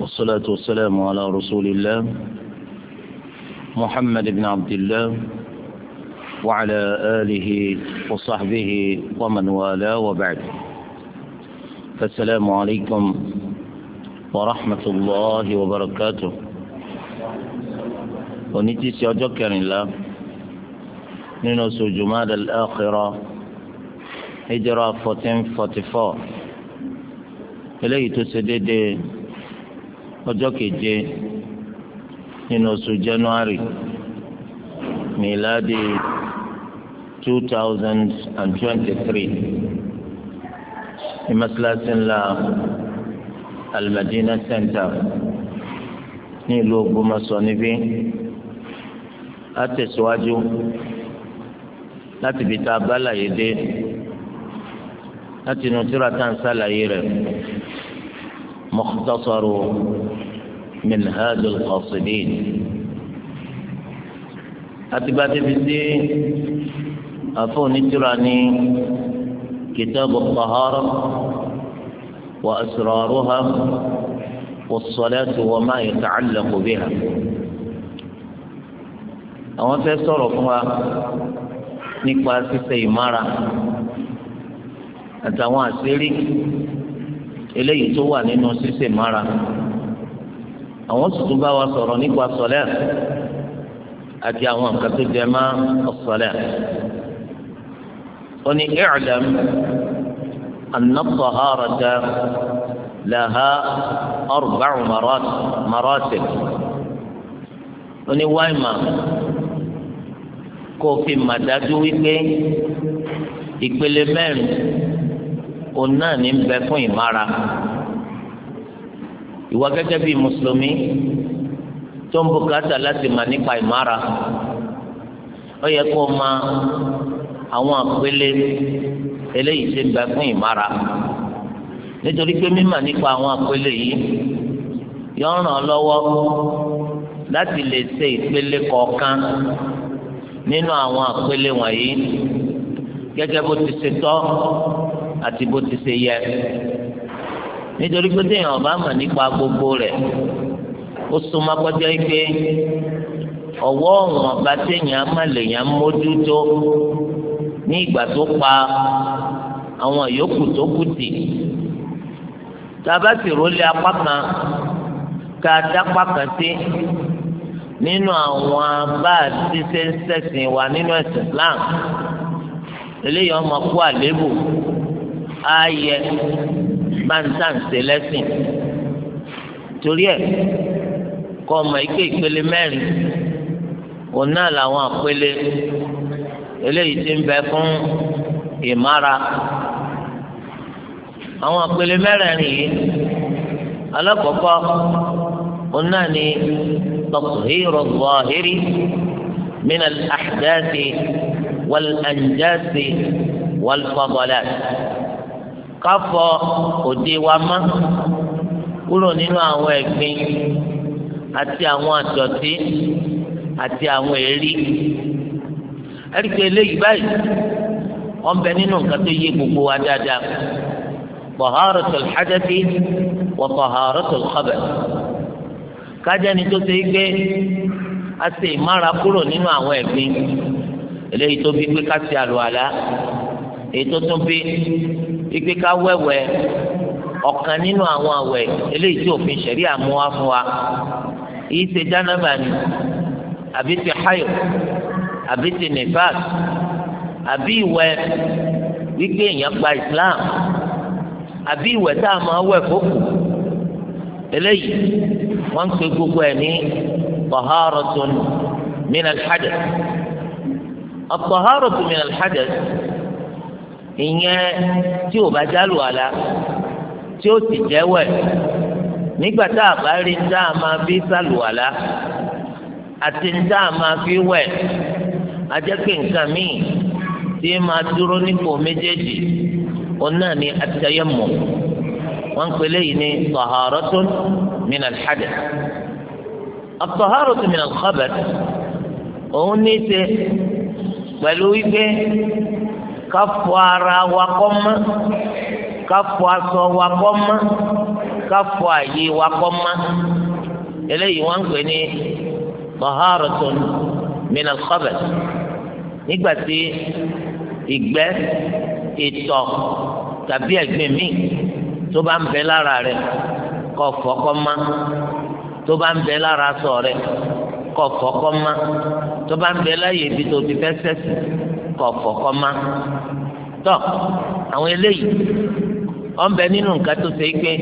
والصلاة والسلام على رسول الله محمد بن عبد الله وعلى آله وصحبه ومن والاه وبعد فالسلام عليكم ورحمة الله وبركاته ونتي سيجكر الله ننسو جمال الآخرة هجرة فتفار eléyìí tó ṣe déédéé ọjọ́ keje nínú oṣù January miladi two thousand and twenty-three ní masilasi ńlá Al-Madina Center ní ìlú Ògbómọ̀ṣọ́ níbí á tẹ̀síwájú láti fi ta abala yìí dé láti inú tíra tá à ń sàlàyé rẹ̀. مختصر منهاج القاصدين أتباتي في أفوني تراني كتاب الطهارة وأسرارها والصلاة وما يتعلق بها àwọn fẹ́ sọ̀rọ̀ fún wa nípa ṣíṣe ìmára àtàwọn àṣírí eléyìí tó wà nínú ṣíṣe mára àwọn sì tún bá wa sọ̀rọ̀ nípa sọ̀lẹ́ àti àwọn nǹkan tó jẹ mọ́ ọ̀sọ̀lẹ́ ó ní i'lam anna at-taharata laha arba'u ní wáìmà kó màdájú wípé ìpele mẹ́rin. òun náà ní bẹ fún ìmára ìwọ gẹ́gẹ́ bíi mùsùlùmí tó ń bùkátà láti mà nípa ìmára ó yẹ kó máa àwọn àpẹẹlẹ eléyìí ṣe ń bẹ fún ìmára nítorí pé mímà nípa àwọn àpẹẹlẹ yìí yọ ràn án lọ́wọ́ láti lè ṣe ìpele nínú àwọn àpẹẹlẹ bó ti ṣe àti bó ti ṣe yẹ nítorí pé téèyàn ọba mọ̀ nípa gbogbo rẹ̀ ó súnmọ́ kọjá pé ọwọ́ ọ̀hún ọba téèyàn má lèèyàn mójútó ní ìgbà tó pa àwọn yòókù tó kù tì tàbá sì rólé apá kan ká dápá kan sí nínú àwọn bá a ti ṣe ń ṣẹ̀sìn wa nínú ẹ̀sìn Islam eléyìí ọmọ kú àléébù ààyè báńtàǹsì lẹ́sìn torí ẹ̀ kọ́ ọmọ ike ìpele mẹ́rin òun náà làwọn àpele eléyìí tí ń bẹ fún ìmára àwọn àpele mẹ́rẹ̀ẹ̀rin yìí alákọ̀ọ́kọ́ òun náà ni tọkùhírò zọ́ọ̀hírí min al-ahdathi wal-anjasi wal káfọ òde wa mọ́ kúrò nínú àwọn ẹ̀gbin àti àwọn àdọ̀tí àti àwọn èrí ẹ̀ríkẹ́ eléyìí báyìí wọ́n bẹ nínú nǹkan tó yé gbogbo wa dáadáa taharatul hadathi wa taharatul khabath kájẹ́ni tó ṣe gbé a ìmára kúrò nínú àwọn ẹ̀gbin eléyìí tó bí pé ká ṣe àlùwàlá èyí tó tún bí ìgbé ká wẹ̀wẹ̀ ọ̀kan nínú àwọn àwẹ̀ eléyìí tí òfin ṣẹ̀rí àmú wá fún wa èyí ṣe jánábà ni àbí ti hayo àbí ti nifas àbí ìwẹ̀ wípé èèyàn gba Islam àbí ìwẹ̀ tá a máa wẹ̀ fókù eléyìí wọ́n ń pe gbogbo ẹ̀ ní taharatun min al-hadath at-taharatu min ìyẹn tí ò bá jálù àlá tí ó sì jẹ́wẹ̀ nígbà tá a bá rí tá a máa fi sálù àlá àti tá a máa fi wẹ̀ ajẹ́pẹ́ nǹkan míì tí máa dúró nípò méjèèjì òun náà ni àtẹ̀yẹ̀mọ̀ wọ́n ń pèlè yìí ní tọ̀hárọ́tún min al-hadath at-taharatu min al òun ní í ṣe pẹ̀lú wípé ká fọ ara wa kọ́ mọ́ ká fọ aṣọ wa kọ́ mọ́ ká fọ àyè wa kọ́ mọ́ eléyìí wọ́n ń pè ní taharatun min al-khabath nígbà tí ìgbẹ́ ìtọ̀ tàbí ẹ̀gbin míì tó bá ń bẹ lára rẹ̀ kó fọ̀ kó tó bá ń bẹ lára aṣọ rẹ̀ kó fọ̀ kó tó bá ń bẹ láyé ibi tó ti fẹ́ sẹ́sì kọ̀ọ̀kọ̀ kọ́ má tọ́ àwọn eléyìí wọ́n bẹ nínú nǹkan tó ṣe é pé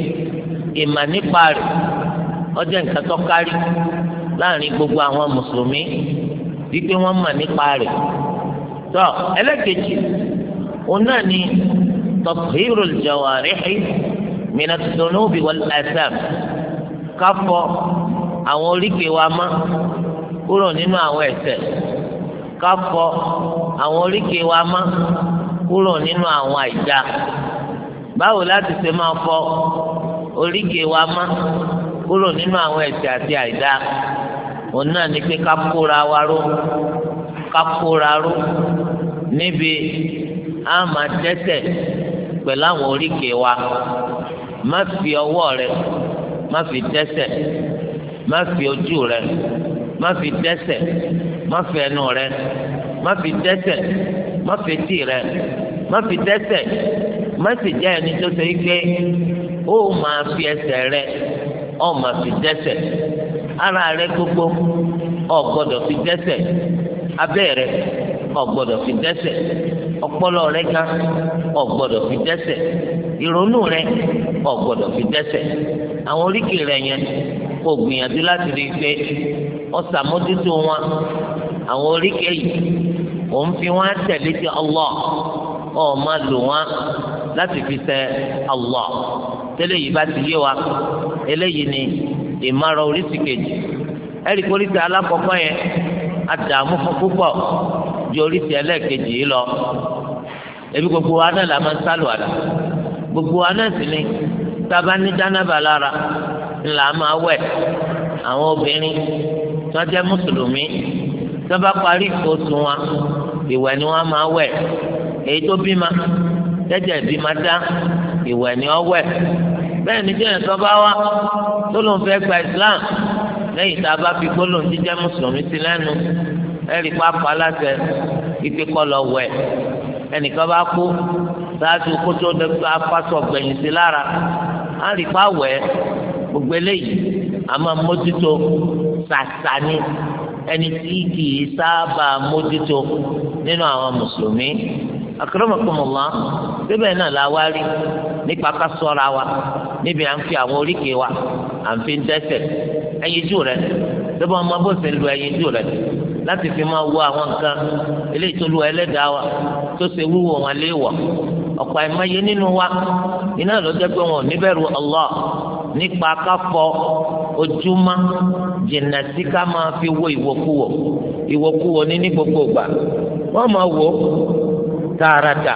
ìmà nípa rẹ̀ ọjọ́ nǹkan tó kárí láàrin gbogbo àwọn mùsùlùmí wípé wọ́n mà nípa rẹ̀ tọ́ ẹlẹ́kejì òun náà ni tathirul jawarihi minat dhunubi wal atham káfọ́ àwọn oríkèé wa mọ́ kúrò nínú àwọn ẹ̀ṣẹ̀ ká fọ àwọn oríkèé wa mọ́ kúrò nínú àwọn àìjà báwo láti ṣe máa fọ oríkèé wa mọ́ kúrò nínú àwọn ẹ̀ṣẹ̀ àti àìdá òun náà ni pé ká kóra wa ró ká kóra ró níbi á máa dẹ́ṣẹ̀ pẹ̀lú àwọn oríkèé wa má fi ọwọ́ rẹ má fi dẹ́ṣẹ̀ má fi ojú rẹ má fi dẹ́ṣẹ̀ má fi ẹnu rẹ má fi dẹ́ṣẹ̀ má fi etí rẹ má fi dẹ́ṣẹ̀ má sì jẹ́ ẹni tó ṣe pé ó máa fi ẹsẹ̀ rẹ ó máa fi dẹ́ṣẹ̀ ara rẹ gbogbo ó gbọ́dọ̀ fi dẹ́ṣẹ̀ abẹ́ rẹ ó gbọ́dọ̀ fi dẹ́ṣẹ̀ ọpọlọ rẹ gan ò gbọ́dọ̀ fi dẹ́ṣẹ̀ ìrònú rẹ ò gbọ́dọ̀ fi dẹ́ṣẹ̀ àwọn oríkèé rẹ yẹn kò gbìyànjú láti rí i pé ọsàmójútó wọn àwọn oríkèé yìí ò ń fi wọn tẹ̀lé ti Allah ọ máa lò wọn láti fi ṣe Allah tẹ́lẹ̀ yìí bá ti yé wa eléyìí ni ìmárọ oríṣi kejì ẹ̀rí kórìtà alákọ̀ọ́kọ́ yẹn àdààmú fún púpọ̀ ju oríṣi ẹlẹ́ẹ̀kejì yìí lọ ebi gbogbo wa náà la máa ń sálò àlà gbogbo wa náà sì ni tába ní jánábà lára ńlá máa wẹ̀ àwọn obìnrin tó jẹ́ mùsùlùmí tó bá parí oṣù wọn ìwẹ̀ ni wọ́n máa wẹ̀ èyí tó bímọ tẹ́jẹ̀ bímọ dá ìwẹ̀ ni wọ́n wẹ̀ bẹ́ẹ̀ ni jẹ́yìn tó bá wá tó ló ń fẹ́ gba Islam lẹ́yìn tá a bá fi gbólóhùn jíjẹ́ mùsùlùmí sí lẹ́nu ẹnì kan apá aláṣẹ ipe kọ́ lọ wẹ̀ ẹnìkan bá kú ṣáájú kótó apásọ̀ gbẹ̀yìn sí lára á rí pa wẹ̀ gbogbo eléyìí àmọ́ mójútó ṣàṣà ni ẹni tí kì í sábà mójútó nínú àwọn mùsùlùmí akramakumullah síbẹ̀ náà la wá rí nípa ká sọ́ra wa níbi à ń fi àwọn oríkèé wa à ń fi ń dẹ́sẹ̀ ẹyin jù rẹ lọ́bọ̀ ọmọ bó ṣe lu ẹyin jù rẹ láti fi máa wo àwọn nǹkan eléyìí tó lu ẹlẹ́dàá wa tó ṣe wúwo wọn lé wọ̀ ọ̀pọ̀ àìmọye nínú wa iná ló pé wọn ò níbẹ̀rù nípa káfọ ojúmọ́ jìnnà sí ká máa fi wo ìwòkuwò ìwòkuwò ní ní gbogbo ìgbà wọ́n máa wò ó tààràtà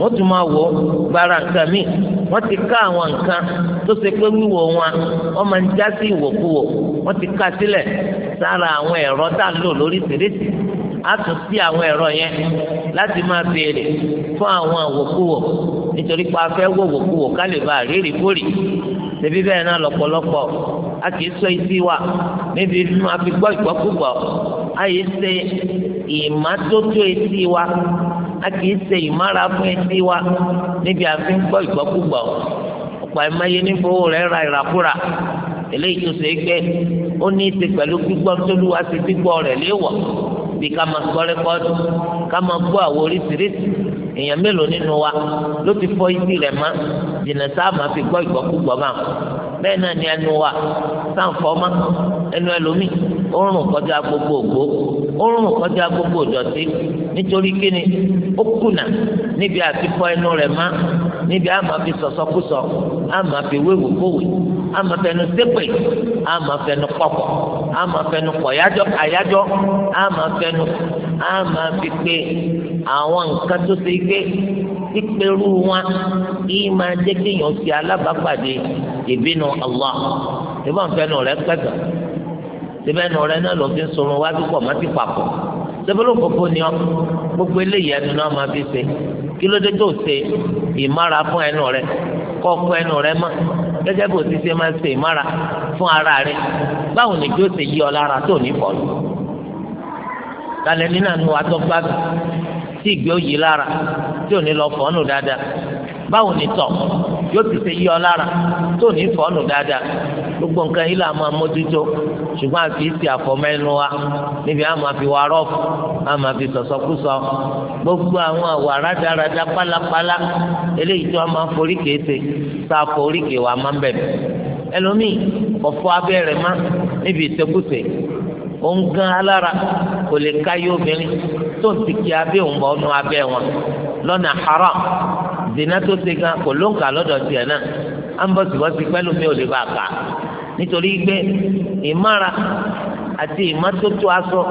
wọ́n tún máa wò ó gbára nǹkan wọ́n ti ká àwọn nǹkan tó ṣe pé wíwò wọn wọ́n máa ń já sí sára àwọn ẹ̀rọ tá a lò lóríṣiríṣi á tún sí àwọn ẹ̀rọ yẹn láti máa béèrè fún àwọn àwòkúwò nítorí pé a fẹ́ wò wòkúwò ká lè bá rírì kórì tẹ̀bí bẹ́ẹ̀ náà lọ́pọ̀lọpọ̀ a kì í sọ etí wa níbi inú a fi gbọ́ ìgbọ́kúgbọ́ a yìí ṣe ìmátótó etí wa a kì í ṣe ìmára fún etí wa níbi a fi ń gbọ́ ìgbọ́kúgbọ́ ọ̀pọ̀ ẹ̀máyé níbo rẹ̀ ra ìràkúrà eléyìí tó ṣe é gbé ó ní í ṣe pẹ̀lú gbígbọ́ tóluwa ṣe gbígbọ́ rẹ̀ léwọ̀ bí ká máa gbọ́ rẹ́kọ́dù ká máa gbọ́ àwọn oríṣiríṣi èèyàn mélòó nínú wa ló ti fọ́ ibi rẹ̀ mọ́ jìnnà sáà máa fi gbọ́ ìgbọ́kúgbọ́ máa bẹ́ẹ̀ náà ni ẹnu wa sáǹfọ́mọ́ ẹnu ẹlòmíì ó rùn kọjá gbogbo ògbó ó rùn kọjá gbogbo òdọ̀tí nítorí kíni ó kùnà níbi àti fọ ẹnu rẹ̀ mọ́ níbi àmà fi sọ̀sọ́kúsọ àmà fi wéwò kówè àmà fẹnu sépè àmà fẹnu pọ̀pọ̀ àmà fẹnu pọ̀yájọ́ àyájọ́ àmà fẹnu àmà fi pé àwọn nǹkan tó ṣe gbé pípẹ́rú wọn yìí máa jẹ́ kéèyàn ṣe alábàápàdé ìbínú Allah ìbọn fẹnu rẹ pẹ̀tọ̀ síbẹ̀nu rẹ náà ló fi ń sorun wájú pọ̀ mọ́tì papọ̀ sẹ́fẹ́lú òfófó ni ọ gbogbo eléyìí ẹnu náà máa fi ṣe kí ló dé tó ṣe ìmára fún ẹnu rẹ kọ́ kó ẹnu rẹ mọ́ gẹ́gẹ́ bó ti ṣe máa ṣe ìmára fún ara rẹ báwo ni kí ó ṣe yí ọ lára tó ní fọ́ọ̀lù. kálẹ̀ nínú àánú atọ́gbádùn tí igbe òyì lára tí ò ní lọ fọ́nù dáadáa báwo ni tọ̀ yóò ti ṣe yí ọ lára tó ní dáadáa gbogbo nǹkan yìí là máa mójútó ṣùgbọ́n àfi ti àfọmẹ́nu wa níbi àfi wà rọ́ọ̀fù àmọ́ àfi gbogbo àwọn àwọ̀ àràdáradá pálapàla eléyìí tí wọ́n máa forí kéde tá a forí kéwàá máa ń bẹ̀rẹ̀ ẹlòmíì ọ̀fọ̀ abẹ́rẹ́ má níbi òun gan alára kò lè káyé obìnrin tó ti kí abẹ́ òun bọ̀ ọ́nú abẹ́ wọn lọ́nà haram zina tó ṣe gan kò ló ń kà lọ́dọ̀ tiẹ̀ náà à ń bọ̀ síbọ̀ sí pẹ́lú mi ò lè bá a kà nítorí pé ìmára àti ìmọ́tótó aṣọ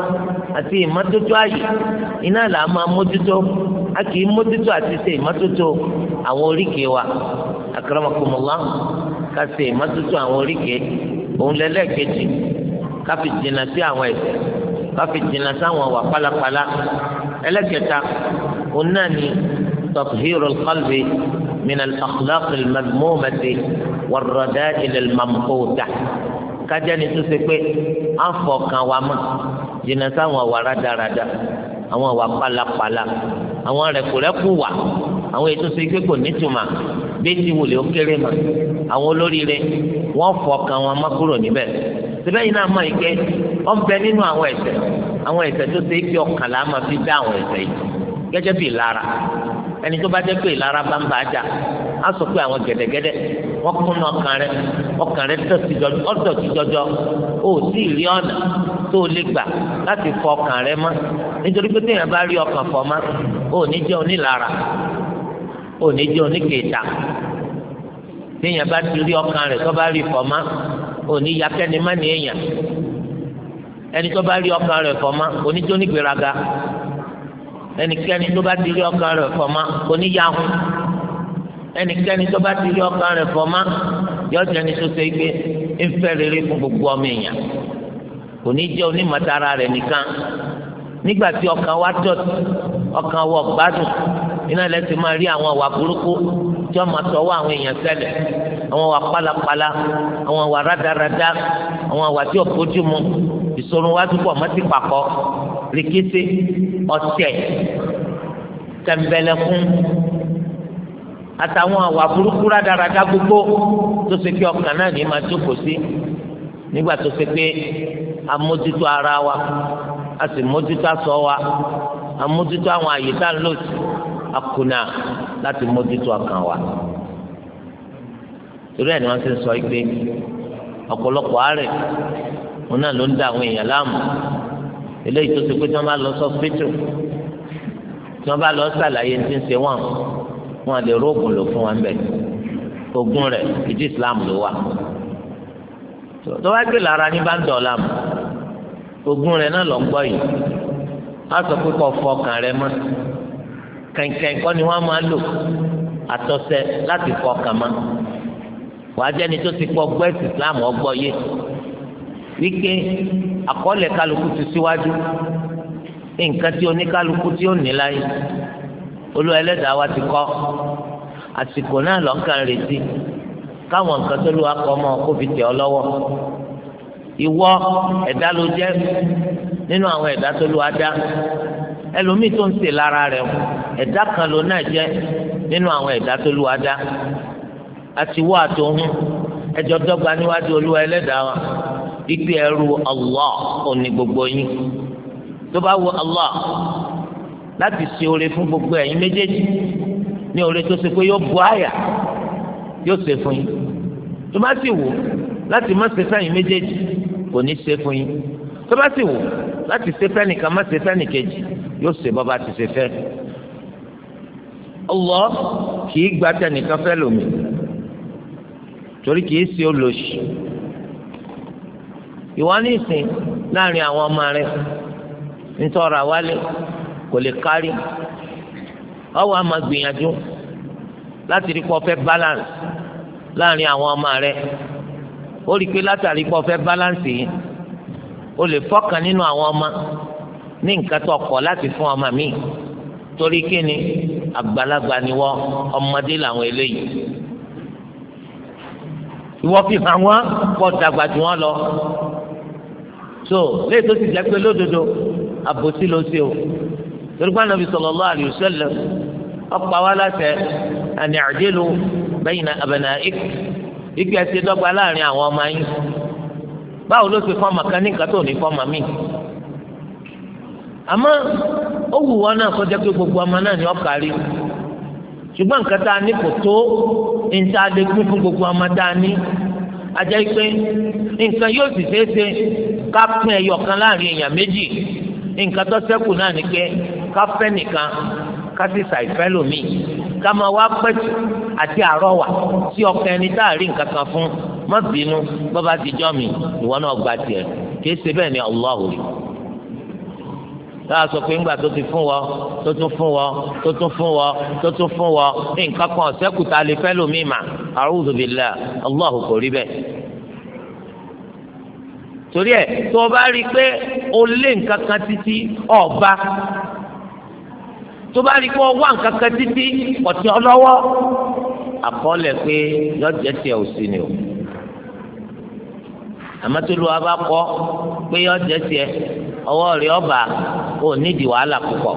àti ìmọ́tótó ààyè iná là á máa mójútó a kì í mójútó àti ṣe ìmọ́tótó àwọn oríkèé wa akramakumullah ká ṣe ìmọ́tótó àwọn oríkèé òun káfi jìnnà sí àwọn ẹ̀ṣẹ̀ káfi jìnnà sáwọn wà pálapàla ẹlẹ́kẹta òun náà ni tọ̀tùhírò kọ́lbì mìnà àkùlákì mọ́mọ́tì wọ̀rọ̀dá ilẹ̀ mọ̀mọ́tà kájá ni túnṣe pé àfọ̀kàn wa mọ̀ jìnnà sáwọn wà rádaràda àwọn wà pálapàla àwọn rẹ̀kùrẹ́kù wà. àwọn ètò ṣe pé kò nítumọ̀ bẹ́ẹ̀ ti wulẹ̀ ó kéré mà àwọn olóríire wọ́n fọkàn wọn má kúrò níbẹ̀ síbẹ̀ yìí náà mọ̀ yìí pé bẹ nínú àwọn ẹ̀ṣẹ̀ àwọn ẹ̀ṣẹ̀ tó ṣe pé ọkàn là fi dá àwọn ẹ̀ṣẹ̀ yìí ẹni tó bá pé bá ń bá a jà á sọ pé àwọn kún ọkàn rẹ ọkàn rẹ òní jẹ́ oníkèéta téèyàn bá ti rí ọkàn rẹ̀ tó bá rí fọ́má òní yakẹ́ni má ní èèyàn ẹni tó bá rí ọkàn rẹ̀ fọ́má òní jẹ́ onígbéraga ẹnikẹ́ni tó bá ti rí ọkàn rẹ̀ fọ́má òní yahun ẹnikẹ́ni tó bá ti rí ọkàn rẹ̀ fọ́má yọjọ ẹni tó ṣe gbé ńfẹ́ rere fún gbogbo ọmọ èèyàn òní onímọ̀tara rẹ̀ nìkan nígbà tí ọkàn wa dọ̀tí ọkàn wa gbádùn iná lẹ ti máa rí àwọn àwà burúkú tí wọn máa tọwọ́ àwọn èèyàn ṣẹlẹ̀ àwọn àwà pálapàla àwọn àwà rádaràdá àwọn àwà tí ò fojú mu ìṣòro wa túbọ̀ mọ́tì pàkọ́ rìkíṣí ọ̀tẹ̀ tẹ̀m̀bẹ̀lẹ̀kún àtàwọn àwà burúkú rádaràdá gbogbo tó ṣe pé ọkàn náà ní máa jókòó sí nígbà tó ṣe pé amójútó ara wa a sì mójútó aṣọ wa amójútó àwọn àyè tá à lò sí akuna láti mójútó ọkàn wa torí ẹ̀ ni wọ́n ti sọ pé ọ̀pọ̀lọpọ̀ àárẹ̀ wọn náà ló ń da àwọn èèyàn láàmú eléyìí tó ti pé tí wọ́n bá lọ sọ pétro tí wọ́n bá lọ sàlàyé ti ń ṣe wọn wọn lè róògùn lò fún wọn bẹ́ẹ̀ ogun rẹ̀ ìdí islam ló wà tó wáá gbé lára ní bá ń dọ̀ láàmú ogun rẹ̀ náà lọ gbọ́ yìí wọ́n sọ pé kò fọ ọkàn mọ́ kẹ̀kẹ́ kọ́ ni wọ́n máa lò àtọ̀sẹ̀ láti fọ kàmá wàá jẹ́ni tó ti kọ́ gbọ́ ẹ̀sìn Islam ọgbọ́ yé wíké àkọọ́lẹ̀ kálukú ti síwájú nǹkan tí oníkálukú tí ó ní láyé Olúwa ẹlẹ́dàá wa ti kọ́ àsìkò náà lọ́kàn retí káwọn nǹkan tó lù akọ mọ́ kó fi tẹ̀ ọ́ lọ́wọ́ ìwọ ẹ̀dá ló jẹ́ nínú àwọn ẹ̀dá tó lù á dá ẹlòmíì tó ń ṣe lára rẹ̀ o ẹ̀dá kan ló náà jẹ́ nínú àwọn ẹ̀dá tó lù wá dá àtiwọ́ àtòhún ẹjọ́ dọ́gba níwájú olúwa ẹlẹ́dàá wa wípé ẹrú Allah òní gbogbo yín tó bá wù Allah láti ṣe oore fún gbogbo ẹ̀yin méjèèjì ní oore tó ṣe pé yóò bu àyà yóò ṣe fún yín tó bá sì wù láti má ṣe sáyìn méjèèjì kò ní ṣe fún yín. tó bá sì wù láti ṣe fẹ́ nìkan má ṣe fẹ́ nìkejì yóò ṣe bọ́ ti ṣe fẹ́ Allah kì gba tẹnìkan fẹ́ lómi torí kì ṣe olóṣì ìwọ ní ìsìn láàrin àwọn ọmọ rẹ nítorá wálé kò lè kárí ọwọ́ àmọ́ gbìyànjú láti rí fẹ́ balance láàrin àwọn ọmọ rẹ ó rí i pé o lè fọkàn nínú àwọn ọmọ ní nǹkan tó kọ̀ láti fún ọmọ mi torí kí ni àgbàlagbà ni wọ́n ọmọdé làwọn eléyìí ìwọ fi hàn wọ́n pọ̀ dàgbà jù wọ́n lọ so léyìí tó ti jẹ́ pé lódodo àbòsí ló ṣe o torí pé Ànábì sallallahu alayhi wa sallam ọ̀pọ̀ àwa láṣẹ an i'dilu bayna abna'ikum ìgbà tí dọ́gba láàrin àwọn ọmọ yín. báwo ló ṣe fọ́ọ̀mù kan ní tó ní àmọ́ ó gbogbo ọmọ náà ni ọkà rí ṣùgbọ́n nǹkan tá a ní kò tó níta lè fún gbogbo ọmọ tá a ní ajá pé nǹkan yóò sì ṣeé ṣe ká pín ẹyọ kan láàrin èèyàn méjì nǹkan tó ṣẹ́kù náà ni pé ká fẹ́ kásìsà ìfẹ́lòmí ká máa wá pẹ̀tù àti àrọ́wà tí ọkàn ẹni tá a rí nǹkan kan fún má bínú bàbá ti jọ́ mi ìwọ náà gba tiẹ̀ kìí ṣe bẹ́ẹ̀ ni Allah rí táà sọ pé ńgbà tó ti fún wọ tó tún fún wọ tó tún fún wọ tó tún fún wọ nǹkan kan ọ̀sẹ́kùtà lè fẹ́ lómi mà a'udhu billah Allah kò rí bẹ́ẹ̀ torí ẹ̀ tó o bá rí i pé o lé nǹkan kan títí ọba tó bá rí kó wá nǹkan kan títí ọ̀tí ọlọ́wọ́ àkọọ́lẹ̀ pé yọjẹ́ tiẹ̀ ò sí ni o àmọ́ tó lu abá kọ́ pé tiẹ̀ ọba ò nídìí wàhálà púpọ̀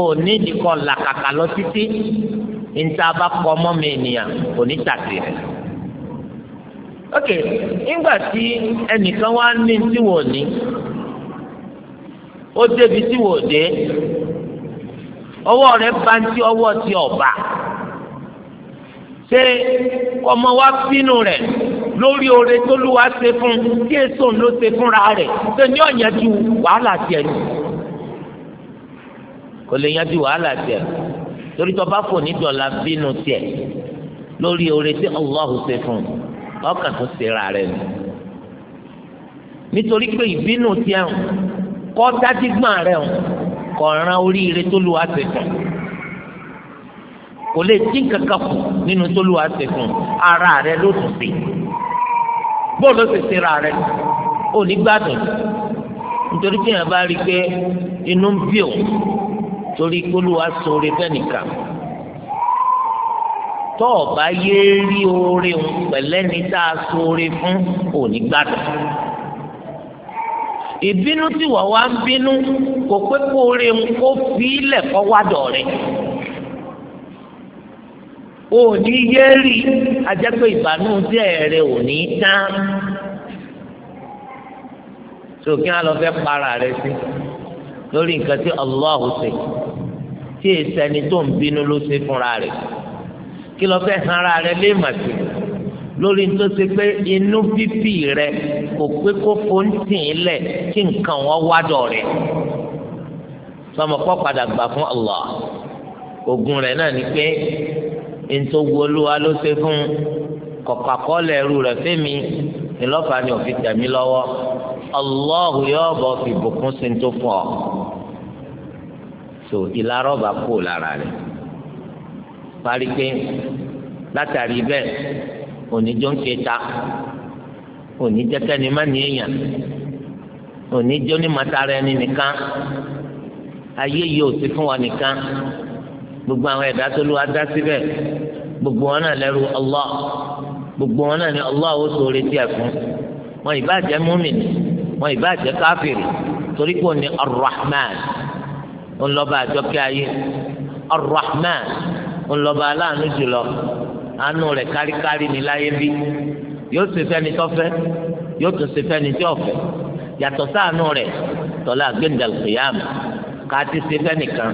ò nídìí kọ́ làkàkà lọ títí níta bá kọ́ mi kò ní ok nígbà tí ẹnìkan wá ní tí ó débi tí wò dé ọwọ́ rẹ̀ bá ń tí ọwọ́ ti ọ̀bà ṣé ọmọ wa bínú rẹ̀ lórí oore tó lù wá ṣe fún kí èso ló ṣe fúnra rẹ̀ ṣe ní ọ̀yẹ́jú wàhálà tiẹ̀ ni kò lè yanjú wàhálà tiẹ̀ torí tó bá fò ní dọ̀là bínú tiẹ̀ lórí oore tí Allah ṣe fún ọkàn tó ṣe ra rẹ̀ ni nítorí pé ìbínú tiẹ̀ ń kọ́ dájígbọ́n rẹ̀ o kọ̀ ran oríire tó lu àtẹ̀kùn kò lè dín kankan kù nínú tó lu àtẹ̀kùn ara rẹ̀ ló tún sí bóòlù ó sì ṣe ra rẹ̀ ò ní gbádùn nítorí tí yẹn bá rí i pé inú ń bí òun torí kólúwa sóore fẹ́nìkan tó o bá yé rí oore pẹ̀lẹ́ni tá a sóore fún òní gbádùn ìbínú tí wọ́n wá ń bínú kò pé kó rí n kó fi ilẹ̀ kọ́ wádọ̀ rẹ̀ o ní yé rí ajẹ́pẹ́ ìbànújẹ́ rẹ̀ ò ní tán sókè á lọ fẹ́ para rẹ̀ sí lórí nǹkan tí Allah ṣe tí èsì ẹni tó ń bínú ló ṣe fúnra rẹ̀ kí lọ fẹ́ hanra rẹ̀ lé màsí lórí tó ṣe pé inú bíbí rẹ kò pé kó fóńtì lẹ kí nǹkan wọn wá dọ̀ rẹ sọmọ padà gbà fún Allah ogun rẹ náà ni pé ntọ́ wu olúwa ló ṣe fún kọ̀kọ́kọ́lẹ̀ ẹrú rẹ fẹ́mi ìlọ́fà ni òfin tẹ̀mí lọ́wọ́ Allahu yóò bọ̀ fi bùkún sí tó fún ọ so ìlarọ̀ bá kú lára rẹ parí pé látàrí bẹ́ẹ̀ oníjọ́ ń ṣe ta oníjẹ́kẹ́ ni má ní èèyàn oníjọ́ ní màtara ẹni nìkan ayé yìí ò sí fún wa nìkan gbogbo àwọn ẹ̀dá tó ló wá dá síbẹ̀ gbogbo wọn náà lẹ́rù Allah gbogbo wọn náà ni Allah ó so retí ẹ̀ fún wọn ìbá múmin wọn ìbá jẹ́ torí kò ní ar ńlọba àjọkẹ́ ayé ar ńlọba aláàánú jùlọ. a rẹ káríkárí ní láyé bí yóò ṣe fẹ́ni tọ́fẹ́ yóò tún ṣe fẹ́ni tí ọ̀fẹ́ yàtọ̀ sáànù rẹ̀ tọ́lá gbẹ̀ndàlùkìyàmù ti fẹ́nìkan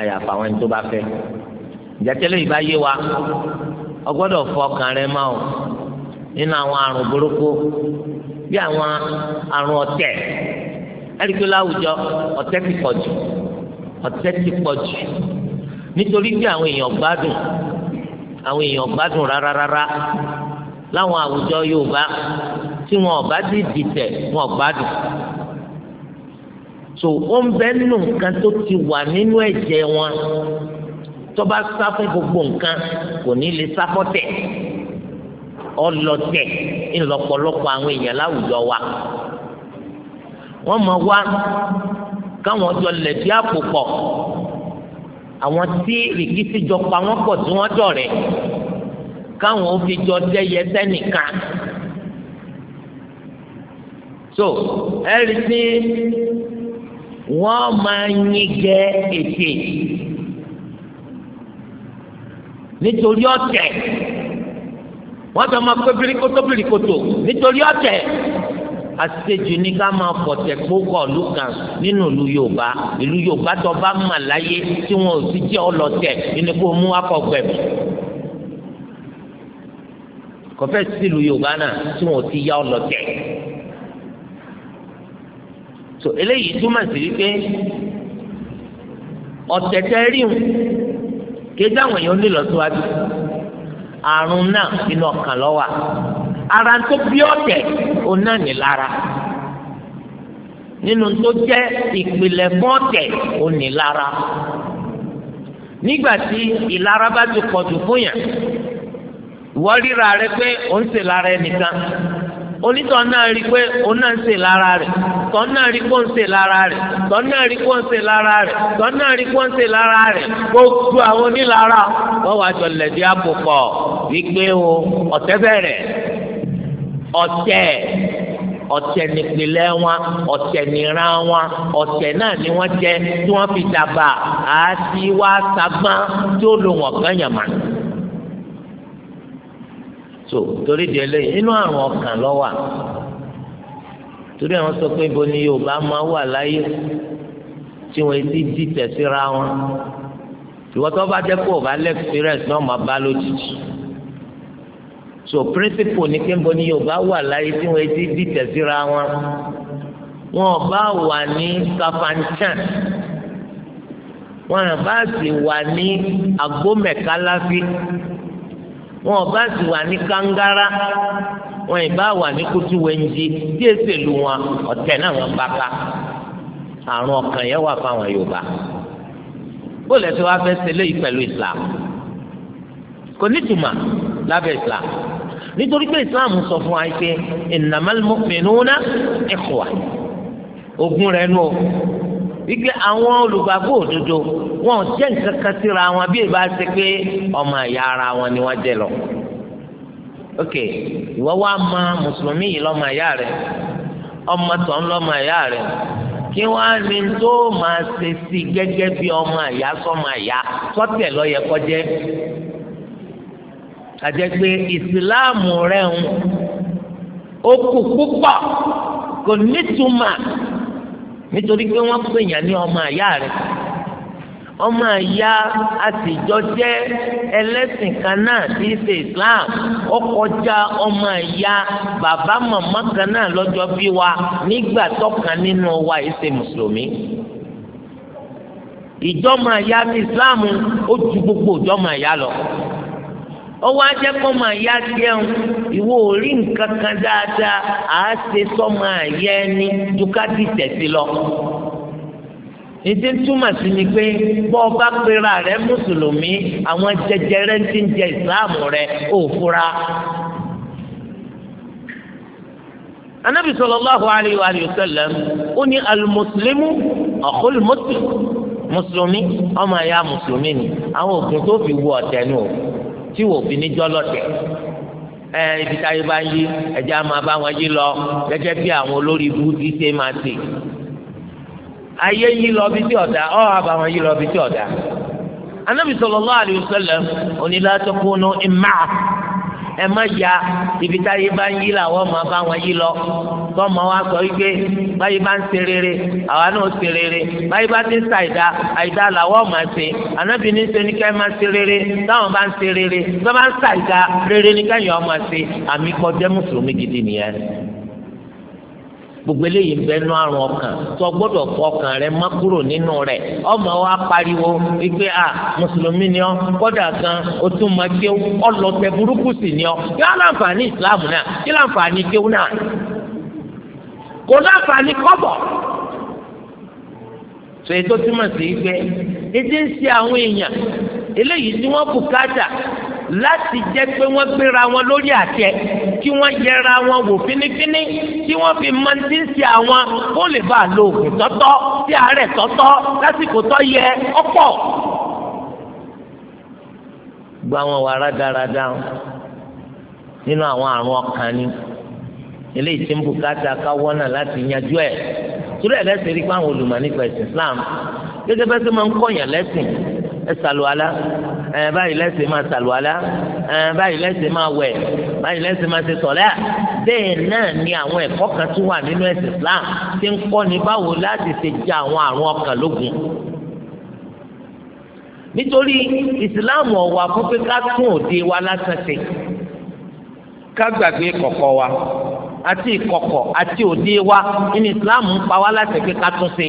àyàfà àwọn tó bá fẹ́ ìjàtẹ́lẹ̀ yìí bá yé wa ọgbọ́dọ̀ rẹ nínú àwọn àrùn burúkú bí àwọn àrùn ọ̀tẹ̀ láwùjọ ọ̀tẹ̀ ti àwọn èèyàn gbádùn rárá rárá láwọn àwùjọ Yorùbá tí wọn ọba ti dìtẹ̀ wọn gbádùn so ó ń bẹ nínú nǹkan tó ti wà nínú ẹ̀jẹ̀ wọn tó bá sá fún gbogbo nǹkan kò ní lè sá fọ́tẹ̀ ọlọ̀tẹ̀ ńlọ́pọ̀lọpọ̀ àwọn èèyàn láwùjọ wa wọ́n mọ̀ wá káwọn jọ lẹ̀dí àpò pọ̀ àwọn tí rìkítì jọ pa wọ́n pọ̀ tí wọ́n dọ̀rẹ́ káwọn ó fi jọ dẹ́yẹ sẹ́nìkan so ẹ̀rí tí wọ́n máa ń yín gẹ ètè nítorí ọ̀tẹ̀ wọ́n jọ máa pé birikoto birikoto nítorí ọ̀tẹ̀ àṣejù ní ká máa pọ̀tẹ̀ kpókọ̀ ìlú kan nínú ìlú yorùbá ìlú yorùbá tó bá mà láyé tí wọn ò sì jẹ́ ọlọ́tẹ̀ ẹni kó mú akọ̀gbẹ̀ kọfẹ́ sí ìlú yorùbá náà tí wọn ò ti yá ọlọ́tẹ̀ so eléyìí túmọ̀ sí wípé ọ̀tẹ̀tẹ̀ ríhun kéde àwọn èèyàn lè lọ síwájú àrùn náà inú ọkàn lọ́wọ́ à ara tó bí ọ̀tẹ̀ ọ̀nà nílara nínú tó jẹ́ ìpìlẹ̀ fọ́ọ̀tẹ̀ onílara nígbà tí ìlara bá ti pọ̀jù fún yàn ìwọ ríra rẹ pé ó ń ṣe lára ẹnìkan onítọ̀ náà rí i pé òun náà ń ṣe lára rẹ̀ tọ́ náà rí pé ó ń ṣe lára rẹ̀ tọ́ náà rí pé ó ń ṣe lára rẹ̀ tọ́ náà rí pé ó ń ṣe lára rẹ̀ gbogbo àwọn onílara wọ́n wá jọ lẹ̀dí àpòpọ̀ wípé o ọ̀tẹ́ bẹ̀rẹ̀ ọ̀tẹ̀ ọ̀tẹ̀ nípìnlẹ̀ wọn ọ̀tẹ̀ níran wọn ọ̀tẹ̀ náà ni wọ́n jẹ tí wọ́n fi dàbà àti wá sagbọ́n tí ó lò wọ́n kàn yàn mà. so torí di eléyìí inú àrùn ọkàn ló wà torí àwọn sọ pé ibo ni Yorùbá máa wà láyé tí wọ́n ti di tẹ̀síra wọn ìwọ́n tó bá jẹ́ kó o bá lẹ́kìtì rẹ̀ sí ọmọ abá lójijì so principle ní pé nbọ ní yorùbá wà láyé tí wọn ti di tẹsíra wọn wọn bá wà ní kafanchan wọn bá sì wà ní agbómẹkáláfi wọn bá sì wà ní kangara wọn ìbá wà ní kutuwenji tí èsèlú wọn ọ̀tẹ̀ náà wọn bá ká àrùn ọkàn yẹn wà fáwọn yorùbá ó lẹsẹ wá fẹsẹ lẹ́yìn pẹ̀lú islam kò ní tùmọ̀ lábẹ́ islam nítorí pé islam sọ fún wa pé innamal mu'minuna ikhwa ogun rẹ̀ nù o ike àwọn olùgbàgbọ́ òdodo wọn ò jẹ́ nǹkan kan síra wọn bí ìbá ṣe pé ọmọ ìyá ara wọn ni wọ́n jẹ́ lọ. ok ìwọ wá ma mùsùlùmí yìí lọ́mọ ìyá rẹ̀ ọmọ tó ń lọ́mọ ìyá rẹ̀ kí wọ́n á ní tó máa ṣe sí gẹ́gẹ́ bí ọmọ ìyá sọ́mọ ìyá sọ́tẹ̀ lọ́yẹ kọjẹ́ àjẹgbé ìsìláàmù rẹ̀ ń ó kù púpọ̀ kò nítumà nítorí pé wọ́n pè yàn ní ọmọ àyá rẹ̀ ọmọ àyá àtijọ́ jẹ́ ẹlẹ́sìn kan náà tí í ṣe Islam ó kọjá ọmọ àyá bàbá màmá kan náà lọ́jọ́ bí wa nígbà tọ́kan nínú wa yìí ṣe mùsùlùmí ìjọ́mọ̀ àyá ní Islam ó ju gbogbo ìjọ́mọ̀ àyá lọ ọwọ́ ajẹ́ kọ́ máa yá jẹun ìwọ ò rí nǹkan kan dáadáa à á ṣe sọ́mọ àyẹ ẹni ju ká ti tẹ̀sí lọ. ètí túmọ̀ sí ni pé bọ́ ọba pera rẹ mùsùlùmí àwọn jẹjẹrẹ ti ń jẹ ìsìláàmù rẹ ò fura. anabi sallallahu alayhi wa sallam ó ní alimuslimu akhul muslim mùsùlùmí ọmọ ẹ̀yà mùsùlùmí ni àwọn òkun tó fi wú ọ̀tẹ̀ nù o tí wò fi ní jọlọtẹ ẹ ibi táyé bá ń yí ẹjẹ á máa bá wọn yí lọ gẹ́gẹ́ bí àwọn olórí ibú ti ṣe máa ṣe ayé yí lọ bí tí ọ̀dà ọ̀ àbá wọn yí lọ bí tí ọ̀dà anabi sallallahu alaihi ìmáà ẹ má ya ibi táyé bá ń yí làwọn máa bá wọn yí lọ tọmọ wa sọ wípé báyé bá ń ṣe rere àwa náà ṣe rere báyé bá ti ń sa àìdá àìdá làwọn máa ṣe ànábì ní ṣe ní ká ẹ máa ṣe rere táwọn bá ń ṣe tó bá ń sa àìdá rere ní ká yẹn ọ máa ṣe àmì kọjá mùsùlùmí gidi nìyẹn. gbogbo eléyìí ń bẹ nú àrùn ọkàn tó gbọ́dọ̀ fọ ọkàn rẹ má kúrò nínú rẹ ọmọ wa pariwo wípé a mùsùlùmí ni ọ kódà kan o tún ma kéw ọlọtẹ burúkú sì ni ọ kí wọn láǹfààní ìsìláàmù náà kí láǹfààní kéw náà kò láǹfààní kọ́bọ̀ tó ètò túmọ̀ sí pé ètò ń ṣe àwọn èèyàn eléyìí tí wọ́n bùkátà láti jẹ́ pé wọ́n gbéra wọn lórí àtẹ kí wọ́n yẹra wọn wò fínífíní kí wọ́n fi mọ́tí sí àwọn kó lè bá a lo oògùn tọ́tọ́ sí àárẹ̀ tọ́tọ́ lásìkò tó yẹ ọ̀pọ̀. gba àwọn wàrà dáradá nínú àwọn àrùn ọkàn ni eléyìí tí ń bùkátà káwọ́ náà láti yanjú ẹ̀ torí ẹ̀ lẹ́sìn rí pé àwọn olùmọ̀ nípa ẹ̀sìn Islam gẹ́gẹ́ bẹ́ẹ̀ tó máa ń kọ̀yàn lẹ́sìn ẹ sàlùwàlá ẹ báyìí lẹ́sìn máa sàlùwàlá ẹ báyìí lẹ́sìn máa wẹ̀ báyìí lẹ́sìn máa ṣe sọ̀lá bẹ́ẹ̀ náà ni àwọn ẹ̀kọ́ kan tún wà nínú ẹ̀sìn Islam tí ń kọ́ ni báwo láti ṣe ja àwọn àrùn ọkàn lógun nítorí ìsìláàmù ọ̀wà fún pé ká tún òde wa lásán ṣe ká gbàgbé kọ̀kọ̀ wa àti ìkọ̀kọ̀ àti òde wa ní ìsìláàmù ń pa wá láti pé ká tún ṣe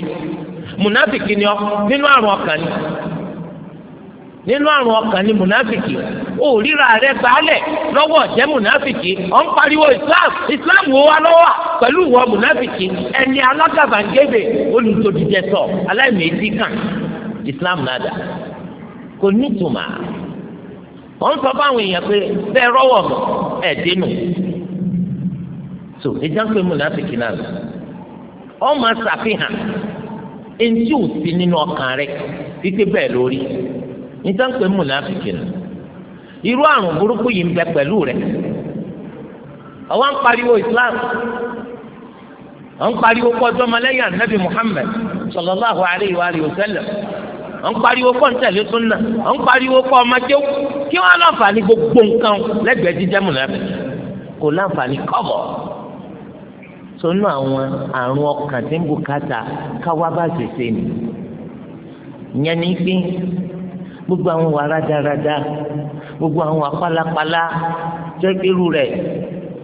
mùnáfìkì ni ọ nínú àrùn ọkàn ni nínú àrùn ọkàn ni munafiki ó ríra rẹ̀ gbálẹ̀ lọ́wọ́ O mùnáfìkì ń pariwo islam islam wo wa lọ́wọ́ pẹ̀lú ìwọ munafiki ẹni alágàbàǹgẹ̀bẹ̀ olùdójijẹ sọ kan islam nàdà kò nítumà wọ́n sọ fáwọn èèyàn pé bẹ́ẹ̀ rọ́wọ́ mọ̀ ẹ̀ dínú so ìjà ń pè mùnáfìkì náà lọ wọ́n máa ṣàfihàn ẹni tí ò sí nínú ọkàn rẹ̀ níta ń pè múnàfíkì nù irú àrùn burúkú yìí ń bẹ pẹ̀lú rẹ̀ àwọn ń pariwo islam ọ ń pariwo kọjọ́ ọmọlẹ́yìn anabi muhammed sallallahu alayhi wa alihi wa sallam àwọn ń pariwo kọ́ ntẹ̀lé sunna àwọn ń pariwo kọ́ ọmọdé kí wọ́n láǹfààní gbogbo nǹkan lẹ́gbẹ̀ẹ́ jíjẹ́ múnàfíkì kò láǹfààní kọ́bọ̀ sọnù àwọn àrùn ọkàn tí ń káwá bá ṣèṣe ní pín. gbogbo àwọn wà rádaràda gbogbo àwọn wà pálapàla jẹ́kẹ́rù rẹ̀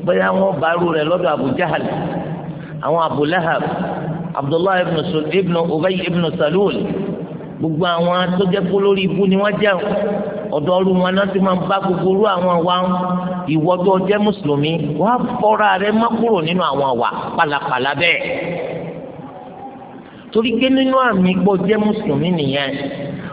bóyá wọ́n bá rú rẹ̀ lọ́dọ̀ Abu Jahal àwọn Abu Lahab Abdullahi ibn Sul ibn Ubay ibn Salul gbogbo àwọn tó jẹ́ kó lórí ibú ni wọ́n jẹun ọ̀dọ̀ ọ̀rù wọn náà ti máa ń bá gbogbo orú àwọn wa ń ìwọ tó jẹ́ mùsùlùmí wọ́n á fọ́ra rẹ má kúrò nínú àwọn àwà pálapàla bẹ́ẹ̀ torí pé nínú àmì pọ̀ jẹ́ mùsùlùmí nìyẹn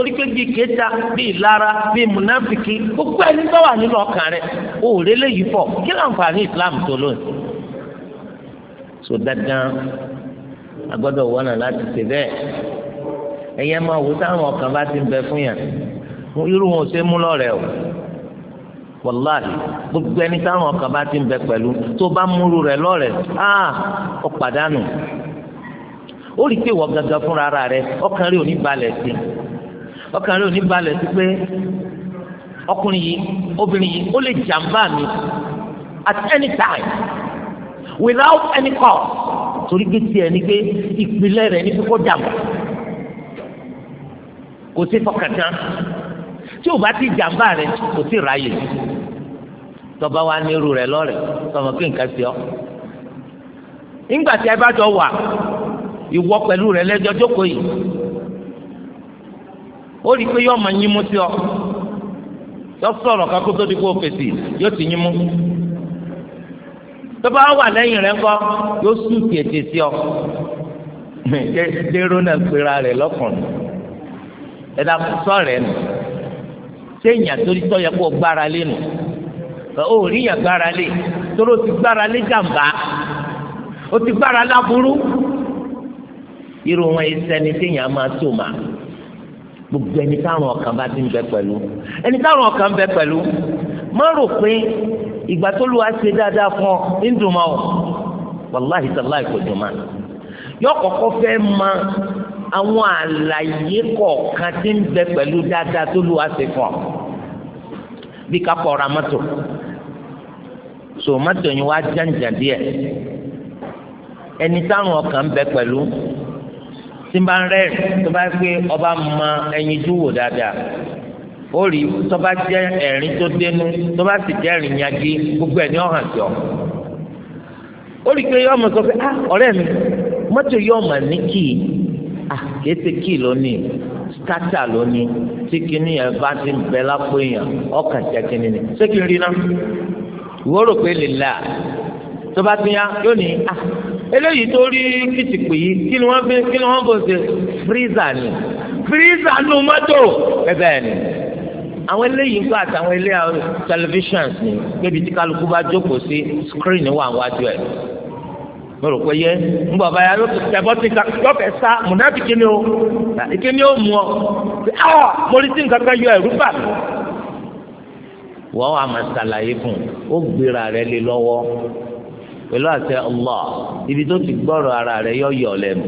torí pé bíi kéta bíi ìlara bíi múnáfìkì gbogbo ẹni tó wà nínú ọkàn rẹ òòrè léyìí pọ̀ kí láǹfààní islam tó lónìí. so dandan agbọ́dọ̀ wọnà láti ṣe bẹ́ẹ̀ ẹyẹ máa wò táwọn ọkàn bá ti ń bẹ fún yàn irú wọn ò ṣe mú lọrẹ o wàláhì gbogbo ẹni táwọn ọkàn bá ti ń bẹ pẹ̀lú tó bá múru rẹ lọrẹ ah ó pàdánù ó rí i pé wọ́n gangan fúnra rẹ ọkàn rí òní balẹ̀ sí i ọkàn rẹ̀ ò ní balẹ̀ sí pé ọkùnrin yìí obìnrin yìí ó lè jàǹbá mi at any time without any cause torí pé tiẹ̀ ni pé ìpìlẹ̀ rẹ̀ ní kókó jàǹbá kò sí fọkàntán tí o bá ti jàǹbá rẹ̀ kò sí ráyè tọba wa ní irú rẹ̀ lọ́rẹ̀ tọmọ kí nǹkan sí ọ. nígbà tí ẹ bá jọ wà ìwọ pẹ̀lú rẹ̀ lẹ́jọ́ jókòó yìí ó rí i pé yóò máa yín mú sí ọ yóò sọ̀rọ̀ kakó tó di kó fèsì yóò ti yín mú tó bá wà lẹ́yìn rẹ̀ ńkọ́ yóò sùn tètè sí ọ dèrò náà pera rẹ̀ lọ́kùnrin ẹ̀dá sọ̀rọ̀ ẹ̀ nù séèyàn torí tọ́ yẹ kó gbára lé nù ó rí yàn gbára lé toró ti gbára lé jàǹbá ó ti gbára láburú irú wọn ẹsẹ̀ ni séèyàn máa tó máa gbogbo ẹni táwọn ọkàn bá ti ń bẹ pẹ̀lú ẹni táwọn ọkàn ń bẹ pẹ̀lú má rò pé ìgbà tó lù wá dáadáa fún ọ ń dùn mọ́ ọ wàláhì sàláì kò dùn mọ́ yọ kọ́kọ́ fẹ́ ma àwọn àlàyé kọ̀ọ̀kan ti ń bẹ pẹ̀lú dáadáa tó lù wá ṣe fún ọ bí kápọ̀ ra mọ́tò so mọ́tò yẹn wá jàǹjà díẹ̀ ẹni táwọn ọkàn ń bẹ pẹ̀lú tí n bá ń rẹ́rìn tó bá gbé ọba mọ ẹyin jú wò dáadáa ó rí tó bá jẹ́ ẹ̀rín tó dénú tó bá sì jẹ́ ẹ̀rín yagi gbogbo ẹ̀ ní ọ̀hàn jọ ó rí pé yọ ọmọ sọ pé ah ọ̀rẹ́ mi mọ́tò yọ ọmọ ní kíì ah kìí ṣe kíì lónìí skata lónìí tí kìíní yẹn bá ti ń bẹ lápò èèyàn ọkàn jẹ kìíní ni ṣé kìí rí náà ìwọ rò pé lè la tó bá ti yá yóò ní ah eléyìí tó rí kìtìpì yìí kí ni wọ́n fi kí ni wọ́n bò ṣe fírísà ni fírísà nu mọ́tò ẹ̀bẹ̀ ni àwọn eléyìí ń gbọ́ àtàwọn ilé tẹlifíṣọ̀ns ni níbi tí kálukú bá jókòó sí skrin wà wájú ẹ̀ mo rò pé yẹ ń bọ̀ báyà yóò tẹ̀bọ́ ti ka yóò fẹ́ sá mùnáfi kíni o kíni o mú ọ ọ mo rí sí nǹkan kan yọ ẹ̀rú bà mí wọ́n wà máa ṣàlàyé fún un ó gbéra rẹ̀ lé lọ́wọ́ pẹ̀lú àṣẹ Allah ibi tó ti gbọ́rọ̀ ara rẹ̀ yọ yọ̀ lẹ́nu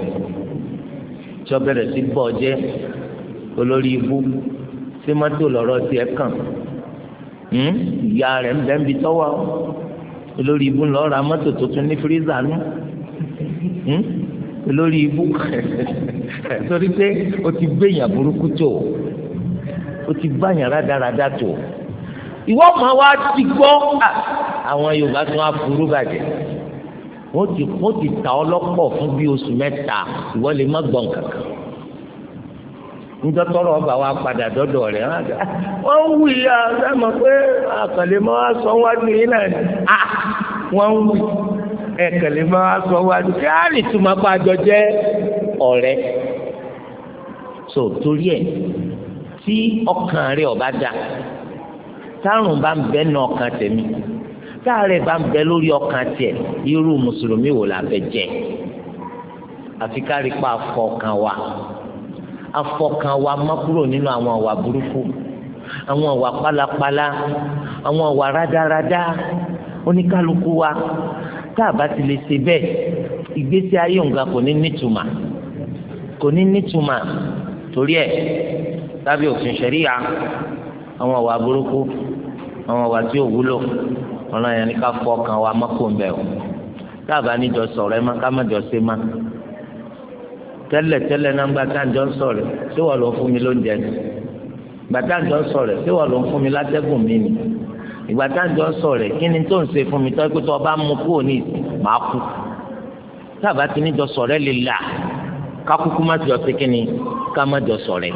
tí ó bẹ̀rẹ̀ sí bọ́ jẹ́ olórí ibú tí mọ́tò lọ́rọ́ tiẹ̀ kàn hmm? ìyá rẹ̀ ń bẹ́ ń bi tọ́wọ́ olórí ibú lọ́ọ́ ra mọ́tò tuntun ní fírísà nù hmm? olórí ibú torí pé o ti gbéyàn burúkú tó o ti báyàn rádaràda tó o ìwọ ọmọ wa ti gbọ́ àwọn yorùbá tí wọ́n á burú bàjẹ́ wọ́n ti wọ́n ti ta ọlọ́pọ̀ fún bí oṣù mẹ́ta ìwọ lè má gbọ́n kankan njọtọrọ ọba wa padà dọ̀dọ̀ rẹ̀ wọ́n wù yà sẹmọ pé àkàlẹ mọ asọ wa ní ilẹ̀ wọ́n wù ẹkẹlẹ mọ asọ wa ní kí á lè túmọ̀ pa àjọ jẹ ọ̀rẹ́ so torí ẹ̀ tí ọkàn rẹ̀ ọba dà tárùn bá ń bẹ nínú ọkàn tèmi táàrẹ̀ bá ń bẹ lórí ọkàn tiẹ̀ irú mùsùlùmí wò la fẹ́ àfi kárí pa afọkàn wa afọkàn wa má kúrò nínú àwọn àwà burúkú àwọn àwà pálapàla àwọn àwà rádaràdá oníkálukú wa tá a bá ti lè ṣe bẹ́ẹ̀ ìgbésí ayé òǹga kò ní nítumà kò ní nítumà torí ẹ̀ lábẹ́ òfin ṣẹ̀ríya àwọn àwà burúkú àwọn wà tí ò wúlò ọlọ́yàn ní ká fọ́ kan wa mọ́kò ń bẹ̀ o dábàá níjọ sọ̀rọ̀ ẹ má ká má jọ ṣe má tẹ́lẹ̀ tẹ́lẹ̀ náà gba táǹjọ́ sọ̀rọ̀ tí wọ́n lọ fún mi lóúnjẹ ni ìgbà táǹjọ́ sọ̀rọ̀ tí wọ́n lọ fún mi látẹ́gùn mi ni ìgbà táǹjọ́ sọ̀rọ̀ kí ni tó ń ṣe fún mi tó pé tó bá mú kúrò ní màá kú dábàá ti níjọ sọ̀rọ̀ lè là ká má jọ ṣe kí ni ká má jọ sọ̀rọ̀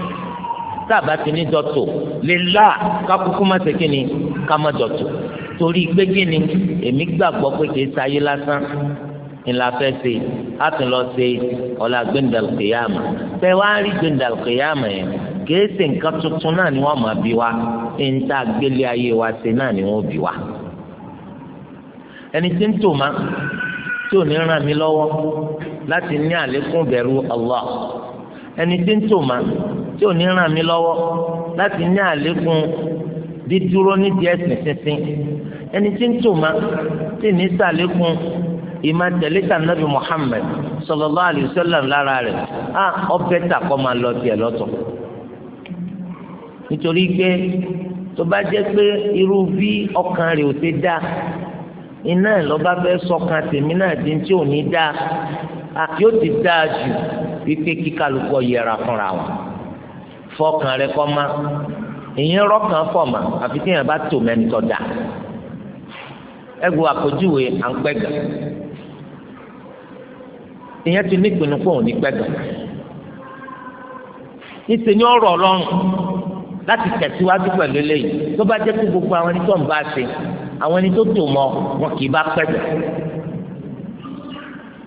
tábà ti ní dọ̀tò lélá kákúkú má ṣe kí ni ká má dọ̀tò torí pé kí ni èmi gbàgbọ́ pé kì í sáyé lásán ńlá fẹ́ ṣe á tún lọ ṣe ọ̀la gbẹ̀ndàlù kìyàmù tẹ wá rí gbẹ̀ndàlù kìyàmù yẹn kìí ṣe nǹkan tuntun náà ni wọ́n máa bí wa ń tá gbélé ayé wa ṣe náà ni wọ́n bí wa ẹni tí ń tò má tí ò ní ràn mí lọ́wọ́ láti ní àlékún bẹ̀rù Allah ẹni tí ń tò má tí ò ní ràn mí lọ́wọ́ láti ní àlékún dídúró nídìí ẹ̀sìn sísìn ẹni tí ń tò má tí ní sàlékún ìmá tẹ̀lé tànàbí Muhammad sallallahu alaihi wasallam lára rẹ̀ á ọbẹ̀ tà kọ́ máa lọ tiẹ̀ lọ́tọ̀ nítorí pé tó bá jẹ́ pé irú bí ọkàn rẹ̀ ò ti dá iná ẹ̀ lọ́ba fẹ́ sọkàn tèmi náà di tí ò ní dá yóò ti dáa jù wípé kí kálukọ yẹra fúnra wọn fọkàn rẹ kọ́ ma èyí rọ́kàn fọ̀ ma àfi tí yẹn bá tò mẹ́ńtọ́ dà ẹgbẹ́ àpèjúwe à ń pẹ́ gà ìyẹn ti ní ìpinnu pé òun ní pẹ́ gà níṣẹ́ ni ọ̀rọ̀ ọlọ́run láti tẹ̀síwájú pẹ̀lú eléyìí tó bá jẹ́ kó gbogbo àwọn ẹni tó ń bá ṣe àwọn ẹni tó tò mọ́ wọn kì í bá pẹ́ gà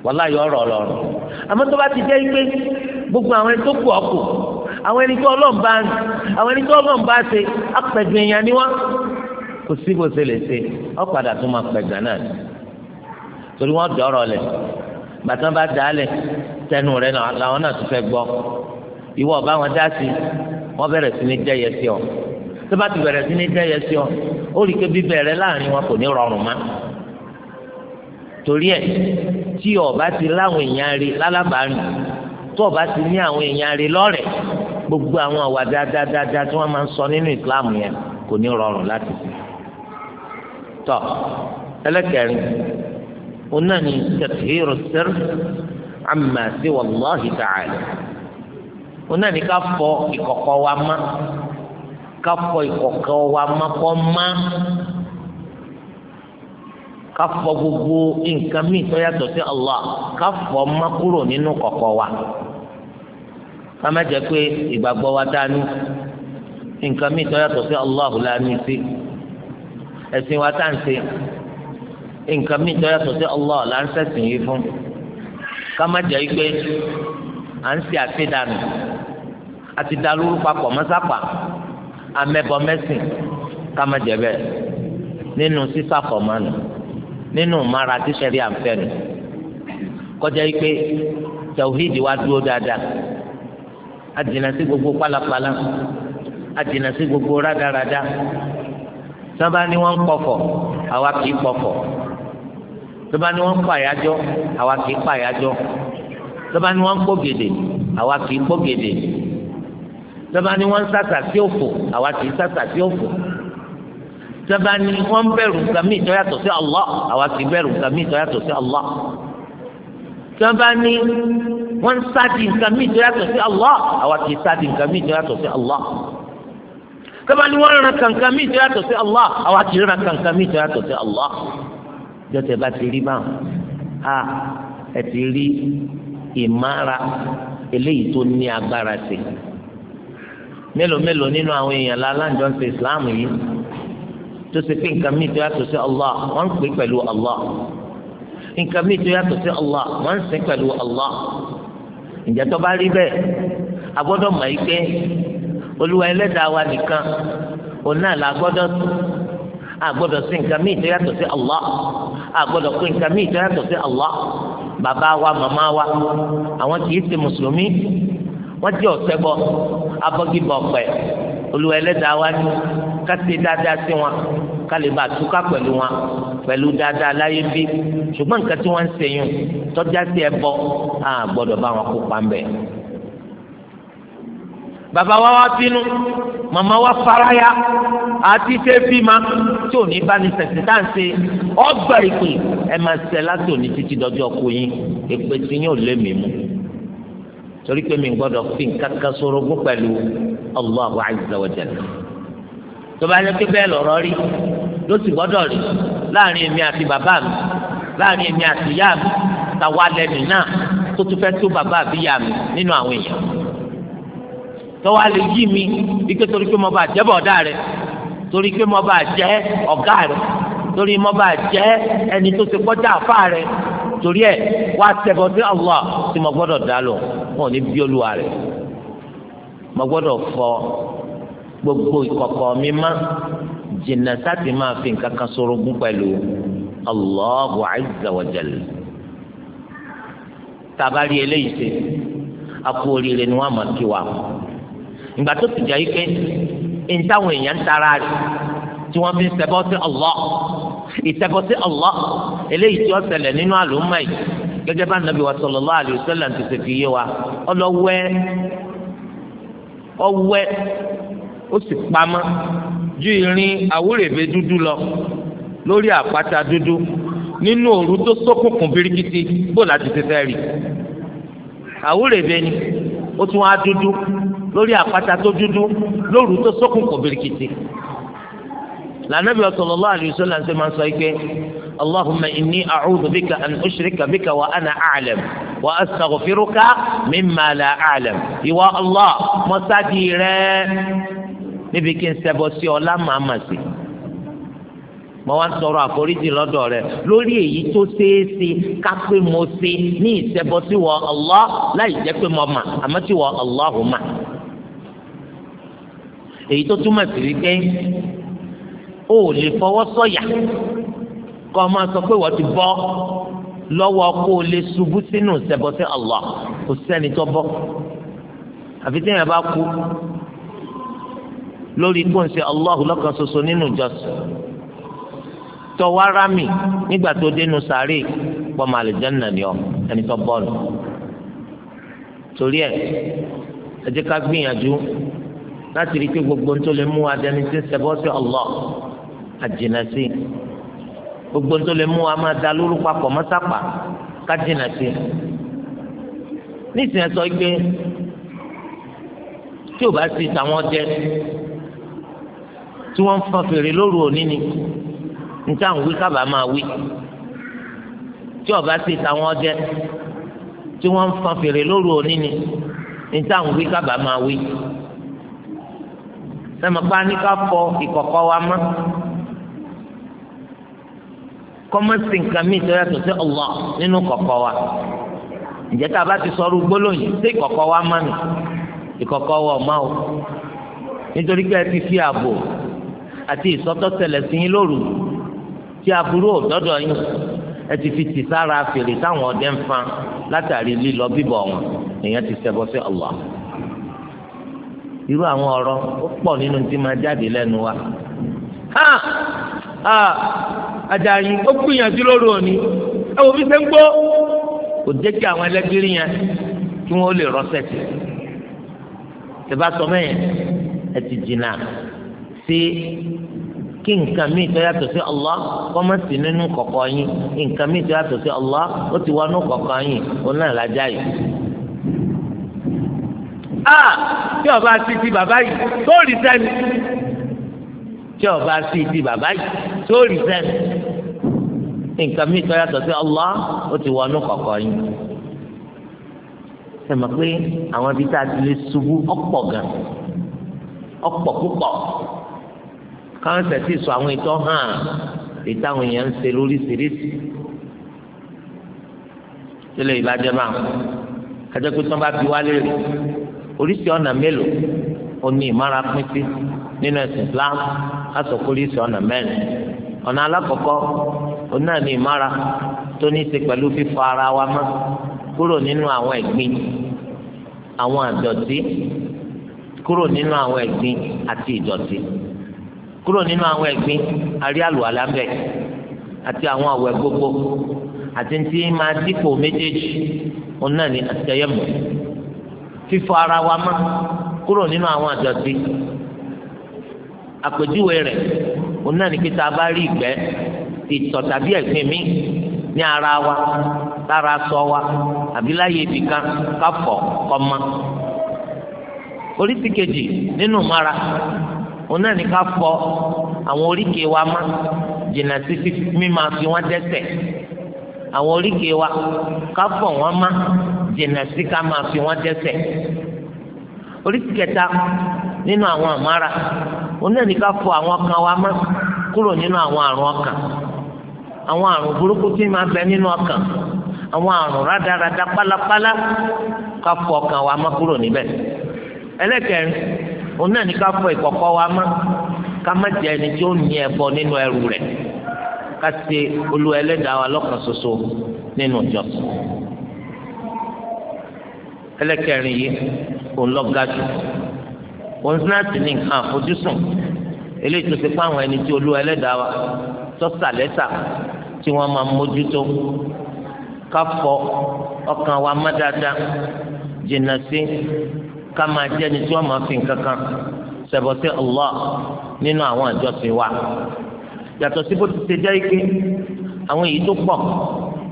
wàlá yọ ọ̀rọ̀ lọ́rùn àmọ́ tó bá ti jẹ́ pé gbogbo àwọn ẹni tó kù ọkù àwọn ẹni tó Ọlọ́run bá ń àwọn ẹni tó Ọlọ́run bá ṣe apẹ̀gbẹ̀ èèyàn ni wọ́n kò sí bó ṣe lè ṣe ọ́ padà tó máa pẹ̀gbẹ̀ náà torí wọ́n dọ̀rọ̀ lẹ̀ bàtà bá dà á lẹ̀ tẹnu rẹ̀ làwọn náà tún fẹ́ gbọ́ ìwọ ọba wọn dá sí wọn bẹ̀rẹ̀ sí ní jẹ́yẹ sí ọ tó bá ti bẹ̀rẹ̀ sí ní jẹ́yẹ sí ọ ó rí i pé bíbẹ̀rẹ̀ láàrin wọn kò ní rọrùn mọ́ torí ẹ̀ tí ọba ti láwọn èèyàn rí lálábàárìn tó ọba ti ní àwọn èèyàn rí lọ́rẹ̀ gbogbo àwọn àwà dáadáa tí wọ́n máa ń sọ nínú ìsìláàmù yẹn kò ní rọrùn láti fi tọ ẹlẹ́kẹ̀rin òun náà ni tẹ̀síhìrì sẹ́rì àmà sí wàlláhì òun náà ni ká fọ ìkọ̀kọ̀ wa má ká fọ ìkọ̀kọ̀ wa má kọ́ má ká fọ gbogbo nǹkan míì tó yàtọ̀ sí Allah ká fọ má kúrò nínú kọ̀kọ̀ wa ká má jẹ́ pé ìgbàgbọ́ wa dání nǹkan míì tó yàtọ̀ sí Allah la ní sí ẹ̀sìn wa tá à ń ṣe nǹkan míì tó yàtọ̀ sí Allah là ń ṣẹ̀sìn yìí fún ká má jẹ́ pé à ń ṣe àṣedànù àti dalúrú papọ̀ mọ́sápà amẹ́bọ mẹ́sìn ká bẹ́ẹ̀ nínú sísàfọ̀mọ́nù. Si nínú ìmára tí sẹ́rí àǹfẹ́ nù kọjá yìí pé tẹ̀wíìdì wa dúró dáadáa àdìnà sí gbogbo pálapàla àdìnà sí gbogbo rádaràda sábà ni wọ́n ń pọ̀fọ̀ àwa kì í pọ̀fọ̀ sábà ni wọ́n ń pàyàjọ́ àwa kì í pàyàjọ́ sábà ni wọ́n ń pògèdè àwa kì í pògèdè sábà ni wọ́n ń sàtà sí òfò àwa kì í sàtà sí òfò sábà ní wọ́n bẹ̀rù nǹkan míì tó yàtọ̀ sí Allah àwa sì bẹ̀rù nǹkan míì tó yàtọ̀ sí Allah sábà ní wọ́n sáàdì nǹkan míì tó yàtọ̀ sí Allah àwa sì sáàdì nǹkan míì tó yàtọ̀ sí Allah sábà ní wọ́n ran kankan míì tó yàtọ̀ sí Allah àwa sì ran kankan míì tó sí Allah jọ́tẹ̀ bá ti rí báwọn a ẹ ti rí ìmára eléyìí tó ní agbára sí mélòó mélòó nínú àwọn èèyàn lálàjọ ń ṣe Islam yìí tó ṣe pé nǹkan míì tó yàtọ̀ sí Allah wọ́n ń pè pẹ̀lú Allah nǹkan míì tó yàtọ̀ sí Allah wọ́n ń sìn pẹ̀lú Allah ǹjẹ́ tó bá rí bẹ́ẹ̀ a gbọ́dọ̀ mọ̀ yìí pé olúwa ẹlẹ́dàá wa nìkan òun náà la gbọ́dọ̀ a gbọ́dọ̀ sìn nǹkan míì tó yàtọ̀ sí Allah a gbọ́dọ̀ pé nǹkan míì tó yàtọ̀ sí Allah bàbá wa màmá wa àwọn kì í ṣe mùsùlùmí wọ́n jẹ́ ọ̀sẹ̀ abọ́gibọ̀ pẹ̀ olùwà ẹlẹ́dàá wa ní ká ṣe dáadáa sí wọn ká lè bá túká pẹ̀lú wọn pẹ̀lú dáadáa láyé bí ṣùgbọ́n nǹkan tí wọ́n ń ṣèyún tọ́já sí ẹbọ á gbọ́dọ̀ bá wọn kópa ń bẹ̀. bàbá wa wá bínú màmá wa faraya àti ṣe bímá tí ò ní bá ní sẹ̀sìn tá à ń ṣe ọgbà ìpè ẹ máa ṣẹ láti òní títí dọjọ́ kú yín èpè tí yín ò lé mi mú torí pé mi gbọ́dọ̀ fi nǹkan kan sorogún pẹ̀lú Allahu azza wa jalla tó bá yẹ pé bẹ́ẹ̀ lọ̀rọ̀ rí ló sì gbọ́dọ̀ rí láàrin èmi àti bàbá mi láàrin èmi àti ìyá mi tàwa lẹ́nu náà tó tún fẹ́ tó bàbá àbí ìyá mi nínú àwọn èèyàn tọ́wọ́ alẹ́ yí mi ike torí pé mo bá jẹ́ bọ̀dá rẹ̀ torí pé mo bá jẹ́ ọ̀gá rẹ̀ torí mọba jẹ ẹni tó ti kọjá àfa rẹ torí ẹ wá ṣẹbọ sí Allah tí mo gbọ́dọ̀ dá lọ wọn ò ní bí olúwa rẹ mo gbọ́dọ̀ fọ gbogbo ìkọ̀kọ̀ mi má jìnnà sáti máa fi nǹkan kan sorogún pẹ̀lú Allahu azza wa jalla tabali eléyìí ṣe akú oríire ni wọn máa kí wa ìgbà tó ti jẹ́ ike ń táwọn èèyàn ń tara rẹ̀ tí wọ́n fi ń ṣẹbọ sí Allah ìṣẹbọ sí Allah eléyìí tí ó ṣẹlẹ̀ nínú àlùmọ́ yìí gẹ́gẹ́ bá nàbí wa sallallahu alaihi wasallam ti ṣe fi yé wa ọlọ́wẹ́ ọwẹ́ ó sì pamọ́ ju irin àwúrèbé dúdú lọ lórí àpáta dúdú nínú òru tó ṣókùnkùn birikiti bó láti ṣe fẹ́ rí àwúrèbé ni ó tún wá dúdú lórí àpáta tó dúdú lóru tó ṣókùnkùn birikiti lànàbí sallallahu alaihi wasallam ṣe máa ń sọ pé allahumma inni a'udhu bika an ushrika bika wa ana a'lam wa astaghfiruka mimma la a'lam ìwà allah ولا rẹ̀ níbi kí n ṣẹbọ sí ọ lámàmà sí mo wá ń sọ̀rọ̀ àforíjì lọ́dọ̀ rẹ̀ lórí èyí tó ṣeé ṣe ká pé mo ṣe ní ìṣẹbọ sí wọ Allah láì jẹ́ pé mo mà àmọ́ tí wọ Allahu mà èyí tó túmọ̀ sí wípé ó lè fọwọ́ sọ̀yà kọ́ máa sọ pé wọ́n ti bọ́ lọ́wọ́ kó o lè ṣubú sínú ìṣẹ̀bọ̀sẹ̀ Allah kò sẹ́ni tó bọ́ àfi téèyàn bá kú lórí kó n ṣe Allah lọ́kàn ṣoṣo nínú ìjọsìn tọwọ́ ara mi nígbà tó dénú sàárè pọ́nmọ́ àlùjánnà ni ọ ẹni tó bọ́ nù torí ẹ ẹ jẹ́ ká gbìyànjú láti rí i pé gbogbo ń tó lè mú adẹni tí ń ṣẹbọ sí Allah àjìnà sí gbogbo tó lè mú wa máa da lóru papọ̀ mọ́sápà ká jìnà sí nísìnyẹ sọ pé tí o bá sí tàwọn jẹ tí wọ́n ń fọn fèrè lóru òní ni níta ń wí kábàá máa wí tí o bá sí tàwọn jẹ tí wọ́n ń fèrè lóru òní ni níta ń wí kábàá máa wí sẹ́mi pa ní ká fọ ìkọ̀kọ̀ wa mọ́. kọ́mọ́sì nǹkan míì tó yàtọ̀ sí Allah nínú kọ̀kọ́ wa ǹjẹ́ tá a bá ti sọ̀rọ̀ gbólóyìn sí ìkọ̀kọ́ wa má nù ìkọ̀kọ́ wa ọ̀ má o nítorí pé ẹ ti fi ààbò àti ìsọtọ́sẹlẹ̀ sí yín lóru tí aburú òdọ́dọ̀ yín ẹ ti fi tì sára fèrè táwọn ọdẹ ń fan látàrí lílọ bíbọ̀ wọn èèyàn ti sẹbọ sí Allah irú àwọn ọ̀rọ̀ ó pọ̀ nínú tí máa jáde lẹ́nu wa. Àjàyí ó gbìyànjú lóru òní ẹ wò fi ṣe ń gbó kò jẹ́ kí àwọn ẹlẹ́gbẹ́rì yẹn kí wọ́n lè rọ́ṣẹ̀ tì tẹ́fà sọ mẹ́yẹn ẹ ti jìnnà sí kí nǹkan mi tó yàtọ̀ sí Allah kọ́ má sí nínú kọ̀kọ́ yín nǹkan mi tó yàtọ̀ sí Allah ó ti wá nínú kọ̀kọ́ yín ó náà lájà yìí. a tí ọba sí ti bàbá yìí tó rí sẹ́ni tí ọba sí ti bàbá yìí tó rí sẹ́ni nǹkan mi tó yàtọ̀ sí Allah ó ti wọnú kọ̀kọ́ yín ẹ mọ̀ pé àwọn ibi tá a ti lè ṣubú ọ̀pọ̀ gan ọ̀pọ̀ púpọ̀ káwọn tẹ̀sí sọ àwọn ìtọ́ hàn èyí táwọn èèyàn ń ṣe lóríṣiríṣi tẹ́lẹ̀ ìbàjẹ́ máa kájọ́ pé tí wọ́n bá fi wá léèrè oríṣi ọ̀nà mélòó ó ìmára pín sí nínú ẹ̀sìn Islam á sọ oríṣi ọ̀nà mẹ́rin ọ̀nà alákọ̀ọ́kọ́ òun náà ní ìmára tó ní í ṣe pẹ̀lú fífọ ara wa mọ́ kúrò nínú àwọn ẹ̀gbin àwọn àdọ̀tí kúrò nínú àwọn ẹ̀gbin àti ìdọ̀tí kúrò nínú àwọn ẹ̀gbin àrí àlùwàlá ń bẹ àti àwọn àwẹ̀ gbogbo àti ti máa dípò méjèèjì òun náà ní àtẹ̀yẹ̀mọ̀ fífọ ara wa mọ́ kúrò nínú àwọn àdọ̀tí àpèjúwe rẹ̀ òun kí tá a bá rí ìgbẹ́ ìtọ̀ tàbí ẹ̀gbin mi ní ara wa lára sọ wa àbí láyé ibìkan káfọ̀ kọ́mọ. oríṣi kejì nínú mara òun náà ní ká fọ àwọn oríkèé wa mọ́ jìnnà fi wọ́n dẹ́ṣẹ̀ àwọn oríkèé wa ká fọ wọ́n mọ́ jìnnà sí ká máa fi wọ́n dẹ́ṣẹ̀ oríṣi kẹta nínú àwọn àmàrà òun náà ní ká fọ àwọn ọkàn wa mọ́ kúrò nínú àwọn àrùn àwọn àrùn burúkú tí ma bẹ nínú ọkàn àwọn àrùn rádaràda pálapàla ká fọ ọkàn wa má kúrò níbẹ ẹlẹ́kẹ̀rin òun náà ní ká fọ wa má ká má jẹ ẹni tí ó ní ẹbọ nínú ẹrù rẹ ká ṣe olú ẹlẹ́dàá wa nínú ìjọsìn ga jù òun sinasi ní nǹkan àfojúsùn eléyìí tó ti pa àwọn ẹni tí olú tọ́sàlẹ́sà tí wọ́n máa mójútó káfọ ọkàn wa má dáadáa jìnnà sí ká máa jẹ́ni tí wọ́n máa fi nǹkan kan ṣẹbọ sí Allah nínú àwọn àjọsìn wa yàtọ̀ sí bó ti ṣe jẹ́ ike àwọn èyí tó pọ̀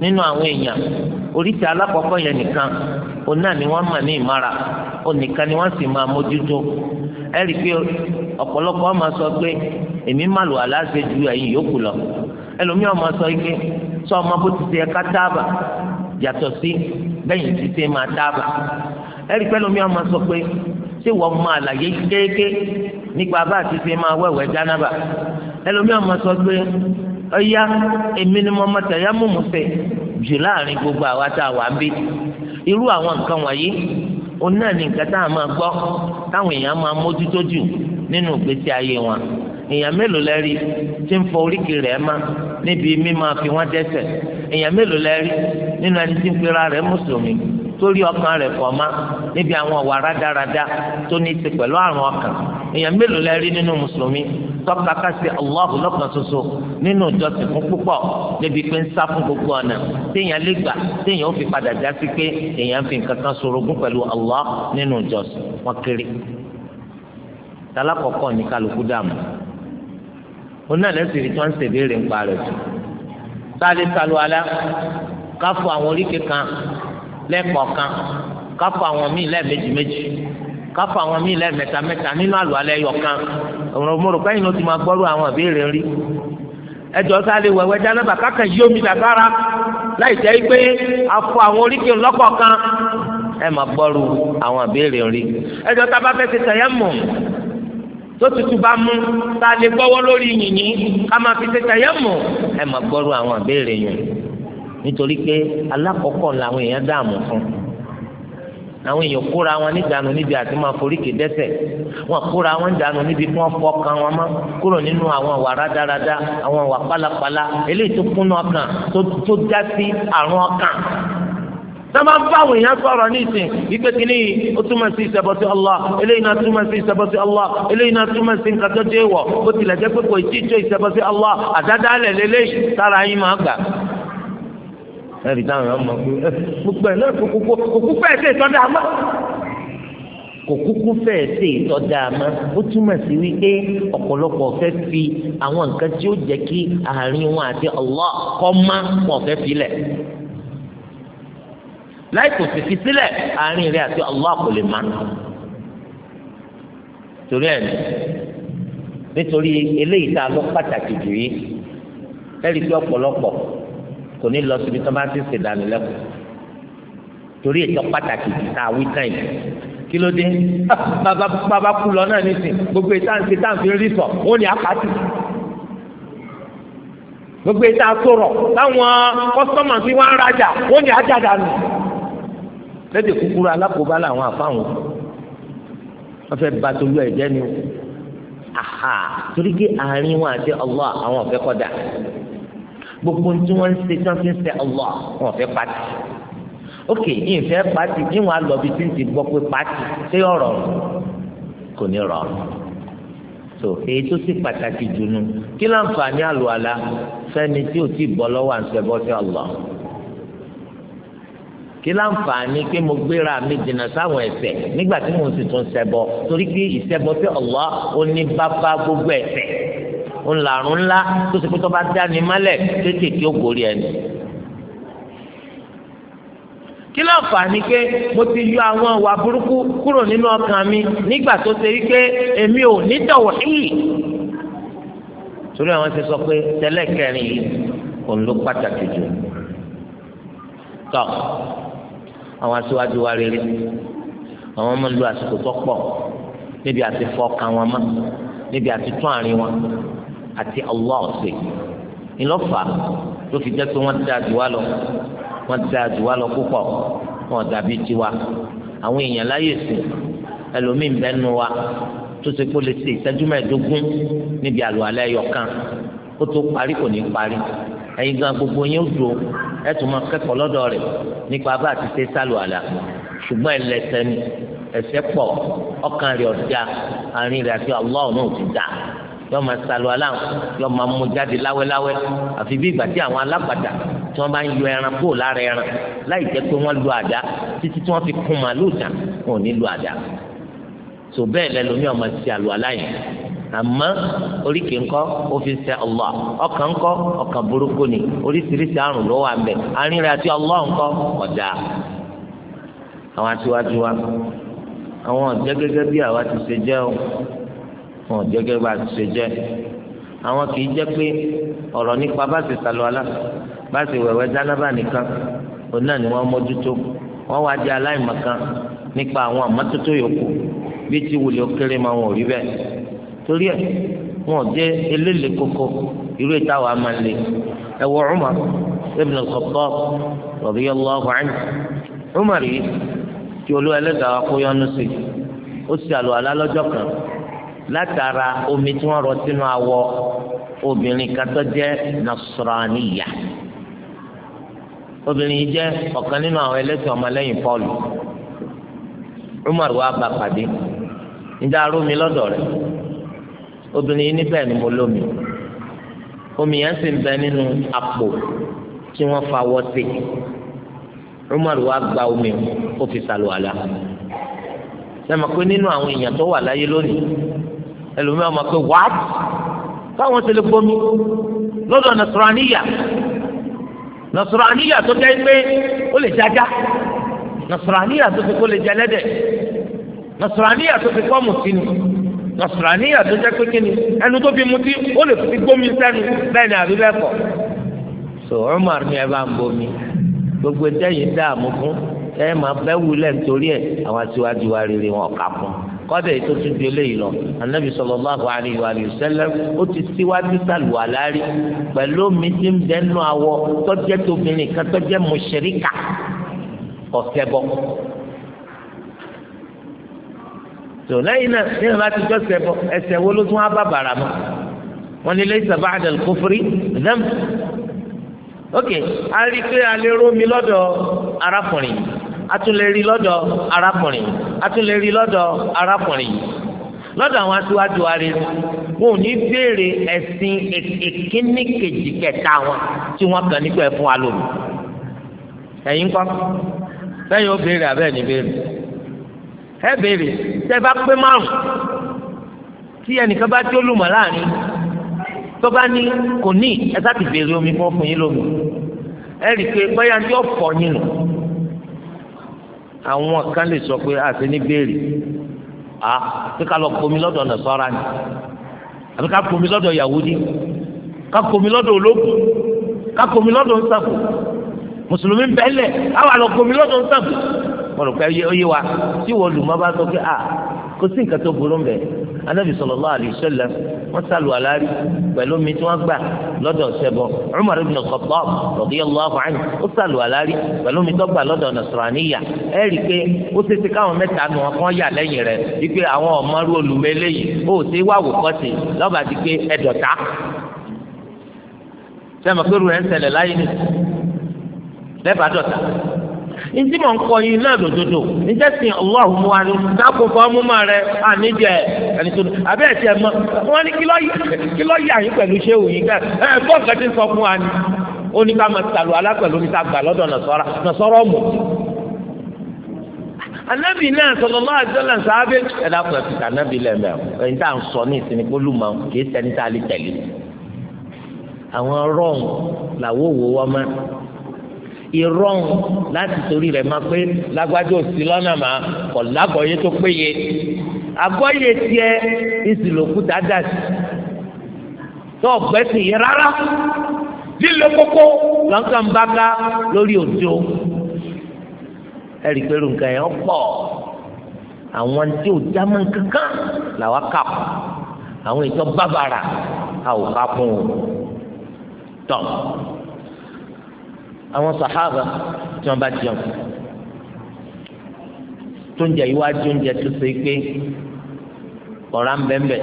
nínú àwọn èèyàn oríṣi alákọ̀ọ́kọ́ yẹn nìkan òun náà ni wọ́n mà ní ìmára òun nìkan ni wọ́n sì máa mójútó ẹ rí i pé ọ̀pọ̀lọpọ̀ máa sọ pé èmi má lò aláṣẹ ju ẹ̀yin yòókù lọ ẹlòmíràn máa sọ pé sọ ọmọ bó ti ṣe ẹka táàbà yàtọ̀ sí bẹ́yìn ti ṣe máa táàbà ẹ rí i pé ẹlòmíràn máa sọ pé ṣé wọ́n mọ àlàyé kéèké nípa bá ti ṣe máa wẹ̀wẹ̀ jánábà ẹlòmíràn máa sọ pé ọ̀yá èmi ni mo mọ tẹ̀yà mọ̀mọ́sẹ̀ jù láàrin gbogbo àwa tá a wà ń bí irú àwọn nǹkan wọ̀nyí òun náà ní nǹkan tá a máa gbọ́ táwọn èèyàn máa mójútó jù nínú ìgbésí ayé wọn èèyàn mélòó lẹ rí tí ń fọ fi wọ́n èèyàn mélòó lẹ rí nínú ẹni tí ń pera mùsùlùmí torí ọkàn rẹ̀ kọ̀ ma níbi àwọn ọ̀wà rádaràda tó ní ti pẹ̀lú àrùn ọkàn èèyàn mélòó la rí nínú mùsùlùmí tọ́ka kásì Allahu lọ́kàn soso nínú ìjọsìn fún púpọ̀ níbi pé ń sá fún gbogbo ọ̀nà téèyàn lè gbà téèyàn ó fi padà já sí pé èèyàn fi nǹkan kan sorogún pẹ̀lú Allah nínú ìjọsìn wọn kiri talakọ̀kọ́ ní kálukú dààmú onílẹ̀sìn tí wọ́n ń ṣèbéèrè ń parẹ́ tó sáré salu lẹ́ẹ̀kọ̀ọ̀kan káfọ àwọn míì lẹ́ẹ̀mejì méjì káfọ àwọn míì lẹ́ẹ̀mẹ́ta mẹ́ta nínú àlọ́ alẹ́ yọ̀kan òmùrùmùrù kẹ́yìn ló ti máa gbọ́rú àwọn ìbéèrè rí ẹjọ́ sáré wẹ̀wẹ́ dánábà káka yí omi dàgbára láì jẹ́ pé afọ àwọn oríkèé lọ́kọ̀ọ̀kan ẹ máa gbọ́rú àwọn ìbéèrè rí ẹjọ́ tábà fẹ́ ti tẹ̀yẹ́ mọ̀ tó tutù bá mú tá a lè gbọ́wọ́ lórí yìnyín ká máa fi ti tẹ̀yẹ́ mọ̀ ẹ máa gbọ́rú àwọn ìbéèrè yìí nítorí pé alákọ̀ọ́kọ́ làwọn èèyàn dààmú fún àwọn èèyàn kóra wọn níjànú níbi àti máa foríkè dẹ́ṣẹ̀ wọn kóra wọn níjànú níbi kí wọn fọkàn wọn mọ́ kúrò nínú àwọn ìwà rádaràda àwọn ìwà pálapàla eléyìí tó kúnnú ọkàn tó já sí àrùn ọkàn sábà ń èèyàn sọ̀rọ̀ nísìn wípé kínní yìí ó túmọ̀ sí ìṣẹ̀bọ̀sí eléyìí náà túmọ̀ sí ìṣẹ̀bọ̀sí eléyìí náà túmọ̀ sí nǹkan tó dé wọ̀ bó tilẹ̀ jẹ́ ẹbí táwọn ọmọ pé gbogbo ẹ náà kòkòkò kòkòkò ẹ sì tọ́da mọ́ kòkòkò fẹ́ ṣe ìtọ́jà mọ́ ó túmọ̀ sí wípé ọ̀pọ̀lọpọ̀ fẹ́ fi àwọn nǹkan tí ó jẹ́ kí àárín wọn àti Allah kọ́ má pọ̀ fẹ́ filẹ̀ láì kò sì fi sílẹ̀ àárín rẹ̀ àti Allah kò lè má torí ẹ̀ nítorí eléyìí tá a lọ pàtàkì jù yìí ẹ̀rí pé ọ̀pọ̀lọpọ̀ kò ní lọ síbi tó bá ti ṣèdánilẹ́kọ̀ọ́ torí ètò pàtàkì tá a wí tán yìí kí ló dé ah, bàbá bàbá kú lọ náà nísìn gbogbo ètò àǹtí táǹfì rí sọ ó ní apàtì gbogbo ètò àtòrọ táwọn kọ́sítọ́mà tí wọ́n ń rajà ó ní ajá dànù lédè kúkúrú alákòóbá làwọn àfáwọn wọ́n fẹ́ẹ́ ba tolú ẹ̀jẹ̀ ni aha torí pé àárín wọn àti Allah àwọn ọ̀fẹ́ kọ́ dà gbogbo tí wọ́n ń ṣe tí wọ́n fi ń ṣe Allah wọn fẹ́ pati ok yìí fẹ́ pati yìí wọn lọ bí tí ń ti gbọ́ pé pati ṣé ọ̀rọ̀ kò ní rọrùn so èyí tó sì pàtàkì jùlọ kí láǹfààní àlùwàlà fẹ́ni tí ò tí ì bọ́ lọ́wọ́ sí Allah kí láǹfààní pé mo gbéra mi dènà sáwọn ẹ̀ṣẹ̀ nígbà tí mo sì tún ṣẹbọ torí pé ìṣẹbọ sí Allah ó ní bàbá gbogbo ẹ̀ṣẹ̀ ńlárun ńlá tó ti pé tó bá dání mọ́lẹ̀ tètè tí ó gorí ẹni. kí ló fà ní pé mo ti yọ àwọn ìwà burúkú kúrò nínú ọkàn mi nígbà tó ṣe wípé èmi ò ní dọ̀wọ̀ yìí. torí àwọn ti sọ pé tẹ́lẹ̀ kẹrin yìí òun ló pàtàkì jù tọ́ àwọn aṣíwájú wa rere àwọn ọmọ ń lo àsìkò tó pọ̀ níbi àti fọ́ ọkàn wọn mọ́ níbi àti tún àárín wọn àti Allah ṣe ńlọ́fà ló fi jẹ́ pé wọ́n dáa jù wá lọ wọ́n dáa jù wá lọ púpọ̀ wọ́n dàbí tiwa àwọn èèyàn láyè sìn ẹlòmíín bẹ́ẹ̀ wa tó ṣe kó lè ṣe ìṣẹ́jú mẹ́ẹ̀ẹ́dógún níbi àlùalẹ́ ẹyọkan kó tó parí kò ní parí ẹ̀yin gan gbogbo yín ó dùn ẹ̀ tún máa kẹ́kọ̀ọ́ lọ́dọ̀ rẹ̀ nípa bá àti ṣe sálùalà ṣùgbọ́n ẹlẹ́sẹ̀ ni ẹ̀ṣẹ̀ pọ̀ ọkàn rẹ̀ ọ̀dà àárín rẹ̀ àti Allah náà ti dáa yọ máa sàlù aláǹ yọ máa mú jáde láwẹ́láwẹ́ àfi bí ìgbà tí àwọn alágbàdà tí wọ́n bá ń yọ ẹran kúrò lára ẹran láì jẹ́ pé wọ́n lu àdá títí tí wọ́n fi kún màálù tán wọn ò ní lu àdá tó bẹ́ẹ̀ lẹ́nu ní ọmọ ti sàlù aláǹ àmọ́ oríkèé ńkọ́ ó fi ṣe Allah ọkàn ńkọ́ ọkàn burúkú ni oríṣiríṣi àrùn ló wà mbẹ arìnrìn àti Allah ńkọ́ ọ̀dà àwọn àtiwájú wa àwọn ọ̀jẹ́ gẹ́gẹ́ bí àwa ti ṣe jẹ́ o wọn jẹ́gẹ́ bá ti ṣe jẹ́ àwọn kì í jẹ́ pé ọ̀rọ̀ nípa bá ti sàlọ́ alá bá ti wẹ̀wẹ́ jánábà nìkan òun náà ni wọ́n mójútó wọ́n wá di aláìmọ̀kan nípa àwọn àmọ́tótó yòókù bí ti wulẹ̀ ó kéré máa wọn ò rí bẹ́ẹ̀ torí ẹ̀ wọn ò eléle koko irú ìta wàá máa le ẹ wọ Umar ibn al-Khattab radiyallahu anhu Umar yìí tí olú ẹlẹ́dàá wa kó yọnu sí ó sì àlọ́ alá lọ́jọ́ kan látara omi tí wọ́n rọ sínú awọ obìnrin kan tó jẹ́ nasraniya obìnrin yìí jẹ́ ọ̀kan nínú àwọn ẹlẹ́sìn ọmọlẹ́yìn Pọ́ọ̀lù Umar wa bá pàdé níta rómi lọ́dọ̀ rẹ̀ obìnrin yìí níbẹ̀ ni mo lómi omi yẹn sì ń bẹ nínú àpò tí wọ́n fa wọ́tì Umar gba omi ó fi sàlùwàlà sẹ́mi pé nínú àwọn èèyàn tó wà láyé lónìí ẹlòmíì ọmọ pé wáá káwọn ti lè bomi lọ́dọ̀ nasaraniya nasaraniya tó jẹ́ pé ó lè jájá nasaraniya tó fi kó lè jẹlẹ́dẹ̀ nasaraniya tó fi kọ́ mùsùlùmí nasaraniya tó jẹ́ pé kíni ẹnu tó fi mutí ó lè fi gbómi sẹ́nu bẹ́ẹ̀ ni àbí bẹ́ẹ̀ kọ́ so Umar ni ẹ bá ń bomi gbogbo ẹ̀jẹ̀ yìí dààmú fún ẹ máa bẹ́ wulẹ̀ nítorí ẹ̀ àwọn aṣíwájú wa rere wọn kà fún un kọ́dà ètò tún di eléyìí lọ anabi sallallahu alayhi wa sallam ó ti síwájú sàlùwà lárí pẹ̀lú omi tí ń bẹ́nu awọ tọ́jẹ́ tóbìnrin kan tọ́jẹ́ mùṣírikà ọ̀sẹ̀ bọ̀ tò lẹ́yìn náà nínú bá ti jọ́ sẹ́bọ̀ ẹsẹ̀ wo ló tún á bá bàrà mọ́ wọn ni laysa ba'da al-kufri dhanb ok a rí i pé a rómi lọ́dọ̀ arákùnrin yìí atúlérí lọ́dọ̀ arákùnrin atúlérí lọ́dọ̀ arákùnrin lọ́dọ̀ àwọn aṣíwájú arí wọn ò ní béèrè ẹ̀sìn ìkíní kejì kẹta wọn tí wọ́n kàn nípa ẹ̀fún wa lónìí ẹ̀yin kọ́ lẹ́yìn ó béèrè abẹ́ẹ̀ ní béèrè ẹ béèrè tẹ́ bá pé márùn tí ẹnìkan bá jó lùmọ̀ láàrin tó bá ní kò ní ẹ sá ti béèrè omi fún fún lómi ẹ rí i pé bóyá ní ọ̀fọ̀ yín nù àwọn kan lè sọ pé àti ní béèrè à kí ká lọ pomi lọ́dọ̀ nàṣọ́ra ni àbí ká pomi lọ́dọ̀ Yahudi ká pomi lọ́dọ̀ ológun ká pomi lọ́dọ̀ nsàfù mùsùlùmí bẹ́lẹ̀ àwọn àlọ́ pomi lọ́dọ̀ nsàfù mo rò pé ó yé wa tí wọ́n lù mọ́ bá sọ pé à kò sí nǹkan tó burú mbẹ anabi sallallahu alaihi wasallam wọn sálù aláàrí pẹ̀lú omi tí wọn gbà lọ́dọ̀ ṣẹbọ umar ibn al-khattab radiyallahu anhu ó sálù aláàrí pẹ̀lú omi tó gbà lọ́dọ̀ nasraniya ẹ rí i pé ó ṣeéṣe káwọn mẹ́ta nù wọn kàn yà lẹ́yìn rẹ̀ wípé àwọn ọmọrú olùmẹlẹ yìí ó ti wá wò lọba ti pé ẹdọta sẹmọ pé rú ń ṣẹlẹ̀ láyé ni lẹbàá dọta ntí mò ń kọ yín náà lòdodo níjẹ́ sìn ọlọ́hu mu wa ni dáko fọ́ọ̀mù mọ́ rẹ àníjẹ ẹni tó àbí ẹ̀ tiẹ̀ mọ́ wọ́n ní kí lọ́ọ́ yà yín pẹ̀lú ṣé òyìn ká ẹ bọ́ nǹkan tí ń sọ fún wa ni ó ní ká máa sàlù alápẹ̀lú ní ta gbà lọ́dọ̀ nàṣọ́ra nàṣọ́rọ́ mọ̀ anabi náà sọlọlọ àjọlọ sábẹ ẹ dákun ẹ fìkà anabi lẹmẹ o ẹyin tá à ń sọ ní ìsinmi gbólúmọ kì í ṣẹni tá a lè tẹ̀lé àwọn rọrùn làwọn òwò wọn máa ìrọ̀rùn láti torí rẹ̀ máa pé lágbájá òsì lọ́nà mà kọ̀ lágbọ̀ọ́yé tó péye àgbọ̀ọ́yé tiẹ̀ ìsìlòkù dáadáa sí tó ọ̀gbẹ́ sì yẹ rárá lílo kókó lọ́nkàn bá ká lórí òjò ẹ̀rí pẹ̀lú nǹkan yẹn pọ̀ àwọn tí ò já mọ́ kankan làwọn kà kù àwọn ìtọ́ bàbàrà àwọn kà kù tọ̀ àwọn sàhábà tí wọ́n bá jẹun tó ń jẹ iwájú oúnjẹ tó ṣe pé ọ̀rá ń bẹ́ńbẹ́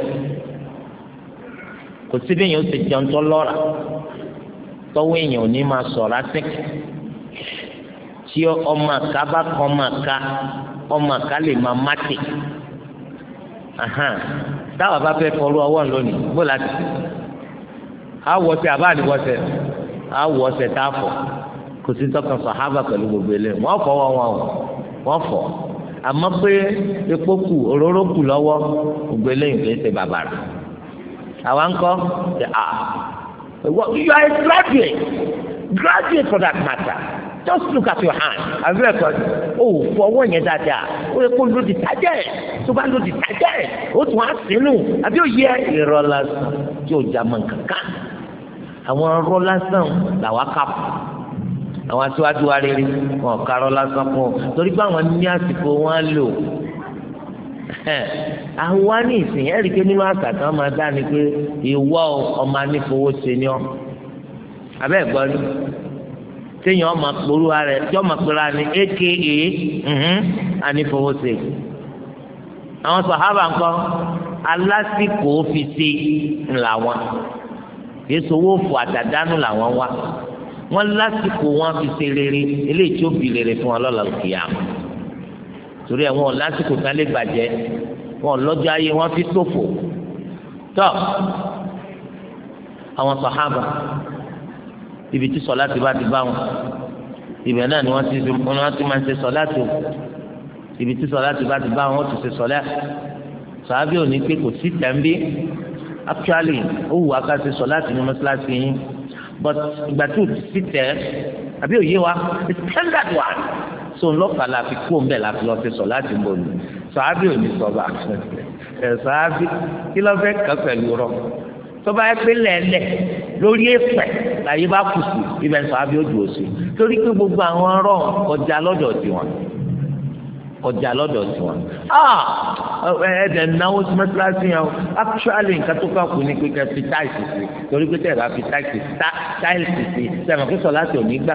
kò sí bí èèyàn ó ti jẹun tó lọ́ra tọ́wọ́ èèyàn ò ní máa sọ̀rọ̀ àtẹ́kẹ́ tí ọmọ àká bá kan ọmọ àká ọmọ àká lè máa mátì táwa bá fẹ́ fọlú ọwọ́ lónìí bó láti àwọ̀ ọ̀sẹ̀ àbá àdìwọ̀sẹ̀ àwọ̀ ọ̀sẹ̀ tá a fọ̀ kò sí tọkàn sàhábà pẹ̀lú gbogbo eléyìí wọ́n fọ́ wọn wọn wọ́n fọ́ àmọ́ pé epo kù òróró kù lọ́wọ́ gbogbo eléyìí kò ṣe bàbà àwa ń kọ́ ṣe à ah, you are a graduate graduate for that matter just look at your hand àbí ẹ̀kọ́ o fọwọ́ yẹn dáadáa ó yẹ kó lo detergent tó bá lo detergent ó tún á sínú àbí ó yẹ irọ́ lásán tí ó jà mọ́ kankan àwọn irọ́ lásán làwa kà fún àwọn aṣáájú wa rere wọn karọ lásán fún ọ torí pé àwọn ní àsìkò wọn lò àwa ní ìsìn ẹ̀rí pé nínú àṣà kan máa dá ni pé ìwọ ọmọ anífowóṣe ni ọ abẹ́ ẹ̀ gbọ́ ni téèyàn ọmọ akpọ̀rọ̀ rẹ̀ tí ọmọ akpọ̀rọ̀ ni aka anífowóṣe àwọn sàhábà ńkọ́ alásìkò fi ṣe ńlá wọn yéṣu owó fò àtàdánù làwọn wá wọn lásìkò wọn fi ṣe rere eléyìí tí ó bi rere fún wọn lọ́la òkèèyà torí ẹ̀ wọn lásìkò tán lè gbàjẹ́ wọn lọ́jọ́ ayé wọn fi ṣòfò tọ́ àwọn sàhábà ibi tí sọlá ti bá ti bá wọn ibẹ̀ náà ni wọ́n ti wọ́n ti máa ń ṣe sọlá tó ibi tí sọlá ti bá ti bá wọn ó ti ṣe sọlá sàábì ò pé kò sí tẹ̀m̀bí actually ó wù wá ká ṣe sọlá tó ní mọ́ṣáláṣí yín but ìgbà tí o ti sí tẹ àbí òye wa the standard one so ńlọ́kà la fi kó mbẹ́ la fi lọ́ọ́ fi sọ láti bò ní sàábì ò ní sọba ẹ sàábì kí ló fẹ́ kàn pẹ̀lú rọ tọ́ba yẹ pé lẹ́lẹ̀ lórí ẹ̀fẹ̀ làyè bá kù sí ibẹ̀ sàábì ó dùn ó sí torí pé gbogbo àwọn ọ̀rọ̀ ọjà lọ́dọ̀ tiwọn ọjà lọ́dọ̀ sí wọn. Ah, ẹ̀ẹ́dẹ̀ náwó sí mẹ́tíláṣí yẹn o actually nǹkan tó kàkú ni pé kẹ́ fi táìsì sí torí pé tẹ̀lá fi táìsì táìsì sí sẹ́wọ̀n kí sọ láti òní gbà.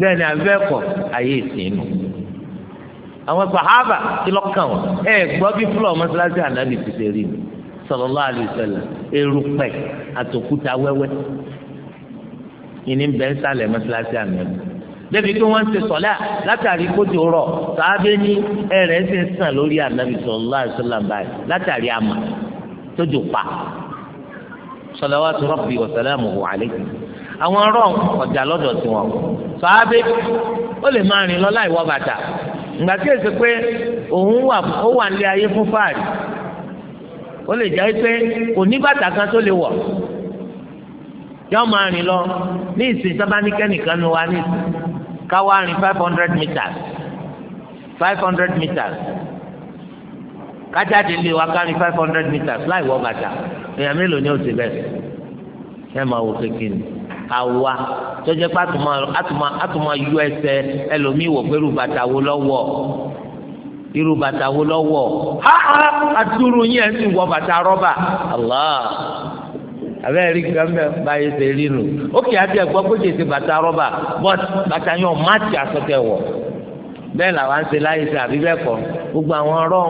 bẹ́ẹ̀ ni àbẹ́ẹ̀kọ̀ ayé ìsìnú. àwọn sàhábà kí lọ́kàn wọn ẹ gbọ́ bí fúlọ̀ mẹ́tíláṣí ànábì ti ṣe rí mi sallallahu alaihi wasallam erùpẹ̀ àtòkúta wẹ́wẹ́ ìní bẹ́ẹ̀ sálẹ̀ mẹ́tíláṣí ànábì débi pé wọ́n ń ṣe sọ̀lá látàrí kójú rọ̀ sàábé ní ẹ̀rẹ̀ ṣe ń sàn lórí ànábì sallallahu alaihi wasallam báyìí látàrí àmà tójú pa salawatu rabbi wa salamuhu alayhi àwọn ọ̀rọ̀ ọ̀jà lọ́dọ̀ sí wọn sàábé ó lè máa rìn lọ láì wọ bàtà ìgbà tí èsì pé òun wà ó wà nílé ayé fún fáàrí ó lè jẹ́ pé kò ní bàtà kan tó lè wọ̀ yọ máa rìn lọ ní ìsìn sábà ní kẹ́nìkan nu wa ní ìsìn káwá rìn five hundred meters five hundred meters kájáde lè wá kárí five hundred meters láì wọ bàtà èèyàn mélòó ni ó ti bẹ̀rẹ̀ ẹ máa wò kékeré ni àwa tó jẹ́ pé àtùmọ̀ àtùmọ̀ ẹsẹ̀ ẹlòmíì wọ̀ pé irú bàtà wo lọ́wọ́ irú bàtà wo lọ́wọ́ ha ha àdúró yẹn sì wọ bàtà rọ́bà Allah abẹ́ rí gbàmbẹ́ báyìí ṣe rí nù ókè àti ẹ̀gbọ́n kó ṣe ṣe bàtà rọ́bà bọ́t bàtà yóò má ti àsọtẹ̀ wọ̀ bẹ́ẹ̀ làwọn ṣe láyé ṣe àbí bẹ́ẹ̀ kọ́ gbogbo àwọn ọ̀rọ̀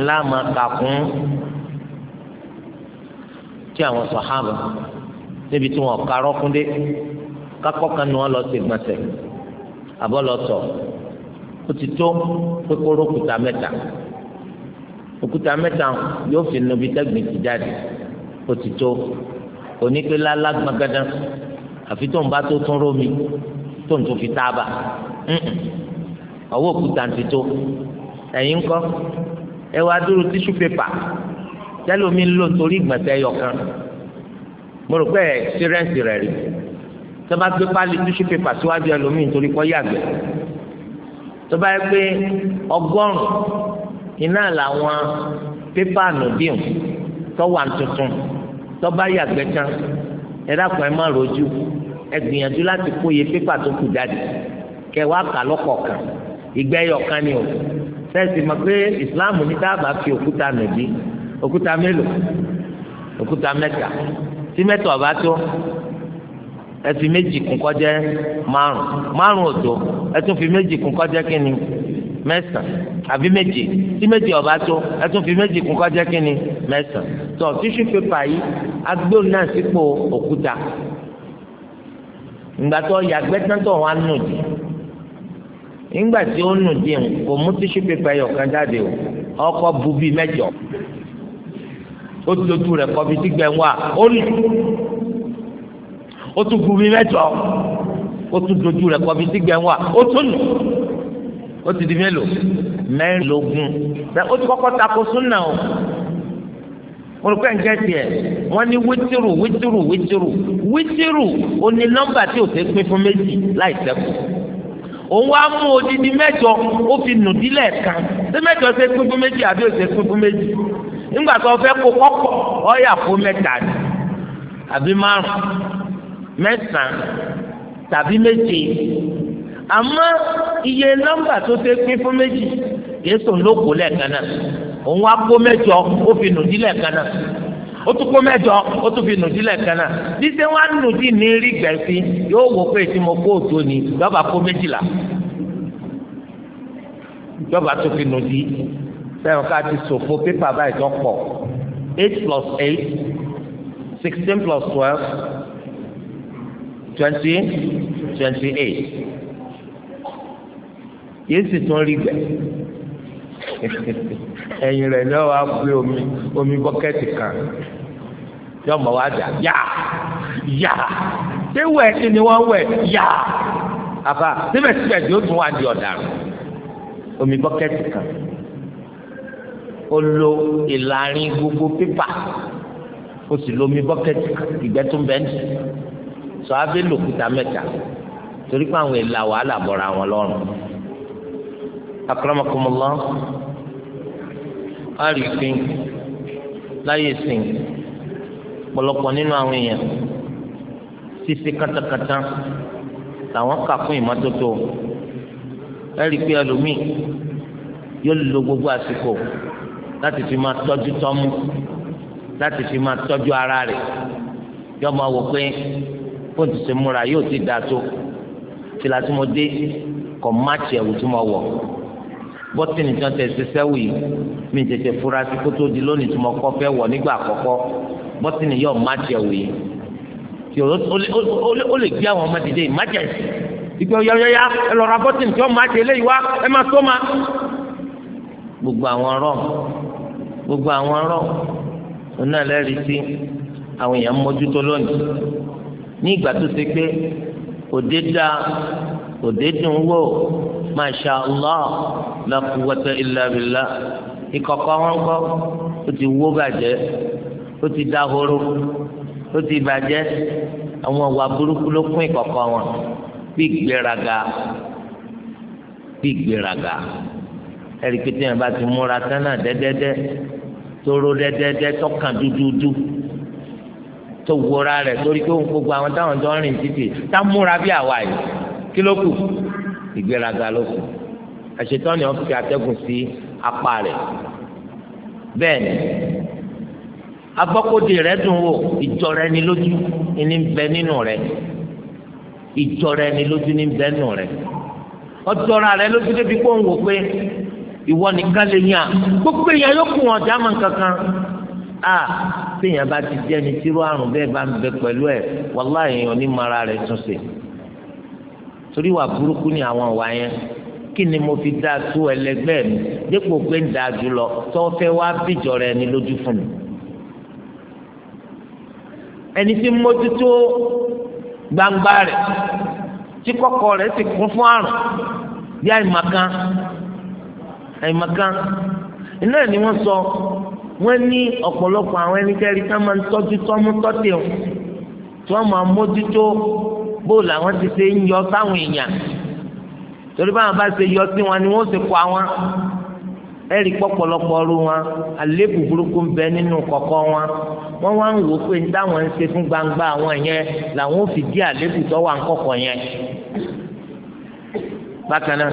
ńlá máa kà kún tí àwọn sàhábà níbi tí wọn karọ́ kún dé kakọ́ kan ni wọ́n lọ sí ìgbọ̀nsẹ̀ àbọ̀ lọ sọ ó ti tó pé kóró òkúta mẹ́ta òkúta mẹ́ta yóò fi nu ibi ti jáde ó ti tó onípele alágbàgádá àfi tó ń bá tó tún rómi tó ń tó fi tábà ọwọ́ òkúta ti tó ẹ̀yin ńkọ́ ẹ wá dúró tíṣù pépà tẹ́lómi ń lò nítorí ìgbọ̀nsẹ̀ yọkan mo rò pé ẹ̀sírẹ́ǹsì rẹ̀ rí tó bá gbé pálí tíṣù pépà síwájú ẹlòmíì nítorí kọ́ yàgbẹ́ tó bá yẹ pé ọgọ́rùn iná làwọn pépà nù dín tó wà tuntun tọ́ba yàgbẹ́ tán ẹ dákun ẹ má rojú ẹ gbìyànjú láti kó iye pépà tó kù jáde kẹ wá kà lọ́pọ̀ kan ìgbẹ́yọ̀ kan ni o sẹ́ẹ̀sì mọ̀ pé ìsìláàmù ní dábàá fi òkúta nàbí òkúta mélòó òkúta mẹ́ta tí mẹ́ta ọ̀bá tó ẹ fi méjì kún kó jẹ́ márùn márùn ò tó ẹ tún fi méjì kún kó kínní mẹ́sàn àbí méje tí méje ọba tó ẹ tún fi méje kún kọjá kínní mẹ́sàn tó tíṣù pépà yìí agbóhùn náà sípò òkúta ìgbà tó yàgbẹ́ tán tó wà nù dì ìgbà tí ó nù dì kò mú tíṣù pépà yìí ọ̀kan jáde o ọkọ̀ bu bíi mẹ́jọ ó dojú rẹ̀ kọ́ bí dígbẹ́ wà ó nù ó tún bu bíi mẹ́jọ ó tún dojú rẹ̀ kọ́ bí dígbẹ́ wà ó tún nù ó ti di mélòó mẹ́rìnlógún ó ti kọ́kọ́ tako súnà o mo rò pé nǹkan tiẹ̀ wọ́n ní wítírù wítírù wítírù wítírù O ní nọ́mbà tí ò ṣe pín fún méjì láì ṣẹ́kù òun wá mú odidi mẹ́jọ ó fi nù dílẹ̀ kan ṣé mẹ́jọ ṣe pín fún méjì àbí ò ṣe pín fún méjì nígbà tó fẹ́ kó kọ́kọ́ ọ̀yà fún mẹ́ta ni àbí márùn mẹ́sàn-án tàbí méje àmọ́ iye nọ́mbà tó ṣe pín fún méjì yéésù ló kó lẹ́ẹ̀kan náà òun wá kó mẹ́jọ ó fi nùdí lẹ́ẹ̀kan náà ó tún kó mẹ́jọ ó tún fi nùdí lẹ́ẹ̀kan náà dídé wá nùdí ní rí gbẹ̀sí yóò wò pé tí mo kó òtó ni lọ́ba kó méjìlá lọ́ba tó fi nùdí sẹ́wọ̀n ká ti sòfò pépà báyìí tó pọ̀ eight plus eight sixteen plus twelve twenty twenty eight yéé sì tún rí gbẹ ẹ̀yìn rẹ̀ náà wàá pé omi omi bọ́kẹ́tì kan yóò mọ̀ wá dà yá yá ṣé wẹ̀ ẹni ni wọ́n wẹ̀ yá àbá síbẹ̀síbẹ̀ tí ó tún wá di ọ̀daràn omi bọ́kẹ́tì kan ó lo ìlàrin gbogbo pépà ó sì lo omi bọ́kẹ́tì kan ìgbẹ́ tó bẹ́ẹ̀ ní sọ abẹ́ lòkúta mẹ́ta torí pé àwọn ìlà wàhálà bọ̀ra wọn lọ́rùn akramakumullah àrífín láyé sìn pọ̀lọpọ̀ nínú àwọn èèyàn ṣíṣe kátàkátà làwọn kà fún ìmọ́tótó ẹ̀rí pé ẹlòmíì yóò lo gbogbo àsìkò láti fi máa tọ́jú tọ́mú láti fi máa tọ́jú ara rẹ̀ yóò máa wò pé bó ti ṣe múra yóò ti dà tó tìlà tí mo dé kọ̀ máàcì ẹ̀wù tí mo wọ̀ bọ́tìnì tí wọ́n tẹ̀ ṣe sẹ́wù yìí mi tètè fura sí kótó di lónìí tí mo kọ́ fẹ́ wọ̀ nígbà àkọ́kọ́ bọ́tìnì yóò má jẹ òye tí ó lè gbé àwọn ọmọ dìde emergency ìgbà yáyáyá ẹ lọ ra bọ́tìnì tí wọ́n má jẹ eléyìí wá ẹ má tó ma. gbogbo àwọn rọ gbogbo àwọn rọ òun lẹ́rìí sí àwọn èèyàn mójútó lónìí ní ìgbà tó ṣe pé òde dáa òde dùn wò masha allah la quwwata illa billah ìkọ̀kọ̀ wọn kọ́ ó ti wó bàjẹ́ ó ti dahoro ó ti bàjẹ́ àwọn ọ̀wà burúkú ló kún ìkọ̀kọ̀ wọn bí gbéraga bí gbéraga ẹ̀rí pété yẹn ti múra tánà dẹ́dẹ́dẹ́ tóró dẹ́dẹ́dẹ́ tọkàn dúdúdú tó wúra rẹ̀ torí pé gbogbo àwọn táwọn jọ ń rìn títì tá múra bí àwa yìí kí ìgbéraga ló kù àṣetán ni wọn fi atẹ́gùn sí apá rẹ̀ bẹ́ẹ̀ ni abọ́kòdì rẹ̀ dùn wò ìjọ rẹ̀ ni lójú ní bẹ nínú rẹ̀ ìjọ rẹ̀ ni lójú ní bẹ nínú rẹ̀ ọjọ́ra rẹ̀ lójú débi kó ń wò pé ìwọ nìkan lè yàn gbogbo èèyàn yóò kù wọn dáhùn kankan a téèyàn bá ti jẹ́ ni tírú àrùn bẹ́ẹ̀ bá ń bẹ pẹ̀lú ẹ̀ wàláhì èèyàn ní mara rẹ̀ tún torí wà burúkú ni àwọn wà yẹn kí ni mo fi dáa tó ẹlẹgbẹ́ mi dípò pé ń dáa jù lọ tọ́wọ́ fẹ́ wá bìjọ rẹ ni lójú fún mi. ẹni tí mójútó gbangba rẹ tí kọ́kọ́ rẹ sì kún fún àrùn bí àìmọ̀kan àìmọ̀kan iná ni wọ́n sọ wọ́n ní ọ̀pọ̀lọpọ̀ àwọn ẹnikẹ́ni tí wọ́n máa ń tọ́jú tọ́mú tọ́tẹ̀ tí wọ́n máa mójútó bóòlù àwọn ti ṣe ń yọ sáwọn èèyàn torí báwọn bá ṣe yọ sí wọn ni wọn ṣe kọ àwọn ẹ̀rí pọ̀pọ̀lọpọ̀ ọrú wọn àléébù burúkú ń bẹ nínú kọ̀kọ̀ wọn wọ́n wá ń wò ó pé ní táwọn ń ṣe fún gbangba àwọn yẹn làwọn ò fi dí àléébù tó wà ń kọ̀kọ̀ yẹn. bákan náà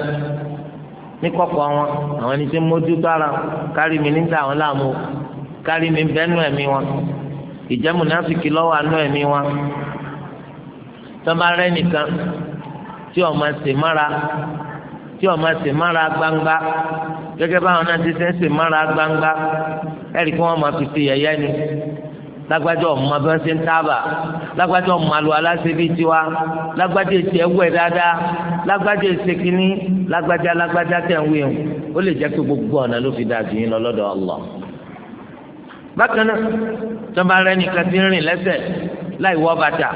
ní kọ̀kọ̀ wọn àwọn ẹni tí mójútó ara kárí mi níta àwọn láàmú kárí mi bẹ́nu ẹ̀mí wọn ìjẹ́múnáfíkì lọ́wọ́ àánú ẹ̀mí wọn tọ́ba rẹ nìkan tí ọmọ ṣe mára tí ọmọ ṣe mara gbangba gẹ́gẹ́ báwọn náà ti ṣe ń ṣe mára gbangba ẹ̀rí kí wọ́n máa fi ṣe yẹ̀yẹ́ ni lágbájọ ọmọ bí wọn ṣe ń tábà lágbájọ ọmọ àlọ aláṣẹ bíi tiwa lágbájọ èsì ẹwẹ dáadáa lágbájọ èsì kínní lágbájá lágbájá tẹ̀ ń wí o ó lè jẹ́ pé gbogbo ọ̀nà ló fi dáa jù yín lọ lọ́dọ̀ Allah. bákan náà tọ́ba rẹ nìkan ti rìn lẹ́sẹ̀ láì wọ́ bàtà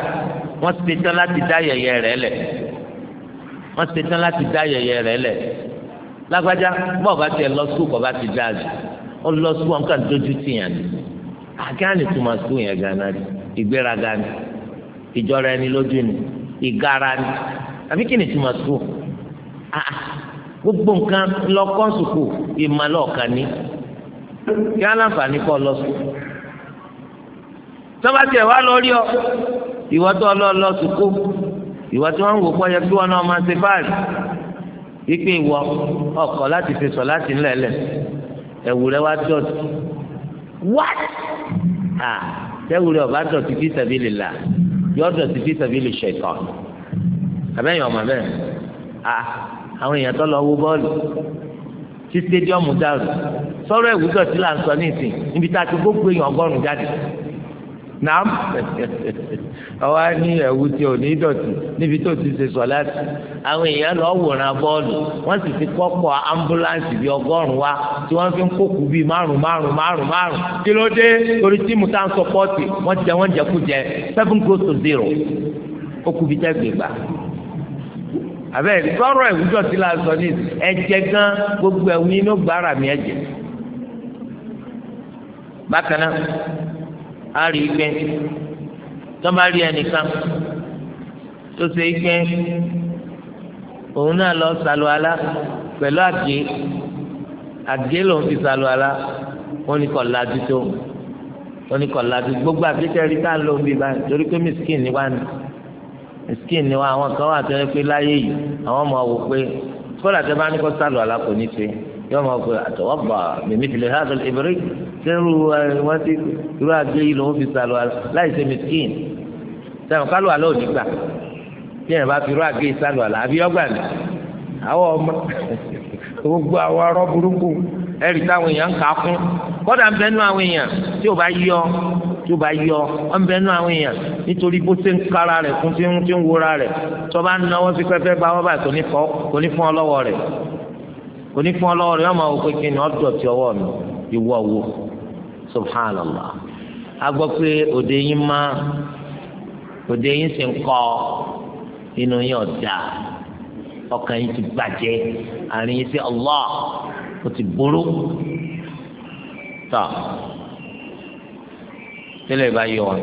wọ́n ṣe tán láti dá yẹ̀yẹ́ rẹ̀ lẹ̀ wọ́n ṣe tán láti dá yẹ̀yẹ́ rẹ̀ lẹ̀ lágbájá bọ́ọ̀ bá tiẹ̀ lọ sùkọ́ bá ti dá àlè ó lọ sùkọ́ nǹkan dojú tì yàn ni àgáàlì tó máa sùn yẹn gánà ni ìgbéraga ni ìjọra ẹni lójú ni ìgara ni àbí kí ni tó máa sùn gbogbo nǹkan lọ kọ́ sùkù ìmàlọ́ ọ̀kan ni kí kọ́ lọ sùn tọ́ba tiẹ̀ wá lọ rí ọ ìwà tó ọlọ́ọ̀lọ́ sùkú ìwà tí wọ́n ń wò pọ́yẹ kí wọ́n náà máa ṣe báàlì wípé ìwọ ọkọ̀ láti fi sọ láti ńlẹ̀lẹ̀ ẹ̀wù rẹ wá dọ̀tí what ah ẹ̀wù rẹ ọba dọ̀tí fi sabilillah yọ dọ̀tí fi sabili shaitan àbẹ́yìn ọmọ bẹ́ẹ̀ ah àwọn èèyàn tó lọ wó bọ́ọ̀lù tí stadium dàrú sọ̀rọ̀ ẹ̀wù dọ̀tí là ń sọ nísìn níbi tá a ti gbogbo èèyàn ọgọ́rùn-ún jáde nàám ọwọ́ ní ẹ̀wù tí ò ní dọ̀tí níbi tó ti ṣe sọ láti àwọn èèyàn lọ wòran bọ́ọ̀lù wọ́n sì ti kọ́pọ̀ ambulance bíi ọgọ́rùn wa tí wọ́n fi ń kókù bíi márùn márùn márùn márùn kí ló dé torí tíìmù tá à ń sọpọ́ọ̀tì wọ́n jẹ wọ́n jẹ kú jẹ seven goals to zero ó kú bíi tẹ́gbẹ̀ẹ́ gbà àbẹ́rẹ́ sọ̀rọ̀ ẹ̀wù dọ̀tí la sọ ní ẹ̀jẹ̀ gan gbogbo ẹ̀wù inú gbára mi ẹ̀jẹ̀ bákan náà á rí i pé tó bá rí ẹnìkan tó ṣe é pé òun náà lọ sàlù alá pẹ̀lú àgé àgé lòun fi sàlù alá wọn ni kò lajú tó wọn ni kò lajú gbogbo àfikẹ́rì tá à ń lò ń bí báyìí torí pé miskin ni wá ni miskin ni wá àwọn kan wà tó pé láyé yìí àwọn ọmọ wò pé kódà tó bá ní kó sàlù alá kò ní ṣe. يوم máa pe àtọwọ́gbà mẹ́mìtìlẹ̀ hàdà ìbẹ̀rẹ̀ sẹ́rù wọ́n ti irú àgbẹ̀ yìí lòún fi sàlù láì ṣe mẹ́tìkìn sẹ́wọ̀n kálù àlọ́ òní gbà tí yẹn bá fi irú àgbẹ̀ yìí sàlù àlà àbí ọgbà ni àwọn ọmọ gbogbo àwọn arọ́ burúkú ẹ̀rì táwọn èèyàn ń kà á kún kọ́dà ń bẹ́nu àwọn èèyàn tí ò bá yọ tí ó bá yọ ọmọbẹ nínú àwọn èèyàn nítorí bó ṣe ń kára rẹ̀ fún tí ń wúra rẹ̀ tó bá ń náwó sí pẹpẹ bá wọn bá kò ní fún ọ lọ́wọ́ rẹ̀ onífún ọlọ́wọ́ rẹ̀ ọmọ òkú kí ni ọ̀dọ̀ ti ọwọ́ mi ìwọ wo subhanallah a gbọ́ pé òde yín má òde yín sì ń kọ́ inú yín ọ̀dà ọkàn yín ti bàjẹ́ àárín yín sí Allah ó ti burú tọ́ tẹ́lẹ̀ bá yọ wọn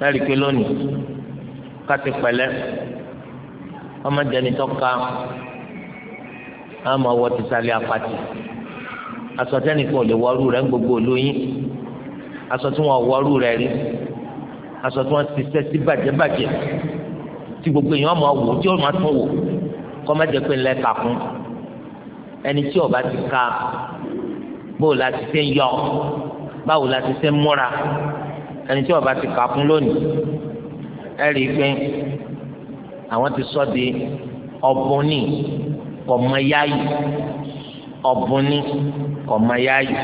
lẹ́rìí pé lónìí ká ti pẹ̀lẹ́ ọmọdé ni tọ́ka á máa wọ tìsàlẹ̀ apàtì aṣọ tẹ́nìkan ò lè wọ́ọ́rù rẹ̀ ń gbogbo olóyin aṣọ tí wọ́n wọ́ọ́rù rẹ̀ rí aṣọ tí wọ́n ti ṣẹ́ sí bàjẹ́bàjẹ́ tí gbogbo èèyàn máa wò tí ó máa tún wò kọ́ má jẹ́ pé ńlẹ́ kà fún ẹni tí ọba ti ka bó la ti ṣe ń yọ báwo la ti ṣe ń múra ẹni tí ọba ti kà fún lónìí ẹ rí i pé àwọn ti sọ di ọ̀bùn ní kọ̀mọ̀yáyì ọ̀bùnni kọ̀mọ̀yáyì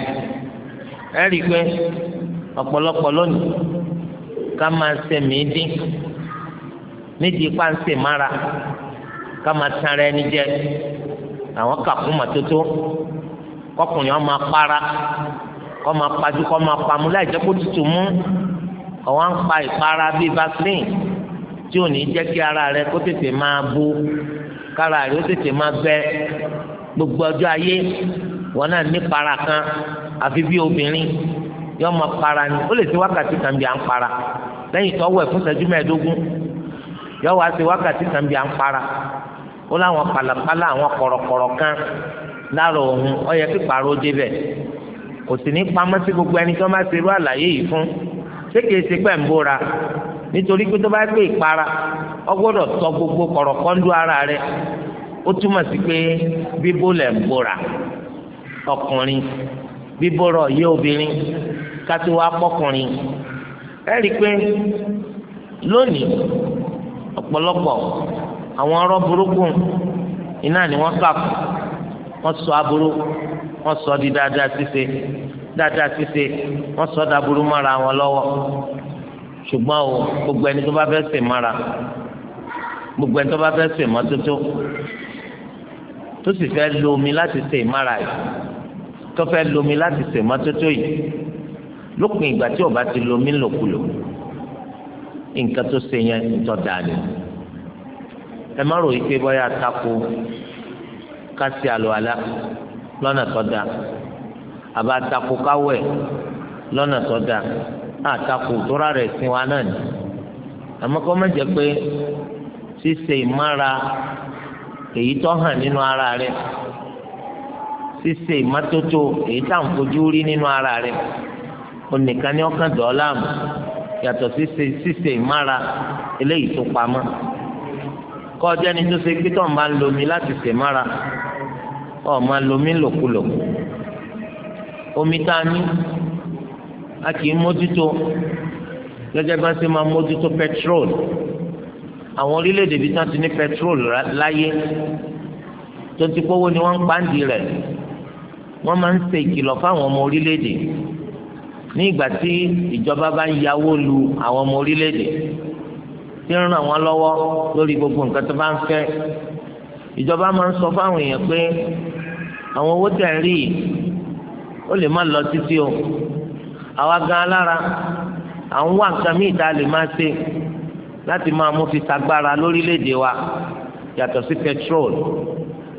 ẹ rí i pé ọ̀pọ̀lọpọ̀ lónìí ká máa sẹ̀mí dín nídìí pàǹsì mára ká máa tara ẹni jẹ àwọn kàkún màtótó kọkùnrin ọmọ apára kọ́ máa pajú kọ́ máa pamú láì jẹ́ kó tutù mú ọ̀wọ́n ń pa bíi vaseline tí ò ní jẹ́ kí ara rẹ kó tètè máa bó kára rẹ̀ ó tètè máa gbẹ gbogbo ọjọ́ ayé wọn náà ní para kan àfi bí obìnrin yọ ọmọ para ni ó lè ṣe wákàtí kan bí à ń para lẹ́yìn tó wẹ̀ fún ìṣẹ́jú mẹ́ẹ̀ẹ́dógún yọ wá ṣe wákàtí kan bí à ń para ó láwọn pàlàpàlà àwọn kọ̀rọ̀kọ̀rọ̀ kan lára òun ó yẹ kí pàrọ̀ débẹ̀ kò sì ní pamọ́ sí gbogbo ẹni tó máa ṣerú àlàyé yìí fún ṣé kìí ṣe pẹ̀ ń bóra nítorí pé tó bá pé ìpara ọ gbọ́dọ̀ tọ gbogbo kọ̀rọ̀kọ́ndú ara rẹ ó túmọ̀ sí pé bíbó lẹ̀ ń bóra ọkùnrin bíbọ̀rọ̀ yé obìnrin kátó wá pọ́kùnrin ẹ rí i pé lónìí ọ̀pọ̀lọpọ̀ àwọn ọ̀rọ̀ burúkú iná ni wọ́n kà wọ́n sọ aburú wọ́n sọ di dáadáa ṣíṣe dáadáa ṣíṣe wọ́n sọ dàburú mọ́ra wọn lọ́wọ́ ṣùgbọ́n o gbogbo ẹni tó bá fẹ́ sè mara gbogbo ẹni tó bá fẹ́ sè mọ́tótó tó sì fẹ́ lo omi láti sè mara yìí tó fẹ́ lo omi láti sè mọ́tótó yìí lópin ìgbà tí o bá ti lo omi lòkulò nǹkan tó ṣe yẹn ń tọ́ ni ẹ má ròyìn pé bóyá tako ká sí àlùwàlá lọ́nà tó da àbá tako káwẹ̀ lọ́nà tó da. àtakò tó rẹ̀ wa náà ni àmọ́ má jẹ́ pé ṣíṣe ìmára èyí hàn nínú ara rẹ̀ ṣíṣe ìmọ́tótó èyí tá à ń fojú rí nínú ara rẹ̀ onìkan ní ọkàn dọ́ọ́là yàtọ̀ ṣíṣe ṣíṣe ìmára eléyìí tó pamọ́ kọ́ ọjọ́ ẹni tó ṣe pé tó ń bá lomi láti ṣe omi tá a a kì í mójútó gẹ́gẹ́ bá ṣe máa mójútó petrol àwọn orílẹ̀-èdè bíi tán ti ní petrol láyé tó ti kówó ni wọ́n ń pàǹdì rẹ̀ wọ́n máa ń ṣe ìkìlọ̀ fáwọn ọmọ orílẹ̀-èdè ní ìgbà tí ìjọba bá ń yáwó lu àwọn ọmọ orílẹ̀-èdè tí ń ràn wọ́n lọ́wọ́ lórí gbogbo nǹkan tó bá ń fẹ́ ìjọba máa ń sọ fáwọn èèyàn pé àwọn owó tẹ̀ ń rí yìí lè má lọ títí o àwa gan alára à ń nǹkan míì tá a lè máa ṣe láti máa mú fi tagbára lórílẹ̀‐èdè wa yàtọ̀ sí petrol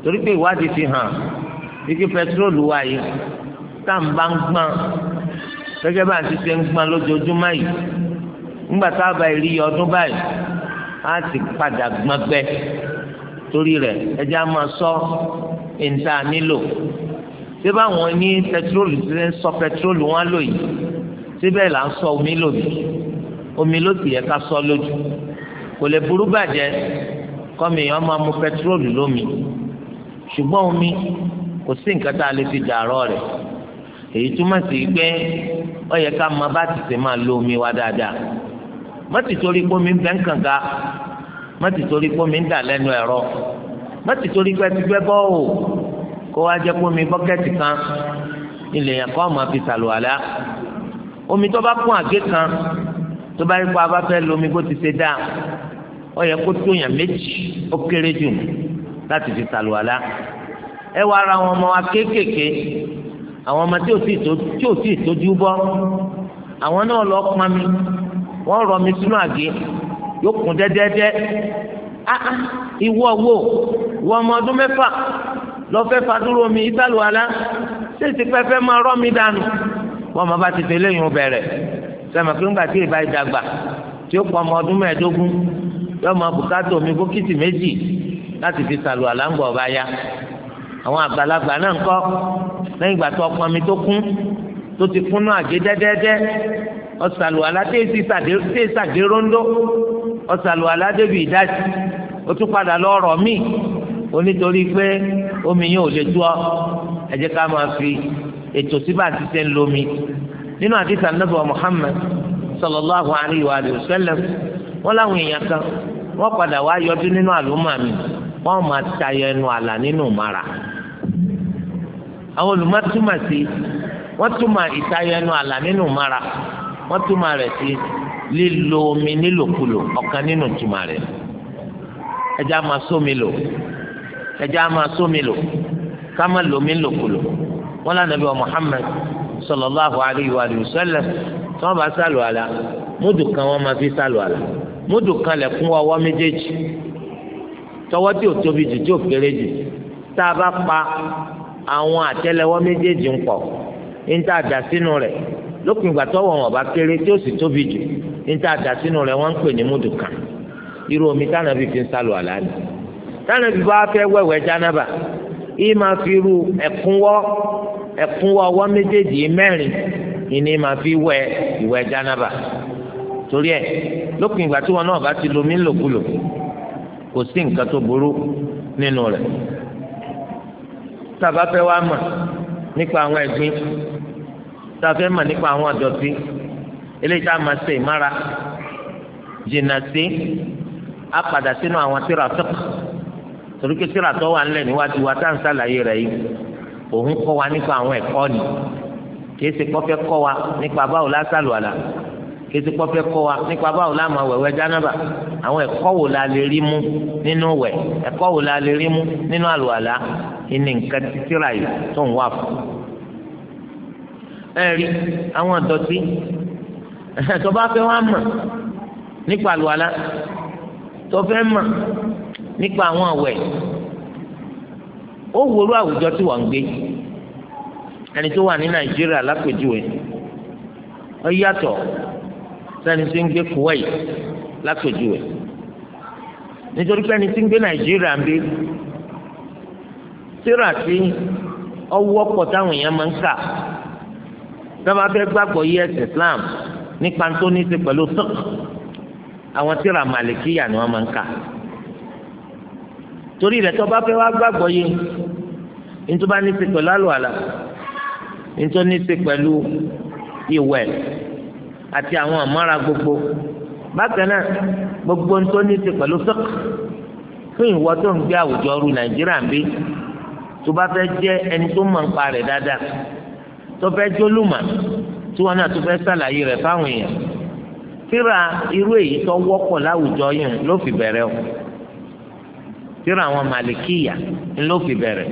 torí pé ìwádìí fi hàn ike petrol wa yìí tá à ń bá ń gbọ́n gẹ́gẹ́ bá a ti ṣe ń gbọ́n lójoojúmọ́ yìí ńgbà tá a bá rí ọdún báyìí á ti padà gbọ́n gbẹ torí rẹ̀ ẹ jẹ́ á máa sọ ìta nílò ṣé báwọn ní pẹtrólù ti ń sọ pẹtrólù wọn lò yìí síbẹ̀ là ń sọ omi lòdì omi ló sì yẹ ká sọ lójú kò lè burú bàjẹ́ kọ́mi èèyàn máa mu pẹtrólù lómi ṣùgbọ́n omi kò sí nǹkan tá a lè fi dàrọ́ rẹ̀ èyí túmọ̀ sí pé ó yẹ ká máa bá ti máa lo omi wa dáadáa má torí pé ń bẹ́ ń kànga má ti torí pé ń dà lẹ́nu ẹ̀rọ má torí pé ti gbẹ́ bọ́ọ̀ kó wá jẹ́ kó mi bọ́kẹ́tì kan ilẹ̀ yẹn kọ́ máa fi sàlùwàlá omi tó bá kún àgé kan tó bá rí pa a bá fẹ́ lomi bó ti ṣe dá ọ yẹ kó tó yàn méjì ó kéré jù láti fi sàlùwàlá ẹ wá ara àwọn ọmọ wa kéékèèké àwọn ọmọ tí ò sì tí ò sì tójú bọ́ àwọn náà lọ pọn mi wọ́n rọ mi sínú àgé yóò kún dẹ́dẹ́dẹ́ ah ah ìwọ wo ìwọ ọmọ ọdún mẹ́fà lọ́fẹ́ fadúró mi ìtàlù àlá ṣé ti pẹ́fẹ́ máa rọ́ mi dànù wọ́n máa bá ti fi léyìn bẹ̀rẹ̀ sẹ́mi pé ńgbà tí ìbá ìdàgbà tí ó pọ̀ ọmọ ọdún mẹ́ẹ̀ẹ́dógún yọ máa bùkátà omi bókítì méjì láti fi sàlù àlá ń gbọ̀ ọ̀bá ya àwọn àgbàlagbà náà ń kọ́ lẹ́yìn ìgbà tó ọpọn mi tó kún tó ti kúnnú àgé dẹ́dẹ́dẹ́ ọ̀sàlù àlá téèsì sàgé róńdó ọ̀sàlù àlá débi ìdásí ó tún padà lọ ọ̀rọ̀ míì onítorí pé omi yẹn ò lè tó ọ ẹ jẹ́ ká máa fi ètò síbà ti ń lomi nínú àdìsá nàbọ Muhammad sallallahu alayhi wa sallam wọn láwọn èèyàn kan wọn padà wá yọjú nínú àlùmọ mi wọn máa tayọ ẹnu àlà nínú mara àwọn olùmọ̀túmọ̀ sí wọ́n túmọ̀ ìtayọ ẹnu àlà nínú mara wọ́n túmọ̀ rẹ̀ sí lílo omi nílòkulò ọ̀kan nínú túmọ̀ rẹ̀ ẹja máa sómi lò ẹja a máa sómi lò ká má lómi lòkulò wọn lànà bí wọn Muhammad sallallahu alayhi wa sallam tí wọn bá sálò àlà múdù kan wọn máa fi sálò àlà múdù kan lẹ̀kún ọwọ́ méjèèjì tọwọ́ tí ò tóbi jù tí ò kéré jù tá a bá pa àwọn àtẹ́lẹwọ́ méjèèjì ń pọ̀ níta dà sínú rẹ̀ lópin ìgbà tọwọ́ wọn bá kéré tí ó sì tóbi jù níta dà sínú rẹ̀ wọ́n ń pè ní múdù kan irú omi táwọn ẹbí fi ń sálò àlà ni táwọn ibi bá fẹ́ wẹ̀wẹ̀ jánábà yìí máa fi ru ẹ̀kúnwọ́ ẹ̀kúnwọ́ ọwọ́ méjèèjì mẹ́rin ìní máa fi wẹ̀ ìwẹ̀ jánábà torí ẹ̀ lópin ìgbà tí wọn náà bá ti lomi ńlòkulò kò sí nǹkan tó burú nínú rẹ̀ tàbá fẹ́ wá mọ̀ nípa àwọn ẹ̀gbin tàfẹ́ mọ̀ nípa àwọn ọ̀dọ̀tí eléyìí tá a máa ṣe ìmára jìnnà sí apàdà sínú àwọn tírà fiqh torí pé síra tó wà nílẹ̀ níwájú wa tá à ń sàlàyé rẹ̀ yìí òun kọ́ wa nípa àwọn ẹ̀kọ́ ni kìí ṣe kọ́fẹ́ kọ́ wa nípa báwo la sàlùwàlà kìí ṣe kọ́fẹ́ kọ́ wa nípa báwo la máa wẹ̀wẹ̀ jánábà àwọn ẹ̀kọ́ wo la lè rí mú nínú wẹ̀ ẹ̀kọ́ wo la lè rí mú nínú àlùwàlà ìní nǹkan títíra yìí tó ń wà fún. ẹ rí àwọn ìdọ̀tí tó bá fẹ́ wá mọ̀ nípa àlùwàlà tó fẹ́ mọ̀ nípa àwọn àwẹ̀ ó wòrú àwùjọ tí wọ́n ń gbé ẹni tó wà ní nàìjíríà lápèjúwe ó yàtọ̀ sẹ́ni tí ń gbé kuwait lápèjúwe nítorí pé ẹni tí ń gbé nàìjíríà ń gbé tíra tí ọwọ́ pọ̀ táwọn èèyàn máa ń kà sábà fẹ́ gbàgbọ́ us islam nípa tó ní í ṣe pẹ̀lú fiqh àwọn tíra màlìkíyà ni wọ́n máa ń kà torí rẹ̀ tó bá fẹ́ wá gbàgbọ́ yìí nítorí bá ní í ṣe pẹ̀lú àlùwàlà nítorí ní í ṣe pẹ̀lú ìwẹ̀ àti àwọn àmọ́ra gbogbo bákan náà gbogbo nítorí ní í ṣe pẹ̀lú fẹ́k fún ìwọ tó ń gbé àwùjọ ru nàìjíríà ń bí tó bá fẹ́ jẹ́ ẹni tó mọ̀ nípa rẹ̀ dáadáa tó fẹ́ jólùmọ̀ tí wọn náà tó fẹ́ sàlàyé rẹ̀ fáwọn èèyàn síra irú èyí tó wọ́pọ̀ láwùjọ yìí ló fi bẹ̀rẹ̀ o. tíra àwọn màlìkíyà ńlọ fi bẹ̀rẹ̀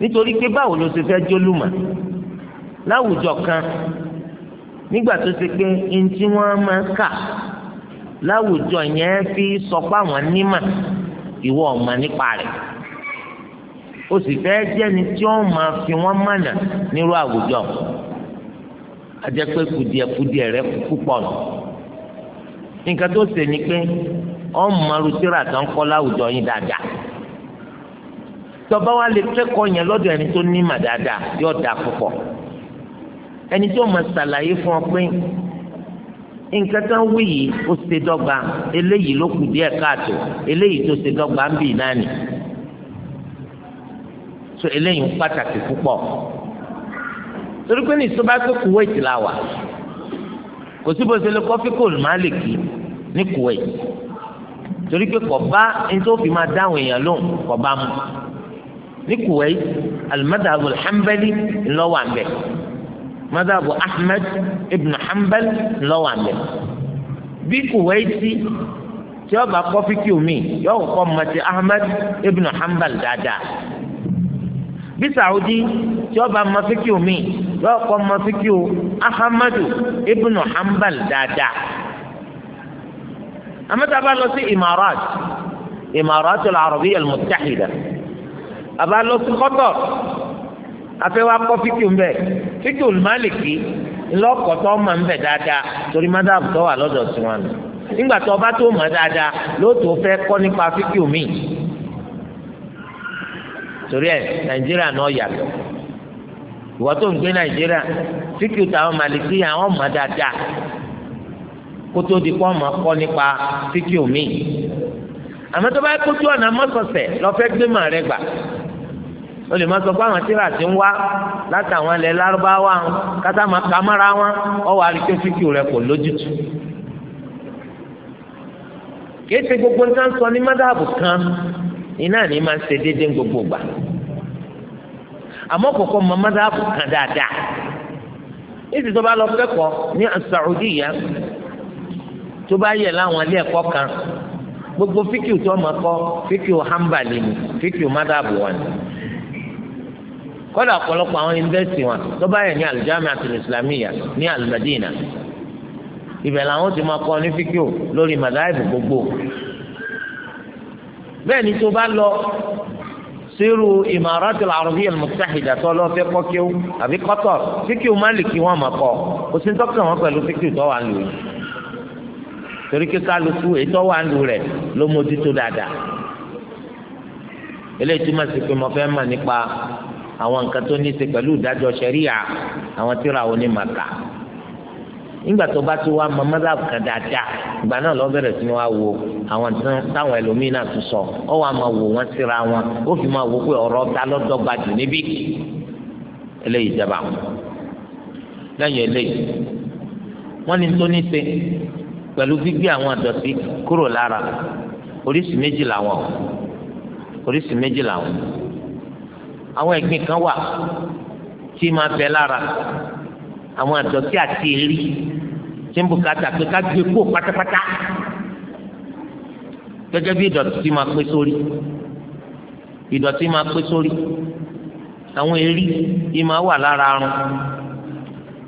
nítorí pé báwo ló ṣe fẹ́ láwùjọ kan nígbà tó ṣe pé ní tí wọ́n máa kà láwùjọ yẹn fi sọ pé àwọn nímọ̀ ìwọ ọ̀mà nípa rẹ̀ o sì fẹ́ jẹ́ni tí wọ́n máa fi wọ́n mọ̀nà nírú àwùjọ kùdìẹ̀kùdìẹ̀ rẹ̀ púpọ̀ nǹkan tó ṣe ni pé ọmọọrù tíra kan kọ́ láwùjọ yín dáadáa tọba wa lè kẹ́kọ̀ọ́ yẹn lọ́dọ̀ ẹni tó ní mà dáadáa yóò dáa púpọ̀ ẹni tó mọ̀ ṣàlàyé fún ọ pé nǹkan tán wí yìí ó ṣe dọ́gba eléyìí ló kù díẹ̀ káàtó eléyìí tó ṣe dọ́gba ń bì náà nì so eléyìí ń pàtàkì púpọ̀ torí pé ní ìsọba tó Kuwait la wà kò síbo ṣe lè kọ́ fíkò Málìkì ní Kuwait torí pé kọba nítorí fi máa dáhùn èèyàn lóhùn kọba mu ní Kuwait al-madhhabu al-hanbali ńlọwọ àmbẹ madhhabu Ahmad ibn Hanbal ńlọwọ àmbẹ bí Kuwaiti tí ọba kọfí kí omi yóò kọ mọtì Ahmed ibn Hanbal dáadáa bí Saudi tí ọba mọfíkì omi yóò kọ mọfíkì o Ahmadu ibn Hanbal dáadáa àmọ́tà bá lọ sí imarat imarat al-arabiyya al-muttahida àbá lọ sí Qatar afẹ́wà kọ́ fíkì ń bẹ̀ fíkì olùmọ̀lìkì ńlọ́kọ̀tọ́ ọmọ ń bẹ̀ dáadáa torí mádàbù tó wà lọ́dọ̀ tí wọn nù nígbà tó ọba tó mọ̀ dáadáa lóòótọ́ fẹ́ kọ́ nípa fíkì omi torí ẹ Nàìjíríà náà yàtọ̀ ìwọ tó ń gbé Nàìjíríà fíkì táwọn màlìkì àwọn mọ̀ dáadáa kótó di kó ọmọ akọ nípa títí omi àmọ́ tó bá kótó ọ̀nà mọ́sọ̀sẹ̀ lọ́fẹ́ gbé màá rẹ gbà o lè máa sọ pé àwọn ti ń wá látàwọn ilẹ̀ lárúbáwá kátà máa ka wọn ọwọ́ àríkẹ́ rẹ kò kìí ṣe gbogbo nǹkan sọ ní kan iná máa ń gbogbo gbà mọ kan dáadáa bá lọ ní tó bá yẹ láwọn ilé ẹ̀kọ́ kan gbogbo fíkìú tó ọmọ kọ fíkìú hambali ni fíkìú mádàbù wọn ni kọ́dà ọ̀pọ̀lọpọ̀ àwọn yunifásitì wọn tó bá yẹ ní aljamiatul islamiyya ní almadina ibẹ̀ làwọn ti máa kọ́ ní fíkìú lórí mádàbù gbogbo bẹ́ẹ̀ ni tó bá lọ sírù ìmàràtìl àrùbíyà mùtàhìdà tó lọ fẹ́ kọ́ kíw àbí kọ́tọ̀ fíkìú málìkì wọn máa kọ́ kò sí ní tọ́kítà wọn pẹ̀lú fíkìú tó wà torí kí kálukú ètò wà lù rẹ̀ ló mójútó dáadáa eléyìí túmọ̀ sí pé mo fẹ́ mọ̀ nípa àwọn nǹkan tó ní í ṣe pẹ̀lú ìdájọ́ ṣẹ̀ríyà àwọn tíra òní màkà nígbà tó bá ti wá mọ mọ́sáàbù kan dáadáa ìgbà náà lọ bẹ̀rẹ̀ sí ni wá wo àwọn táwọn ẹlòmíín náà tún sọ ọ wá máa wò wọ́n síra wọn ó fi máa wò pé ọ̀rọ̀ ta lọ́dọ́gba jù níbí eléyìí jẹba lẹ́yìn eléyìí wọ́n ní tó ní ṣe pẹ̀lú gbígbé àwọn àdọ̀tí kúrò lára oríṣi méjì làwọn oríṣi méjì làwọn àwọn ẹ̀gbin kan wà tí máa bẹ lára àwọn àdọ̀tí àti èrí tí ń bùkátà pé ká gbé kó pátápátá gẹ́gẹ́ bí ìdọ̀tí tí máa pé sórí ìdọ̀tí máa pé sórí àwọn èrí yìí máa wà lára arun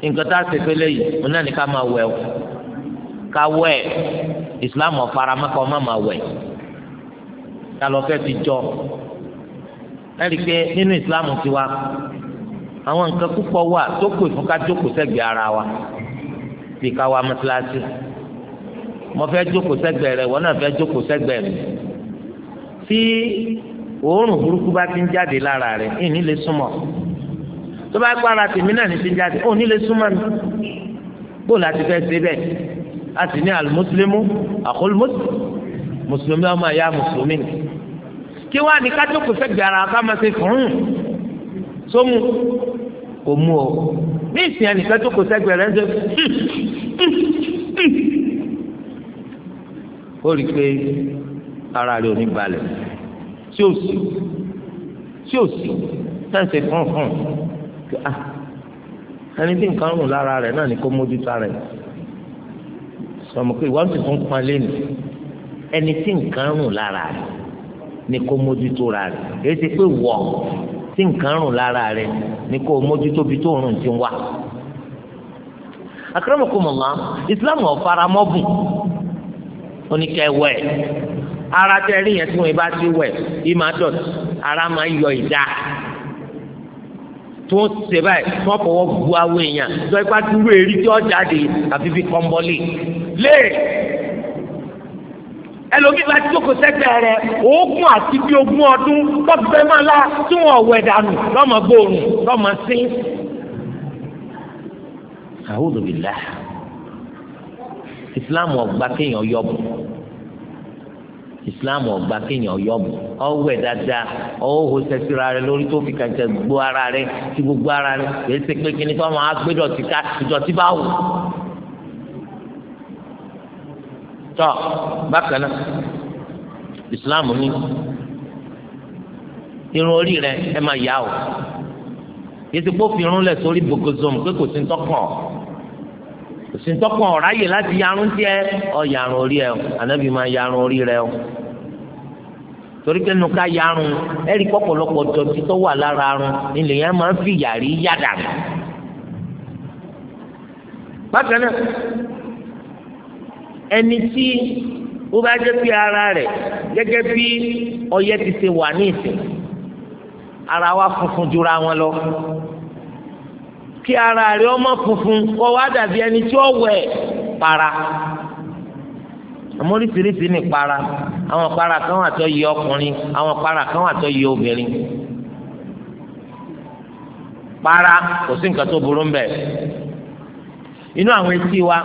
nǹkan tá a ṣe pé lẹ́yìn òun náà ní ká máa wẹ̀ ọ́ káwẹ̀ islam ọ̀faramẹ́kọ má ma wẹ̀ talọ́fẹ́ ti jọ ẹ̀rí pé islam tiwa àwọn nǹkan púpọ̀ wà tó pè fún ká jókòó sẹ́gbẹ̀ẹ́ ara wa bí ká wá mọ́tíláṣí mo fẹ́ jókòó sẹ́gbẹ̀ẹ́ rẹ̀ wọ́n náà fẹ́ jókòó sẹ́gbẹ̀ẹ́ rẹ̀ tí òórùn burúkú bá ti ń jáde lára rẹ̀ ìní lè súnmọ́ tó bá gbára tèmi náà ní ti ń jáde òní lè súnmọ́ mi bó láti fẹ́ ṣe bẹ́ẹ̀ a sì ní alimuslimu àkólmọ́sì mùsùlùmí ọmọ ẹ̀yà mùsùlùmí ni kí wàá ní kájókòó sẹ́gbẹ̀ẹ́ ara ká máa ṣe fún sómù kò mú o ní ìsìn ẹnìkan tó kò sẹ́gbẹ̀ẹ́ rẹ̀ ń ṣe ó rí i pé ara rẹ̀ ò ní balẹ̀ tí ó sì tí ó sì náà ṣe fún fún ah, ẹni tí nǹkan rùn lára rẹ̀ náà ni kó mójútó ara rẹ̀ sọmọ pé ìwọ́n sì tún pọn lẹ́nu ẹni tí nǹkan rùn lára rẹ̀ ni kò mójútó ra rẹ̀ èyí ti pé wọ̀ tí nǹkan rùn lára rẹ̀ ni kò mójútó bi tó rùn ti wá. akramakumullah ìsìláàmù ọ̀faramọ́bùn oníkẹ́wẹ́ ara tẹ rí yẹn tí wọn bá ti wẹ̀ yìí máa dọ̀tí ara máa yọ ìdá tó ń ṣe báyìí wọn fọwọ́ bu àwọn èèyàn tó ipá dúró èrí tí ọjà dé àfi fi kọ́ńbọ́lì léè ẹlòmíì bá jókòó sẹ́gbẹ̀ rẹ̀ oògùn àti bí ogún ọdún tọ́pẹ́ máa la tí wọ́n wẹ̀ dànù lọ́mọ gbòòrùn lọ́mọ sí. A'udhu billah ìsìláàmù ọgbà kéèyàn yọ̀bù ìsìláàmù ọgbà kéèyàn yọ̀bù ọwẹ́ dáadáa ọwọ́ sẹ́sìrà rẹ lórí tó fi kàjẹ́ gbó ara rẹ tí gbogbo ara rẹ kìí ṣe pé kíní kọ́ máa gbé dọ̀tí ká ìdọ̀tí bá wù tọ́ bákan náà islam ní irun orí rẹ ẹ máa yá o yìí kó fi irun lẹ̀ sórí bogozom pé kò sí ń tọkàn kò sí ń tọkàn ọ̀ráyè láti yarun tiẹ̀ ọ̀ yarun orí ẹ o ànábì máa yarun orí rẹ o torí pé nu ká yarun ẹ̀rí pọ̀pọ̀lọpọ̀ dọ̀tí tó wà lára arun ilẹ̀ yẹn máa ń fi yàrí yàdà. bákan náà ẹni tí ó bá jẹ́ pé ara rẹ̀ gẹ́gẹ́ bí ọyẹ́ ti ṣe wà ní ìsìn ara wa funfun jura wọn lọ kí ara rẹ̀ ọmọ funfun kọ́ wá dàbí ẹni tí ó wẹ̀ para àmọ́ oríṣiríṣi ní para àwọn para kan wà tó yẹ ọkùnrin àwọn para kan wà tó yẹ obìnrin para kò sí nǹkan tó burú mbẹ inú àwọn etí wa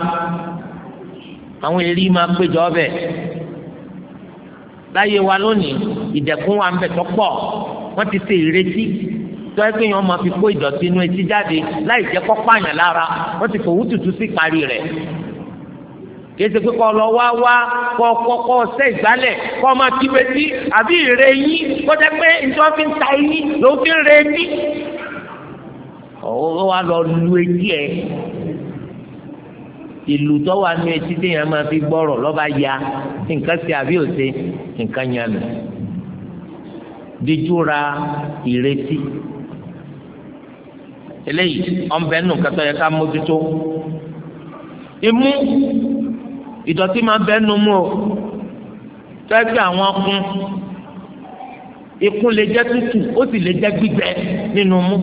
àwọn eré máa péjọ ọbẹ̀ láyé wa lónìí ìdẹ̀kùn wa ń bẹ tó pọ̀ wọ́n ti ṣe ìrètí tó ẹ pé yẹn máa fi kó ìdọ̀tí inú etí jáde láì jẹ́ kó pààyàn lára wọ́n ti fòwú tutù sí parí rẹ̀ kéésì pé kọ́ lọ wá wá kọ́ kọ́kọ́ ṣe ìgbálẹ̀ kọ́ máa ti retí àbí ìrè yín kó jẹ́ pé nítorí fi ń ta yín ló fi ń retí. ọ̀wọ́ wa lọ lu etí ẹ̀ ìlú tó wà nú etí téèyàn máa fi gbọ́rọ̀ lọ́ba ya nǹkan ṣe àbí òṣe nǹkan yẹn nù dídúra ìrètí eléyìí ọ̀nbẹ nù kẹtọ yẹ ká mójútó imú ìdọ̀tí máa bẹ́ nu mú o tẹ́tí àwọn ọkùn ikún lè jẹ́ tútù ó sì lè jẹ́ gbígbẹ nínú mú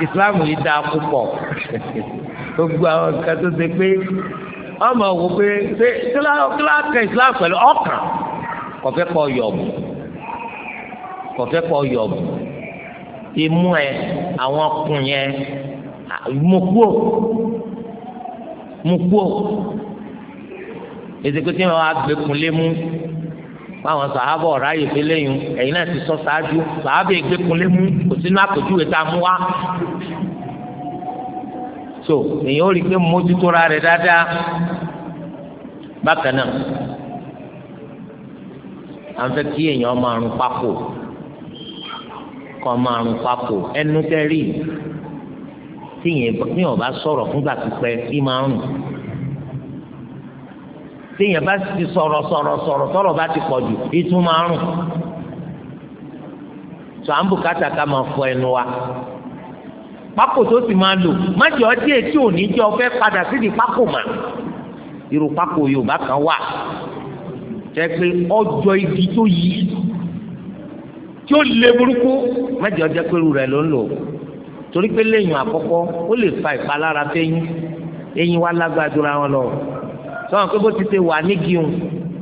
ìsìláàmù ah, yìí dáa púpọ̀ gbogbo àwọn nǹkan tó ṣe pé ọmọ wò pé ṣé kíláàkì ìsìláàmù pẹ̀lú ọkàn kọfẹ́ kọ yọ̀bù kọfẹ́ kọ yọ̀bù imú ẹ àwọn ọkùn yẹn mú kúò mú kúò ètò ìpínlẹ̀ wọn á gbẹkùn lé mú báwọn sàhábọ̀ ráàyè fi léyìn ẹ̀yin náà ti sọ ṣáájú sàhábà ìgbékunlé mú kò sínú àpèjúwe tá a mú wá. so èyàn ó rí i pé mójútó ra rẹ̀ dáadáa bákan náà à ń fẹ́ kí èèyàn máa rún pákó kọ́ máa rún pákó ẹnu tẹ́rì tíyẹn bí wọ́n bá sọ̀rọ̀ fúngbà pípẹ́ kí máa rún. téèyàn bá ti sọ̀rọ̀ sọ̀rọ̀ sọ̀rọ̀ sọ̀rọ̀ bá ti pọ̀ jù ìtumọ̀ àrùn tó à ń bùkátà ká ẹnu wa pákó tó ti máa lò má jẹ́ ọtí etí òní jẹ́ ọ fẹ́ padà sí di pákó mà irú pákó Yorùbá kan wà jẹ́ pé ọjọ́ igi tó yí le burúkú má jẹ́ ọjọ́ rẹ̀ ló ń lò torí pé lẹ́yìn àkọ́kọ́ ó lè fa ìpalára fẹ́yìn wa sọ̀rọ̀ pé bó ti ṣe wà nígi òun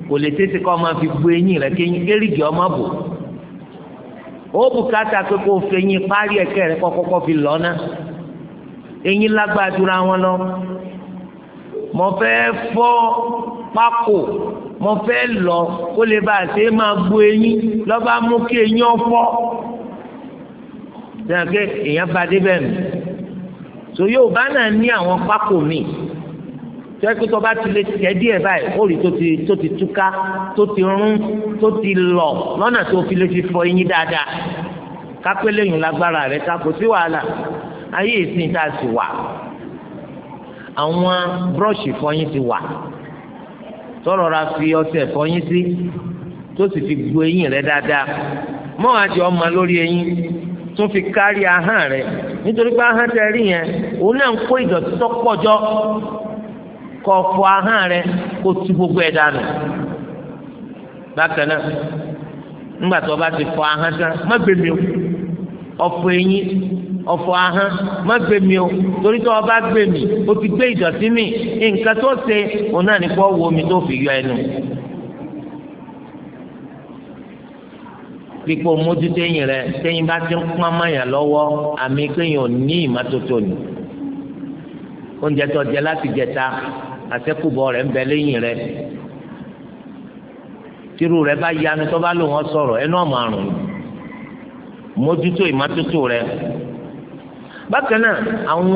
kò lè tètè kọ́ máa fi bu eyín rẹ̀ kéyìn kéríkì ọmọ bò ó bùkátà pé kó o fi eyín parí ẹ̀kẹ́ rẹ̀ kọ́kọ́kọ́ fi lọ́ ná eyín lágbàdúrà wọn lọ mo fẹ́ fọ́ pákó mo fẹ́ lọ kó lè bá a ṣe máa bu eyín lọ́ba mú kí eyín ọ̀fọ́ sẹ́yìn pé èèyàn bá dé bẹ́ẹ̀ mi so yóò bá náà ní àwọn pákó míì tẹ́kí tó bá ti lè tẹ̀ díẹ̀ báyìí ó rí tó ti tó ti túká tó ti rún tó ti lọ lọ́nà tó fi lè fi fọ eyín dáadáa kápẹ́lẹ́ yìí lágbára rẹ̀ ká kò sí wàhálà ayé ìsìn tá a sì wà àwọn búrọ́ọ̀ṣì fọyín ti wà tọrọ ra fi ọṣẹ fọyín sí tó sì fi gbo eyín rẹ̀ dáadáa mọ́ àjọ ọmọ lórí eyín tún fi kárí ahọ́n rẹ̀ nítorí pé ahọ́n tẹ rí yẹn òun náà ń kó ìdọ̀tí tó pọ̀ jọ kọ́ fọ ahọ́n rẹ kó gbogbo ẹ̀ dànù bákan náà nígbà bá ti fọ ahọ́n tán má gbèmí o ọ̀fọ̀ eyín ọ̀fọ̀ ahọ́n má gbèmí o torí tó o bá gbèmí o ti gbé ìdọ̀tí mi nǹkan tó ṣe òun náà ní kó wo omi tó fi yọ ẹnu. pípọ̀ mójú téyìn rẹ téyìn bá ti ń pọ́n mayà lọ́wọ́ àṣẹkùbọ̀ rẹ̀ ń bẹ lẹ́yìn rẹ̀ tírú rẹ̀ bá yanu tó bá lò wọ́n sọ̀rọ̀ ẹnu ọ̀mọ̀ àrùn mójútó ìmọ́tótó rẹ̀ bákan náà àwọn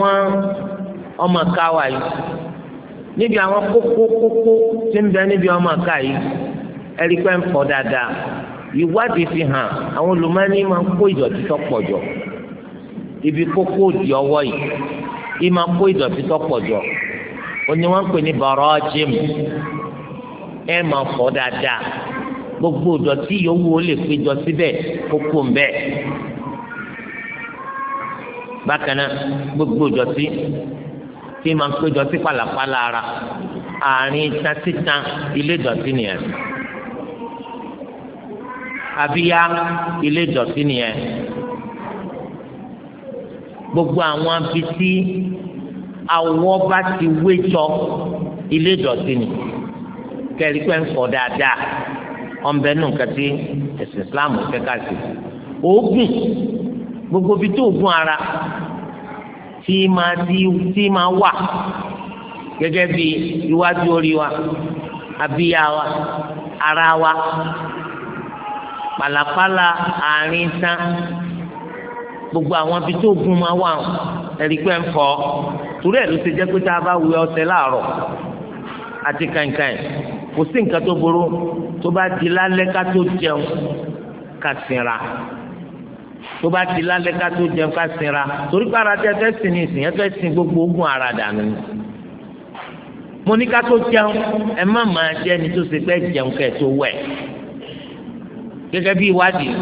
ọmọ ká wa yìí níbi àwọn kókó kókó tí ń bẹ níbi ọmọ ká yìí ẹ̀rí pẹ́ ń fọ̀ dáadáa ìwádìí fi hàn àwọn olùmọ́ni máa ń kó ìdọ̀tí tó pọ̀ jọ ibi kókó di ọwọ́ yìí ìmọ̀ kó ìdọ̀tí tó pọ̀ jọ ó ní wọ́n ń pè ní barajim ẹ máa fọ̀ dáadáa gbogbo ìdọ̀tí yòówù ó lè péjọ síbẹ̀ kó kó ń bẹ́ẹ̀ bákan náà gbogbo ìdọ̀tí tí máa ń péjọ sí pàlàpàlà ara àárín tásítà ilé ìdọ̀tí nìyẹn abíyá ilé ìdọ̀tí nìyẹn gbogbo àwọn abití àwọn bá ti wé jọ ilé ìdọ̀tí ni kẹ́rì pé ń dáadáa Islam sí gbogbo bíi tó oògùn ara tí di tí ma wà gẹ́gẹ́ bí iwájú orí wa abíyá wa ara wa kpalakpala àárín gbogbo àwọn ibi tó gun máa wà ẹ̀rí pé ń fọ́ torí ẹ̀ ló ti jẹ́ pé tá a bá wẹ ọṣẹ láàárọ̀ àti kàìnkàìn kò sí nǹkan tó burú tó bá di lálẹ́ ká tó jẹun ká sinra tó bá di lálẹ́ ká tó jẹun ká sinra torí pé ara tẹ fẹ́ sin ní ìsìn yẹn fẹ́ sin gbogbo ogun ara dànù mo ní ká tó jẹun ẹ má máa jẹ ní tó ṣe fẹ́ jẹun kẹ́ tó wẹ̀ gẹ́gẹ́ bí ìwádìí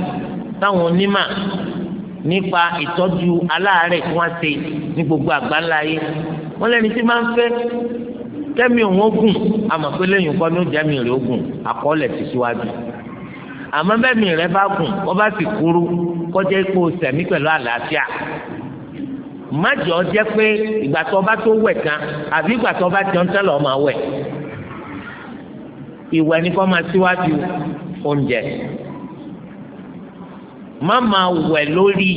táwọn onímọ̀ nípa ìtọ́jú aláàárẹ̀ tí wọ́n ṣe ní gbogbo àgbáńlá ayé wọ́n lẹ́ni tí máa ń fẹ́ kẹ́mi òun ogun àmọ́ pé lẹ́yìn nǹkan ní oúnjẹ mi rè ogun àkọọ́lẹ̀ ti síwájú àmọ́ bẹ́ẹ̀mi rẹ bá gùn kọ́ bá sì kúrú kọjá ikú sẹ̀mí pẹ̀lú àlàáfíà májọ jẹ́ pé ìgbà tó bá tó wẹ̀ kan àbí ìgbà tó bá jẹun tẹ́lẹ̀ ọmọ wẹ̀ ìwẹ̀ ni kọ́ máa síwájú oúnjẹ má máa wẹ̀ lórí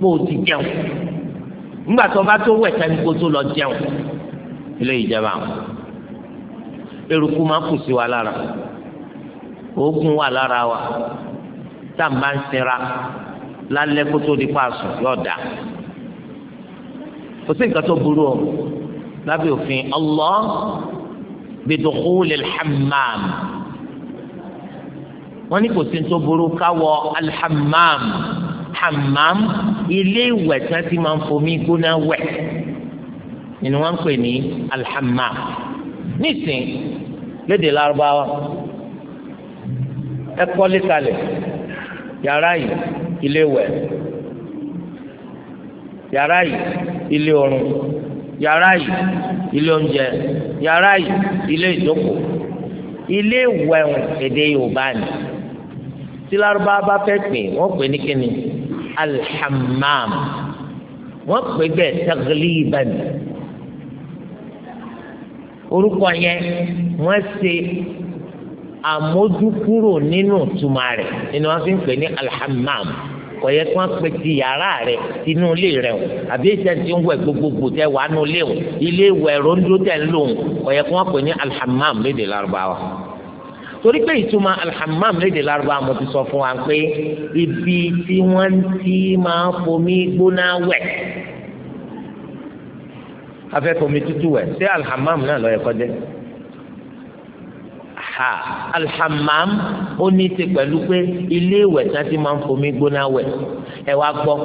kó o ti jẹun nígbà tó bá tó wẹ̀ sẹ́ni kó o tó lọ jẹun ilé ìjẹba eruku máa kù sí wa lára oògùn wà lára wa tá a máa ń sinra lálẹ́ kó tó di paasùn yóò dà kò sí nǹkan tó burú o lábẹ́ òfin Allah bidukhulil hammam wọ́n ní kò sí tó burú káwọ alhamam hamam ilé ìwẹ̀ tí wọ́n ti máa ń fomi gbóná wẹ̀ nínú wọn ń pè ní alhamam nísìn lédè lárúbáwá ẹ kọ́lé kalẹ̀ yàrá yìí ilé wẹ̀ yàrá yìí ilé ọrùn yàrá yìí ilé oúnjẹ yàrá yìí ilé ìjókòó ilé ìwẹ̀ èdè Yorùbá ni tí lárúbá bá fẹ́ pè wọ́n pè ní kíni alhamam wọ́n pè bẹ́ẹ̀ tagliban orúkọ yẹn wọ́n ṣe àmójúkúrò nínú ìtumọ̀ rẹ̀ nínú wọn fi ń pè ní alhamam kò yẹ kí wọ́n pè ti yàrá rẹ̀ sínú ilé rẹ̀ o àbí ìṣe ti ń wẹ̀ gbogbogbò tẹ wàá nu ilé o ilé ìwẹ̀ rondo tẹ̀ ń lò o kò yẹ kí wọ́n pè ní alhamam lédè lárúbáwá torí pé ìtumọ̀ alhamam léde lárúbá mo ti sọ fún wa pé ibi tí wọ́n ti máa fomi gbóná wẹ̀ afẹ́fomi tútù wẹ̀ ṣé alhamam náà lọ́ọ́ yẹ kọ́ jẹ́ ha alhamam ó ní í ṣe pẹ̀lú pé ilé ìwẹ̀ tí wọ́n ti máa ń fomi gbóná wẹ̀ ẹ wá gbọ́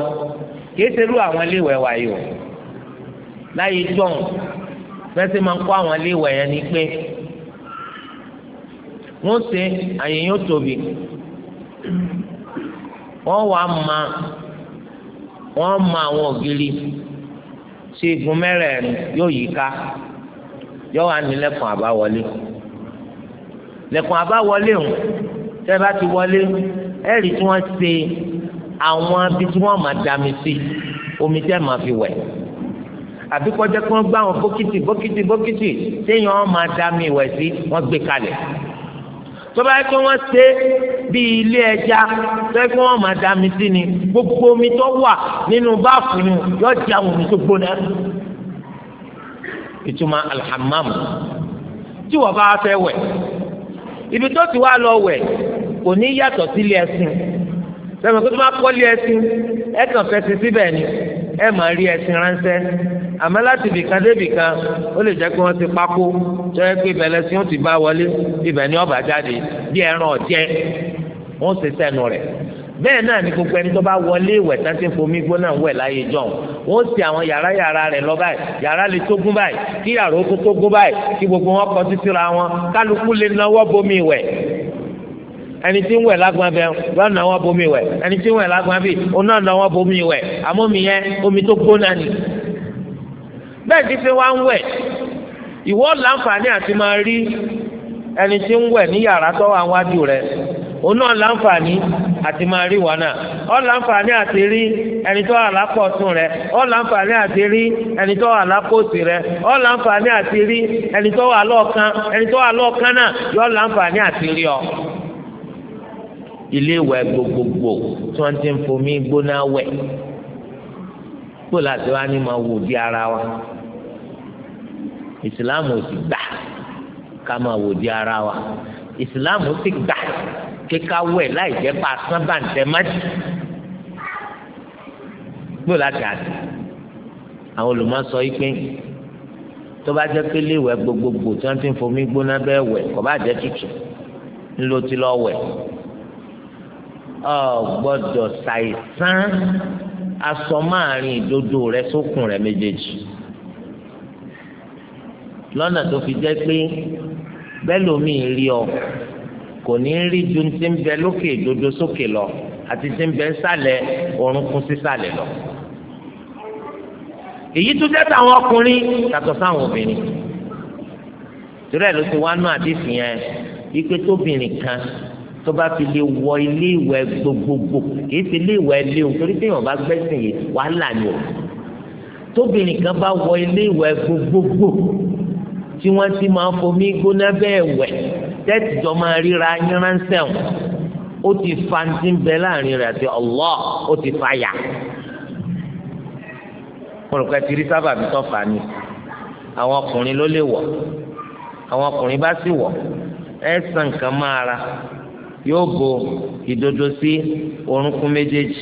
kìí ṣe irú àwọn ilé ìwẹ̀ wáyé o láyé jọ̀hún fẹ́ẹ́ sì máa ń àwọn ilé ìwẹ̀ yẹn ni pé wọ́n ṣe àyè yóò tóbi wọ́n wà má wọ́n má àwọn ògiri tí igun mẹ́rẹ̀ẹ̀rin yóò yí ká yóò wá ní lẹ́kùn àbáwọlé lẹ́kùn àbáwọlé ń tẹ́ bá ti wọlé ẹ̀rí tí wọ́n ṣe àwọn abí tí wọ́n máa dami sí omi tẹ́ máa fi wẹ̀ àbí kọjá kí wọ́n gbá àwọn bókítì bókítì bókítì téèyàn máa dami wẹ̀ sí wọ́n gbé kalẹ̀ tọ́ba yẹ kí wọ́n ṣe bí ilé ẹja tọ́ba yẹ kí wọ́n máa da mi sí ni gbogbo omi tó wà nínú báàfù ni yóò di àwọn omi tó gbóná. ìtumọ̀ alhamam tí wọ́n bá fẹ́ wẹ̀ ibi tó ti wá lọ wẹ̀ kò ní yàtọ̀ sílé ẹṣin sẹ́mi kó tó bá kọ́ lé ẹṣin ẹ̀ kàn fẹ́ síbẹ̀ ni ẹ̀ máa rí ẹṣin ránṣẹ́ àmọ́ láti bìkan dé bìkan ó lè jẹ́ pé wọ́n ti pákó tó yẹ pé ìbẹ̀lẹ̀ sí wọn ti bá wọlé ibẹ̀ ni ọba jáde bí ẹran ọ̀jẹ́ wọ́n sì sẹ́nu rẹ̀ bẹ́ẹ̀ náà ni gbogbo ẹni tó bá wọlé ìwẹ̀ tán ti fomi gbóná wẹ̀ láyé jọ̀hún wọ́n sì àwọn yàrá yàrá rẹ̀ lọ báyìí yàrá lè tógún báyìí kí yàrá ó tó tógún báyìí kí gbogbo wọn kọ títí ra wọn kálukú lè náwó bomi ìwẹ̀ ẹni tí ń wẹ̀ lágbọ́n bẹ́ẹ̀ yọ ọ̀nà bomi wẹ̀ ẹni tí ń wẹ̀ lágbọ́n bíi ọ̀nà ọ̀nà bomi wẹ̀ àmọ́ mi yẹn omi tó gbóná ni bẹ́ẹ̀ ti fi wá ń wẹ̀ ìwọ láǹfààní àti máa rí ẹni tí ń wẹ̀ ní yàrá tó wà wájú rẹ̀ òun náà láǹfààní àti máa rí wọn náà ọ láǹfààní àti rí ẹni tó wà lápò rẹ̀ ọ láǹfààní àti rí ẹni tó wà lápò rẹ̀ ọ láǹfààní àti rí ẹni tó wà lọ́ọ̀kan ẹni tó wà lọ́ọ̀kan náà yọ láǹfààní àti rí ọ. ilé ìwẹ̀ gbogbogbò tí wọ́n ti ń fomi gbóná wẹ̀ kó láti wá ní máa wò di ara wa ìsìláàmù ò sì gbà ká máa wò di ara wa ìsìláàmù sì gbà kíká wẹ̀ láì jẹ́ pa sábàǹtẹ̀ mọ́tì kó láti àdé àwọn olùmọ̀sọ yìí pé tó bá jẹ́ pé léwẹ̀ gbogbogbò tí wọ́n ti ń fomi gbóná bẹ́ẹ̀ wẹ̀ kò bá jẹ́ tútù ńlọ ti lọ wẹ̀ ọ gbọ́dọ̀ ṣàìsàn asọ máàrin dodo rẹ sókùn rẹ méjèèjì lọ́nà tó fi jẹ́ pé bẹ́lòmíì rí ọ kò ní rí ju ti ń bẹ lókè ìdodo sókè lọ àti ti ń bẹ nsàlẹ̀ orúnkún sísàlẹ̀ lọ. èyí tó jẹ́ tàwọn ọkùnrin yàtọ̀ sáwọn obìnrin torí ló ti wá nú àdìsí yẹn ipe tóbìnrin kan tó bá fi lè wọ ilé ìwẹ̀ gbogbogbò kì í fi ilé ìwẹ̀ lé o torí pé èèyàn bá gbẹ́sìn yìí wàhálà ni o tóbìnrin kan bá wọ ilé ìwẹ̀ gbogbogbò tí wọ́n ti máa fomi gbóná bẹ́ẹ̀ wẹ̀ tẹ́tì jọ máa ríra yánránṣẹ́ wọn ó ti fa ti ń bẹ láàrin rẹ̀ àti Allah ó ti fa yà. olùkọ́ ti rí sábà bí tọ́fà ni àwọn ọkùnrin ló lè wọ̀ àwọn ọkùnrin bá sì wọ̀ ẹ̀ sàn kan máa ra yóò bo ìdodo sí orúnkún méjèèjì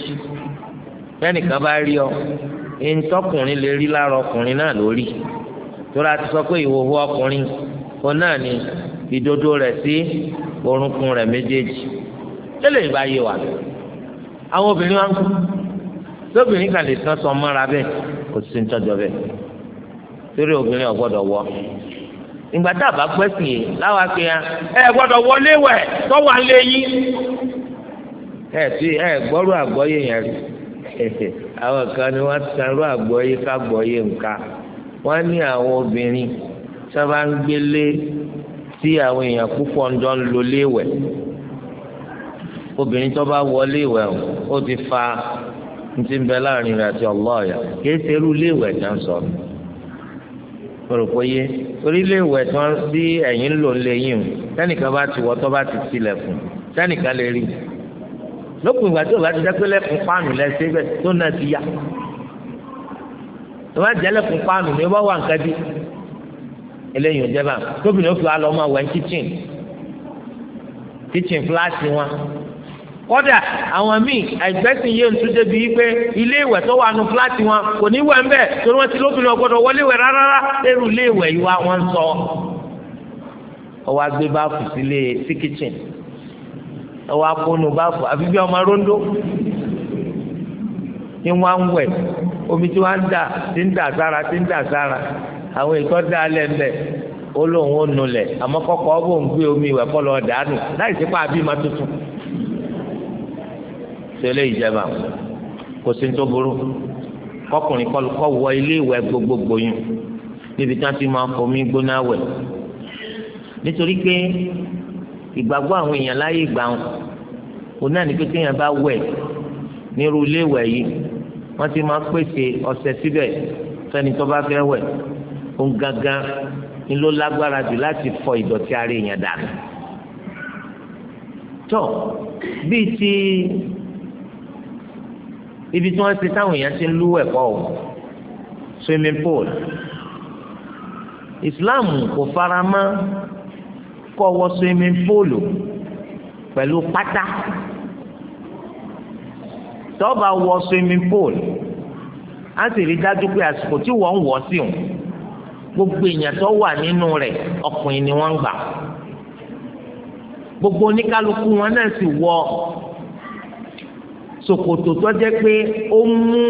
fẹ́nìkan bá rí ọ ntọ́kùnrin lè rí lára ọkùnrin náà lórí torí a ti sọ pé ìhòòhò ọkùnrin òun náà ni ìdodo rẹ̀ sí orúnkún rẹ̀ méjèèjì lélẹ̀ ìbá yé wa àwọn obìnrin wa ń kú lóbìnrin kan lè tán sọ mọ́ra bẹ́ẹ̀ kò sí ń tọ́jọ́ bẹ́ẹ̀ torí obìnrin ò gbọ́dọ̀ ìgbà tá a bá gbẹ́sìn yìí láwa pé ẹ gbọ́dọ̀ wọlé wẹ̀ tó wà ń lé yín. ẹ ti ẹ gbọ́rú àgbọ́yé yẹn rí àwọn kan ni wọ́n sanrú àgbọ́yé ká gbọ́yé nǹka wọ́n ní àwọn obìnrin sábà ń gbélé tí àwọn èèyàn púpọ̀ ń jọ ń lo léwẹ̀ obìnrin tó bá wọlé ìwẹ̀ ó ti fa ntí ń bẹ láàrin rẹ̀ àti ọlọ́ọ̀yà kì í ṣerú léwẹ̀ jẹ́ sọ̀rọ̀ rò pé yé orílẹ̀ ìwẹ̀ tí wọ́n bí ẹ̀yìn ń lò ń lè yìn o sẹ́nìkan bá ti wọ́ tó bá ti tilẹ̀kùn sẹ́nìkan lè rí lópin ìgbà tí o bá ti dẹ́ pé lẹ́kùn páànù lẹ́sẹ̀ bẹ́ẹ̀ tó náà ti yá tó bá jẹ́ lẹ́kùn páànù ni ó bá wà nǹkan bí eléyìí ò jẹ́ bá tóbi ni ó fi wá lọ́ mọ́ wẹ̀ kíchìn kíchìn fúláàsì wọn kọ́dà àwọn míì àìgbẹ́sìn yé ntú débi pé ilé ìwẹ̀ tó wà nù fúláàtì wọn kò ní wẹ̀ ńbẹ̀ torí wọ́n ti lóbìnrin ọgbọ́dọ̀ wọlé wẹ̀ rárá iwe ilé ìwẹ̀ yìí wá wọ́n sọ. ọwọ́ agbé báàfù sílé sí kitchen ọwọ́ akónú báàfù àbí bí omi tí wọ́n ń dà ti ń àwọn dá ó lóun ó nulẹ̀ àmọ́ kọ́kọ́ tẹ́lẹ̀ ìjẹba kò sí tó burú kọkùnrin kọ wọ ilé ìwẹ̀ gbogbogbò yìí níbi tí wọ́n ti máa fọmi gbóná wẹ̀ nítorí pé ìgbàgbọ́ àwọn èèyàn láyé ìgbà wọn òun náà ní pé téèyàn bá wẹ̀ nírú ilé ìwẹ̀ yìí wọ́n ti máa pèsè ọṣẹ síbẹ̀ fẹ́ni tó bá fẹ́ wẹ̀ òun gangan ni ló lágbára jù láti fọ ìdọ̀tí ara èèyàn dànù. tó bíi ti ibi tí wọ́n ti táwọn èèyàn ti ń lú ẹ̀kọ́ o swimming pool Islam kò fara mọ́ kọ́ wọ swimming pool pẹ̀lú pátá tọ́ba wọ swimming pool á sì rí dájú pé àsìkò tí wọ́n ń wọ̀ sí òun gbogbo èèyàn tó wà nínú rẹ̀ ọkùnrin ni wọ́n ń gbà gbogbo oníkálukú wọn náà sì wọ ṣòkòtò tó jẹ́ pé ó mú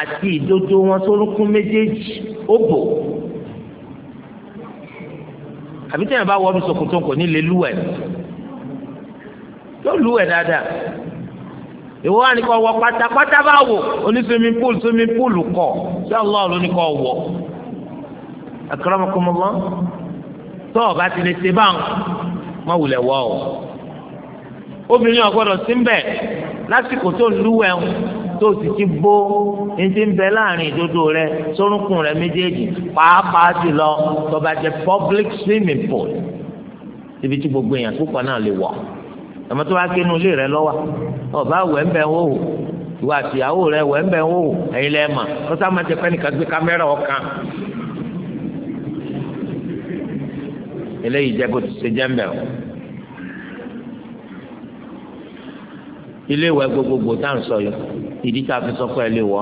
àti ìdodo wọn sórúnkún méjèèjì ó bò àbí tẹ̀yìn bá wọ ọdún ṣòkòtò kò ní lè lúwẹ̀ yóò lúwẹ̀ dáadáa ìwọ wa ni kò wọ pátápátá bá wò oní swimming pool swimming pool kọ sí ọlọ́ọ̀ ló ní kò wọ akramakumullah tó o bá ti lè ṣe báwọn má wulẹ̀ wọ́ o obìnrin ọ̀gbọ́dọ̀ sí mbẹ̀ lásìkò tó lúwẹ̀ ń tó sì ti bó ní ti ń bẹ láàrin ìdodo rẹ sórúnkún rẹ méjèèjì pàápàá jùlọ tó bá jẹ́ public swimming pool ibi tí gbogbo èèyàn púpọ̀ náà lè wọ̀ àmọ́ tó bá kínú ilé rẹ lọ́wọ́ ọba wẹ̀ ń bẹ wò ó ìwà àtìyàwó rẹ wẹ̀ ń bẹ wò ó ẹ̀yin lẹ́ẹ̀ mà ó sá máa jẹ pé nìkan gbé kámẹ́rà ọ̀kan eléyìí jẹ́ kó ti ṣe jẹ́ ń bẹ̀rù. ilé ìwẹ̀ gbogbogbò tá à ń sọ yìí ìdí tá a fi sọ pé ẹ lè wọ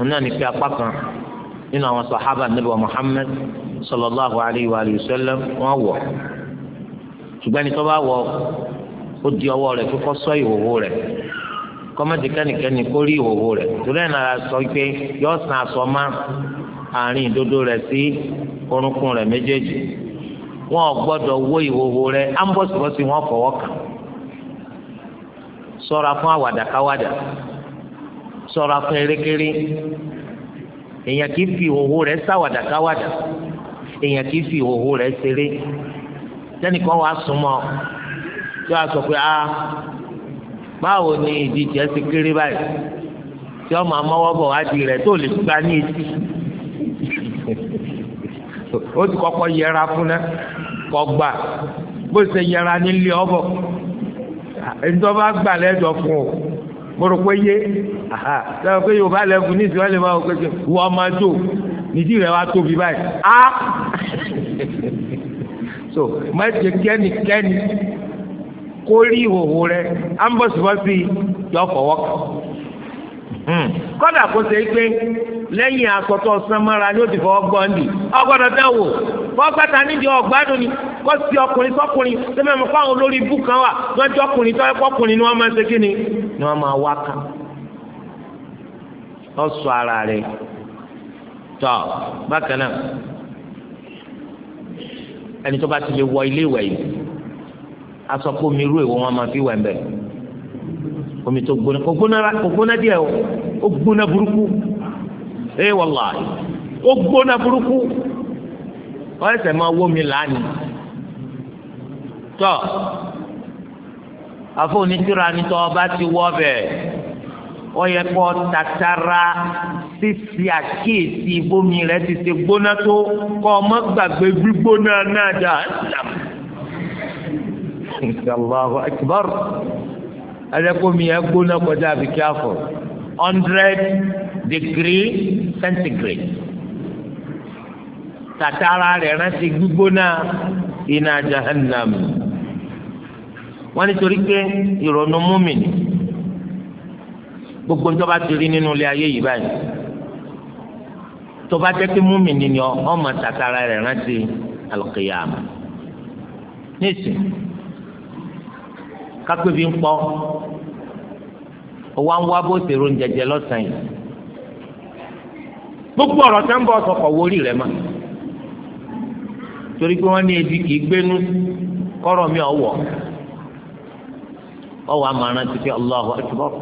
ọ náà ní pé apá kan nínú àwọn sàhábà Ànábì Muhammad sallallahu alayhi wa sallam wọn wọ ṣùgbọ́n ẹni tó bá wọ ó di ọwọ́ rẹ̀ kíkọ́ sọ ìhòhò rẹ̀ kọ́mọ́tì kẹ́nìkẹ́nì kó rí ìhòhò rẹ̀ torí ẹ̀ náà sọ pé yọ san aṣọ má àárín ìdodo rẹ̀ sí orúnkún rẹ̀ méjèèjì wọn gbọ́dọ̀ wó ìhòhò rẹ̀ ambọ̀sibọ́sì wọn fọwọ́ kàn sọ́ra fún àwàdàkáwàdà sọ́ra fún erékeré èèyàn kì í fi ìhòhò rẹ̀ sáwàdàkáwàdà èèyàn kì í fi ìhòhò rẹ̀ ṣeré lẹ́nìkan wàá súnmọ́ tí wàá sọ pé a ah, báwo ni ìdíje ti kéré báyìí tí ọmọ amọ́wọ́ bọ̀ wá di tó lè gba ní etí ó ti kọ́kọ́ yẹra fún náà kọ́ bó ṣe yẹra nílé ọ̀bọ̀ ẹ̀ńtọ́ bá gbà lẹ́jọ́ fún o mo rò pé yé lọ́wọ́ pé yorùbá lẹ́fun ní ìsìnkú ẹlẹ́wọ̀n àwọn pé wọ́n máa jó nìdí rẹ̀ wá tóbi báyìí á so má ṣe kẹ́nikẹ́ni kó rí ìhòòhò rẹ̀ ambọ̀sibọ́sì yọ fọwọ́ kàn. Hmm. kọ́dà kó ṣe pé lẹ́yìn asọ̀tọ̀ sanmọ́ra ni ó ti fọwọ́ gbọ́ ní ọgbọ́dọ̀ tẹ́ wò fọ́gbàtà nídìí ọ̀gbádùn ni kó sí ọkùnrin sọ́kùnrin tó mẹ́mọ́ fáwọn olórí ibú kan wà lọ́jọ́ ọkùnrin tó ẹ̀kọ́ se ni wọ́n máa ń ṣe sọ ara rẹ̀ tọ́ bákan náà ẹni tó bá ti lè wọ ilé ìwẹ̀ yìí asọ́kó mi fi wẹ̀ omi tó gbóná kò gbóná díẹ̀ o ó gbóná burúkú ẹ wàláhì ó gbóná burúkú ọ ẹsẹ̀ máa wó mi lánìí tọ́ àfọwọ́nìtìrà ni tọ́ ọba ti wọ́ bẹ́ẹ̀ ọyẹ kọ tatara sisi àkíyèsí bómi rẹ ti ṣe gbóná tó kọ ọmọ gbàgbé gbígbóná náà dà ńlá. ẹ̀rẹ́kọ̀mí ẹ̀ gbóná kọjá àbí kí á fọ̀ hundred degree centigrade tàtàrà rẹ̀ rántí gbígbóná iná jahannam wọ́n nítorí pé ìrònú múmìnì gbogbo ń tọ́ba ti rí nínú ilé ayé yìí báyìí tọ́ba jẹ́ pé múmìnì ni ọmọ tàtàrà rẹ̀ rántí alùkìyàmù nísìnyí kápẹ́bí ń pọ̀ wá ń wá bó ṣe ron jẹjẹ lọ́sàn-án yìí gbogbo ọ̀rọ̀ tẹ́ ń bọ̀ sọ̀kọ̀ wórí rẹ̀ mà torí pé wọ́n ní ebi kì í gbénú kọ́rọ̀ mi ọ̀wọ̀ ọ̀wọ̀ àmàràn ti fi Allahu Akbar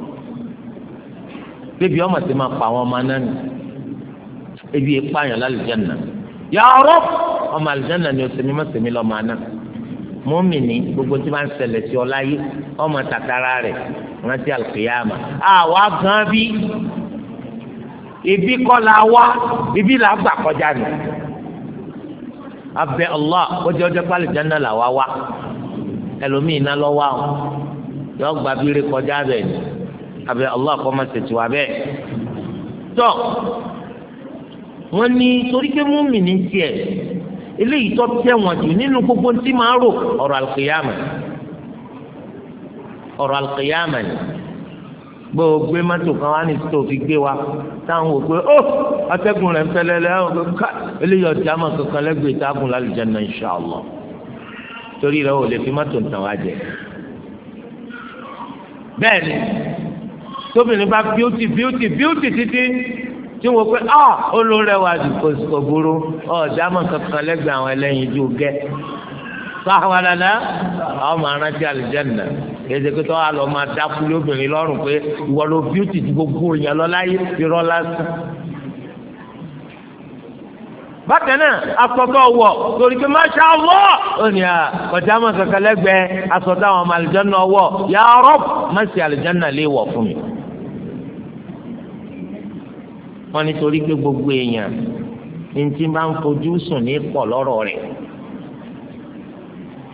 bébí ọmọ ti máa pa àwọn ọmọ náà ni ebi èpààyàn lálẹ́ jẹ́ nà yàrá ọmọ àlùjẹ́ nà ni ó sẹ́mi má sẹ́mi lọ́ọ́ máa náà mọ́mìnì gbogbo tí wọ́n ń ṣẹlẹ̀ sí ọ láyé ọmọ tàtàrà rẹ̀ rántí àlùkìyàmà àwa gan bí ibi kọ́ la wá ibi là gbà kọjá nù abẹ Allah kọjá ọjọ́ pálí jẹ́nà là wá wá ẹlòmíì iná lọ wá o yọ gba bíire kọjá bẹ́ẹ̀ ni abẹ Allah kọ́ máa tètè wá bẹ́ẹ̀ tọ́ wọ́n ní torí pé mọ́mìnì tiẹ̀ eléyìí tó tẹ̀wọ̀n jù nínú gbogbo tí máa rò ọ̀rọ̀ àlùkìyàmà ọ̀rọ̀ àlùkìyàmà ni bó o gbé mọ́tò kan wá ní tó fi gbé wa táwọn ò pé ó atẹ́gùn rẹ̀ ń fẹ́lẹ́ lẹ́wọ̀n pé ká eléyìí ọ̀tí àmọ̀ kankan lẹ́gbẹ̀ẹ́ tágùn lálùjánnà insha Allah torí rẹ̀ ò lè fi mọ́tò tàn wá jẹ. bẹ́ẹ̀ ni tóbìnrin bá bíútì bíútì bíútì títí tí wọ́n pẹ́ ah olórẹ́wà kò burú ọ̀dàmọ̀ kankan lẹ́gbẹ̀ẹ́ àwọn ẹlẹ́yin ju gẹ́ sáwàdàdà àwọn máa rántí àlùjánnà èdè pé tó wà lọ máa dákú lóbìnrin lọ́rùn pé ìwọ ló bíútì tí gbogbo èèyàn lọ láyé irọ́ lásán. bákan náà asọ̀tọ̀ wọ̀ torí pé masha Allah ó ní à ọ̀dà máa kankan lẹ́gbẹ̀ẹ́ asọ̀tọ̀ àwọn ọmọ àlùjánnà wọ̀ ya Rabb má ṣe àlùjánnà lè wọ̀ fún mi wọn nítorí pé gbogbo èèyàn ní ti máa ń fojú sùn ní pọ̀ lọ́rọ̀ rẹ̀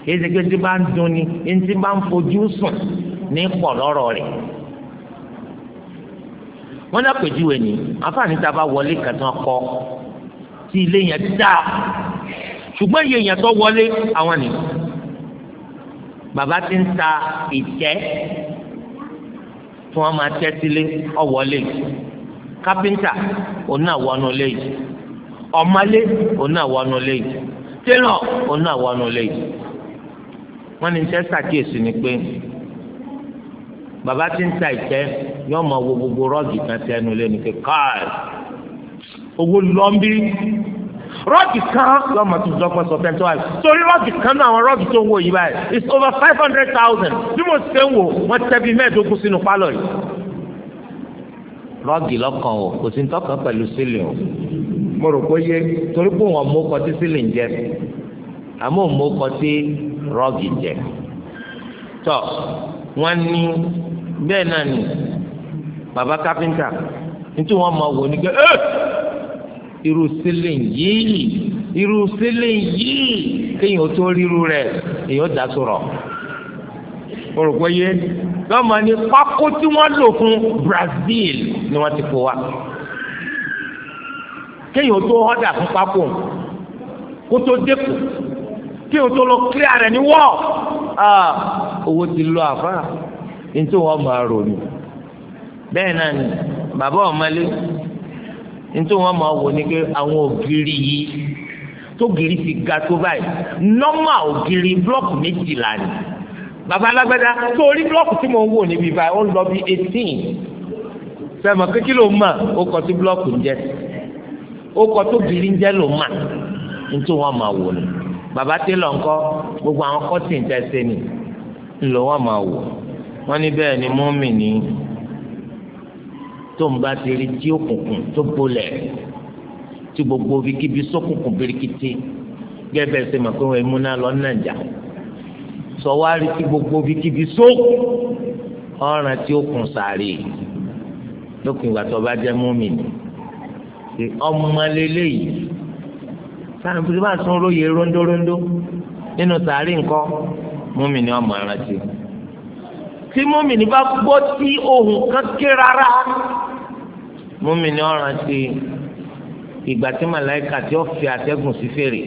kìí ṣe pé tí bá ń dunni ní ti máa ń fojú sùn ní pọ̀ lọ́rọ̀ rẹ̀ wọn náà pèjúwe ní àǹfààní bá wọlé kàtàn kọ tí ilé yẹn dáa ṣùgbọ́n iye yẹn tó wọlé àwọn nìyí bàbá ti ń ta ìtẹ́ tí wọ́n máa ọ̀wọ́lé. kápẹ́ńtà òun náà wọnú léyìí ọ̀mọ́lé òun náà wọnú léyìí télọ̀ òun náà wọnú léyìí wọ́n ní iṣẹ́ ṣàkíyèsí ni pé bàbá tí ń ta ìtẹ́ wo gbogbo rọ́ọ̀gì kan tí ẹnu lé pé káàl owó lọ́mbí rọ́ọ̀gì kan yóò mọ tó dọ́gbọ́n sọ fẹ́ntọ́ àyè torí rọ́ọ̀gì kan náà àwọn rọ́ọ̀gì tó ń wò yìí báyìí it's over five hundred thousand bí mo ṣe ń wò wọ́n tẹ́ bí rọ́ọ̀gì lọ́kàn o kò sí tọkàn pẹ̀lú sílìn o mo rò pé yé torí pé wọn mú kọtí sílìn jẹ àmọ́ mú kọtí rọ́ọ̀gì jẹ tọ wọn ní bẹ́ẹ̀ náà ni bàbá kápẹ́ńtà nítorí wọn máa wò ní pé ẹ irú sílìn yìí irú sílìn yìí kéèyàn tó ríru rẹ̀ èèyàn dá sọ̀rọ̀ orúkọ yé lọ́mọ ní pákó tí wọ́n lò fún Brazil ni wọ́n ti kó wa kéèyàn tó ọ̀dà fún pákó kó tó dẹ́kù kéèyàn tó lọ kílíà rẹ̀ ní wọ́ọ̀ ah, owó ti lọ àfa nítorí wọ́n máa rò ní bẹ́ẹ̀ náà ni bàbá ọ̀mọlé nítorí wọ́n máa wò ní pé àwọn ògiri yìí tó giri ti ga tó báyìí nọ́mà ògiri blọ́ọ̀kì méjìlá ni bàbá alágbádá tó orí blọọkù tí mo ń wò níbi báyìí ó ń lọ bí eighteen sẹmọ kékeré ló mà ó kọ sí blọọkù ń jẹ ó kọ tó bìrì ń jẹ ló mà nítorí wọn máa wò ni bàbá télọ̀ ńkọ gbogbo àwọn kọ́tìn tẹ̀sẹ̀ ni ńlọ wọn máa wò wọn ní bẹ́ẹ̀ ni mọ́mì ni tó ń bá ti rí tí òkùnkùn tó bolẹ̀ tí gbogbo ibi kíbi sókùnkùn birikiti gẹ́gẹ́ bẹ́ẹ̀ sẹ́mọ̀ pé wọ́n emúná lọ náà jà sọwárí tí gbogbo bíkíbi só ọ̀ràn tí ó kun sàárè lókun ìgbà tó bá jẹ́ mọ́mìnì ọmọ lélẹ́yìí sáà nípa tí wọ́n tún róye rondórondó nínú sàárè ńkọ́ mọ́mìnì ọmọ ara ti tí mọ́mìnì bá gbọ́ tí ohùn kankan rárá mọ́mìnì ọ̀ràn ti ìgbà tí màláìka tí ó fi àtẹ́gùn sí fèrè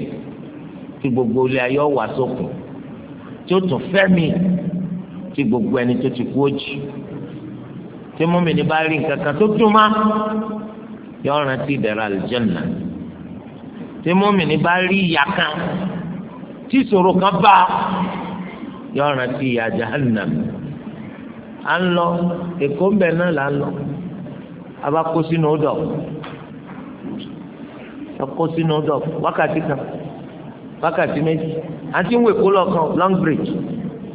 tí gbogbo ilé ayé ọ̀wà sókun tí ó tún fẹ́ mi tí gbogbo ẹni tó ti kú òjì tí mọ́mìnì bá rí nǹkan kan tó dùn má yọ rántí ìdẹ̀ra àlùjànnà tí mọ́mìnì bá rí ìyà kan tí ìṣòro kan bá yọ rántí ìyà jahannam à ń lọ èkó ń bẹ̀ náà là ń lọ abá kó sínú ọdọ kó sínú ọdọ wákàtí kan wákàtí méjì àti ń wò èkó lọ́kàn long bridge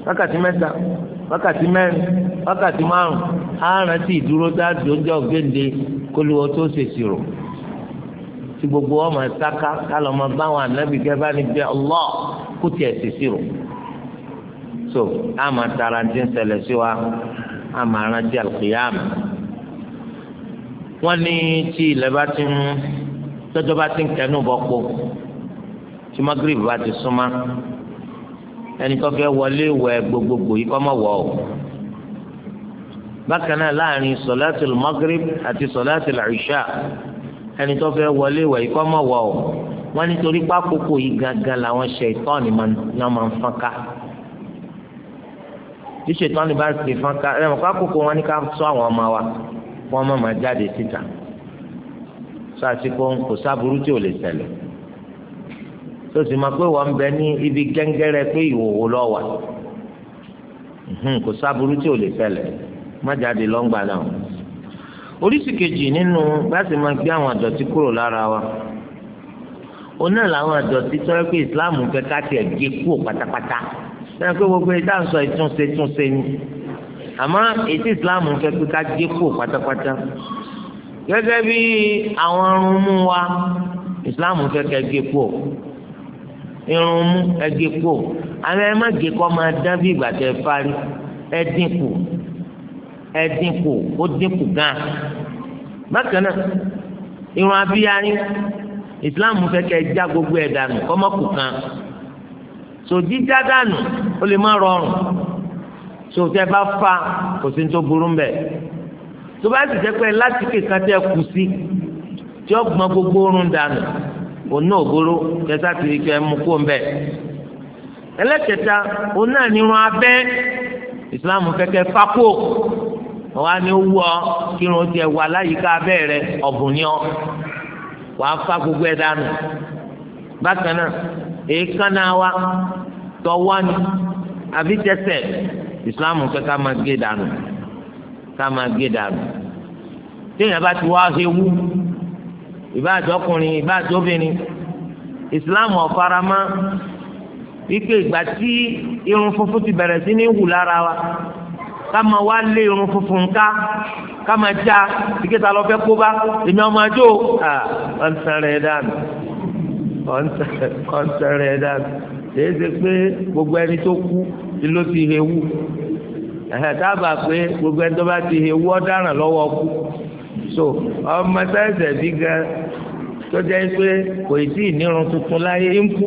wákàtí mẹ́ta wákàtí mẹ́rin wákàtí márùn àárín tí ìdúró dáàbò ń jẹ́ ògbéǹde kó ló wọ́n tó ṣèṣì rò tí gbogbo ọmọ ẹ̀sáká kálọ̀ ọmọ báwọn ànábì gẹ́gẹ́ ní bẹ́ẹ̀ ọlọ́ kó tiẹ̀ ṣèṣì rò so àmà tara ti ń ṣẹlẹ̀ sí wa àmà arántí àlùkìyàmù wọ́n ní tí ilẹ̀ bá ti ń tọ́jọ́ bá ti ń kẹnu bọ́ po tí magrib bá ti súnmá ẹni tó fẹ́ wọlé wẹ̀ gbogbogbò yìí kọ́ mọ̀ wọ̀ o bákan náà láàrin sọláàtì magrib àti sọláàtì ìṣà ẹni tó fẹ́ wọlé wẹ̀ yìí kọ́ mọ̀ wọ̀ o wọ́n nítorí pákókó yìí gangan làwọn ṣẹ̀tánì náà máa ń fọ́n ká tí ṣẹ̀tánì bá ti fọ́n ká ẹ̀rọ pákókó wọn ní ká sọ àwọn ọmọ wa wọ́n má máa jáde síta sọ àsìkò kò sábúrú tí ò lè ṣẹlẹ̀ tó sì máa pé wọ́n ń bẹ ní ibi gẹ́ngẹ́rẹ́ pé ìhòòhò lọ wà kò sábúrú tí ò lè ṣẹlẹ̀ má jáde lọ́ngbà náà oríṣi kejì nínú láti máa gbé àwọn àdọ̀tí kúrò lára wa oná làwọn àdọ̀tí tọ́wọ́ pé ìsìláàmù fẹ́ ká tiẹ̀ gé kúrò pátápátá sẹ́yìn pé gbogbo ìdáǹsọ ìtúnṣe túnṣe ni àmọ́ ètí ìsìláàmù fẹ́ pé ká gé pátápátá gẹ́gẹ́ bí àwọn ọrùn wa ìsìláàmù fẹ́ ká gé kúrò irun mú ẹgẹ kó àwọn ẹ má gé kọ́ máa dán bí ìgbà tẹ fárí ẹ dínkù ẹ dínkù ó dínkù gan bákan náà irun abíyáni Islam fẹ́ kẹ́ ẹ já gbogbo ẹ̀ dànù kọ́mọ́kù kan so jíjá dànù ó lè má rọrùn so tẹ bá fa kò sí ní tó burú mbẹ tó bá sì jẹ́ pé láti kéka kù sí tí ó gbọ́n gbogbo oorun dànù òun náà òbúrú kẹsà ti rí kẹ mú kó ń bẹ ẹlẹ́kẹta òun náà ní irun abẹ́ ìsìláàmù kẹkẹ fákò wọn á ní owó ọ kí irun tiẹ̀ wà láyìíká abẹ́ rẹ ọ̀bùn ni ọ wàá fá gbogbo ẹ̀ dànù bákan náà èékánná wa tọwọ́ ni àbí tẹsẹ̀ ìsìláàmù pé ká máa gé dànù ká máa gé dànù téèyàn bá ti wá hewu ìbá àjọkùnrin ìbá àjọbìnrin ìsìláàmù ọ̀farama wípé ìgbà tí irun funfun ti bẹ̀rẹ̀ sí ní hù lára wa ká máa wá lé irun funfun ká ká máa já ìkẹta lọ fẹ́ kó bá èmi ọmọ ajó ọ̀nsẹ̀rẹ̀ dànù ọ̀nsẹ̀rẹ̀ dànù èyí pé gbogbo ẹni tó kú ló ti hewu ẹ̀hẹ̀ dábàá pé gbogbo ẹni tó bá ti hewu ọ̀daràn lọ́wọ́ kú. so ọmọ sáyẹnsì ẹbí gan tó jẹ́ pé kò tí ì nírun tuntun láyé ń kú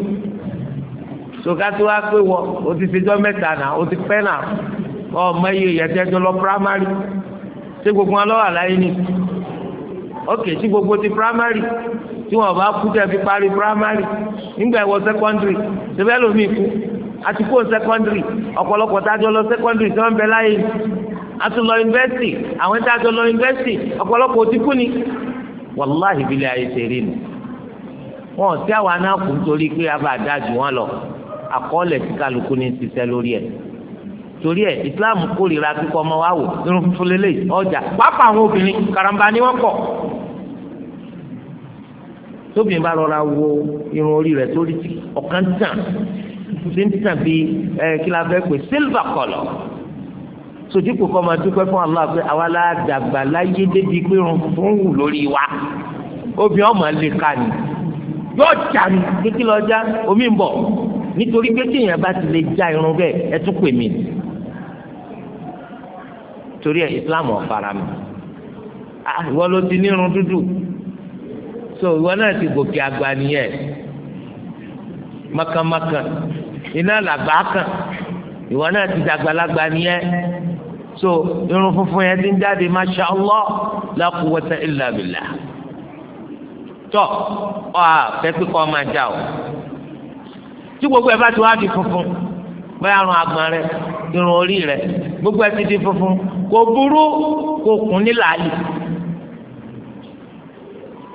so ká tó wá pé wọ o ti ṣe jọ mẹ́ta náà o ti pẹ́ náà ọmọ iye ìyàtẹ́jọ lọ primary ṣé gbogbo wọn lọ́wọ́ àlàyé ni ok tí gbogbo ti primary tí wọn bá kú tẹ fi parí primary nígbà ìwọ secondary ṣẹbẹ́ lómi kú àti kó secondary ọ̀pọ̀lọpọ̀ tájọ lọ secondary tí wọ́n ń bẹ láyé a tún lọ yunifásitì àwọn tá a tún lọ yunifásitì ọ̀pọ̀lọpọ̀ ti kú ni wàláhì bí ilé ayé ṣe rí nu wọn ò sí àwa náà kú nítorí pé a bá dá jù wọn lọ àkọọ́lẹ̀ tí kálukú ní ṣiṣẹ́ lórí ẹ̀ torí ẹ islam kórìíra kíkọ ọmọ wa wò irun funfun lélẹ̀ ọjà pápá àwọn obìnrin karamba ni wọn kọ tóbìnrin bá rọra wo irun orí rẹ̀ tó rí ọkàn tàn tí ń tàn bíi ẹ kí la fẹ́ pè silver colour sodikò kọ́ máa dúpẹ́ fún Allah pé àwa la dàgbà láyé débi pé irun fún wù lórí wa obìnrin ọmọ lè ka ni yóò jà ní kékeré lọ́jà omi ń bọ̀ nítorí pé kéèyàn bá ti lè já irun bẹ́ẹ̀ ẹ tún pè mí torí ẹ Islam ọ̀fara mi ìwọ ló ti ní irun dúdú so ìwọ náà ti gòkè àgbà nìyẹn mọ̀kànmọ̀kàn iná làgbà kan ìwọ náà ti dàgbàlagbà nìyẹn so irun funfun yẹn ti ń jáde masha allah la quwwata illa billah tọ ọ à fẹ́ pé kọ́ máa já o tí gbogbo ẹ bá ti wá di funfun báyà rún agbọ̀n rẹ irun orí rẹ gbogbo ẹ ti di funfun kò burú kò kún ní làálì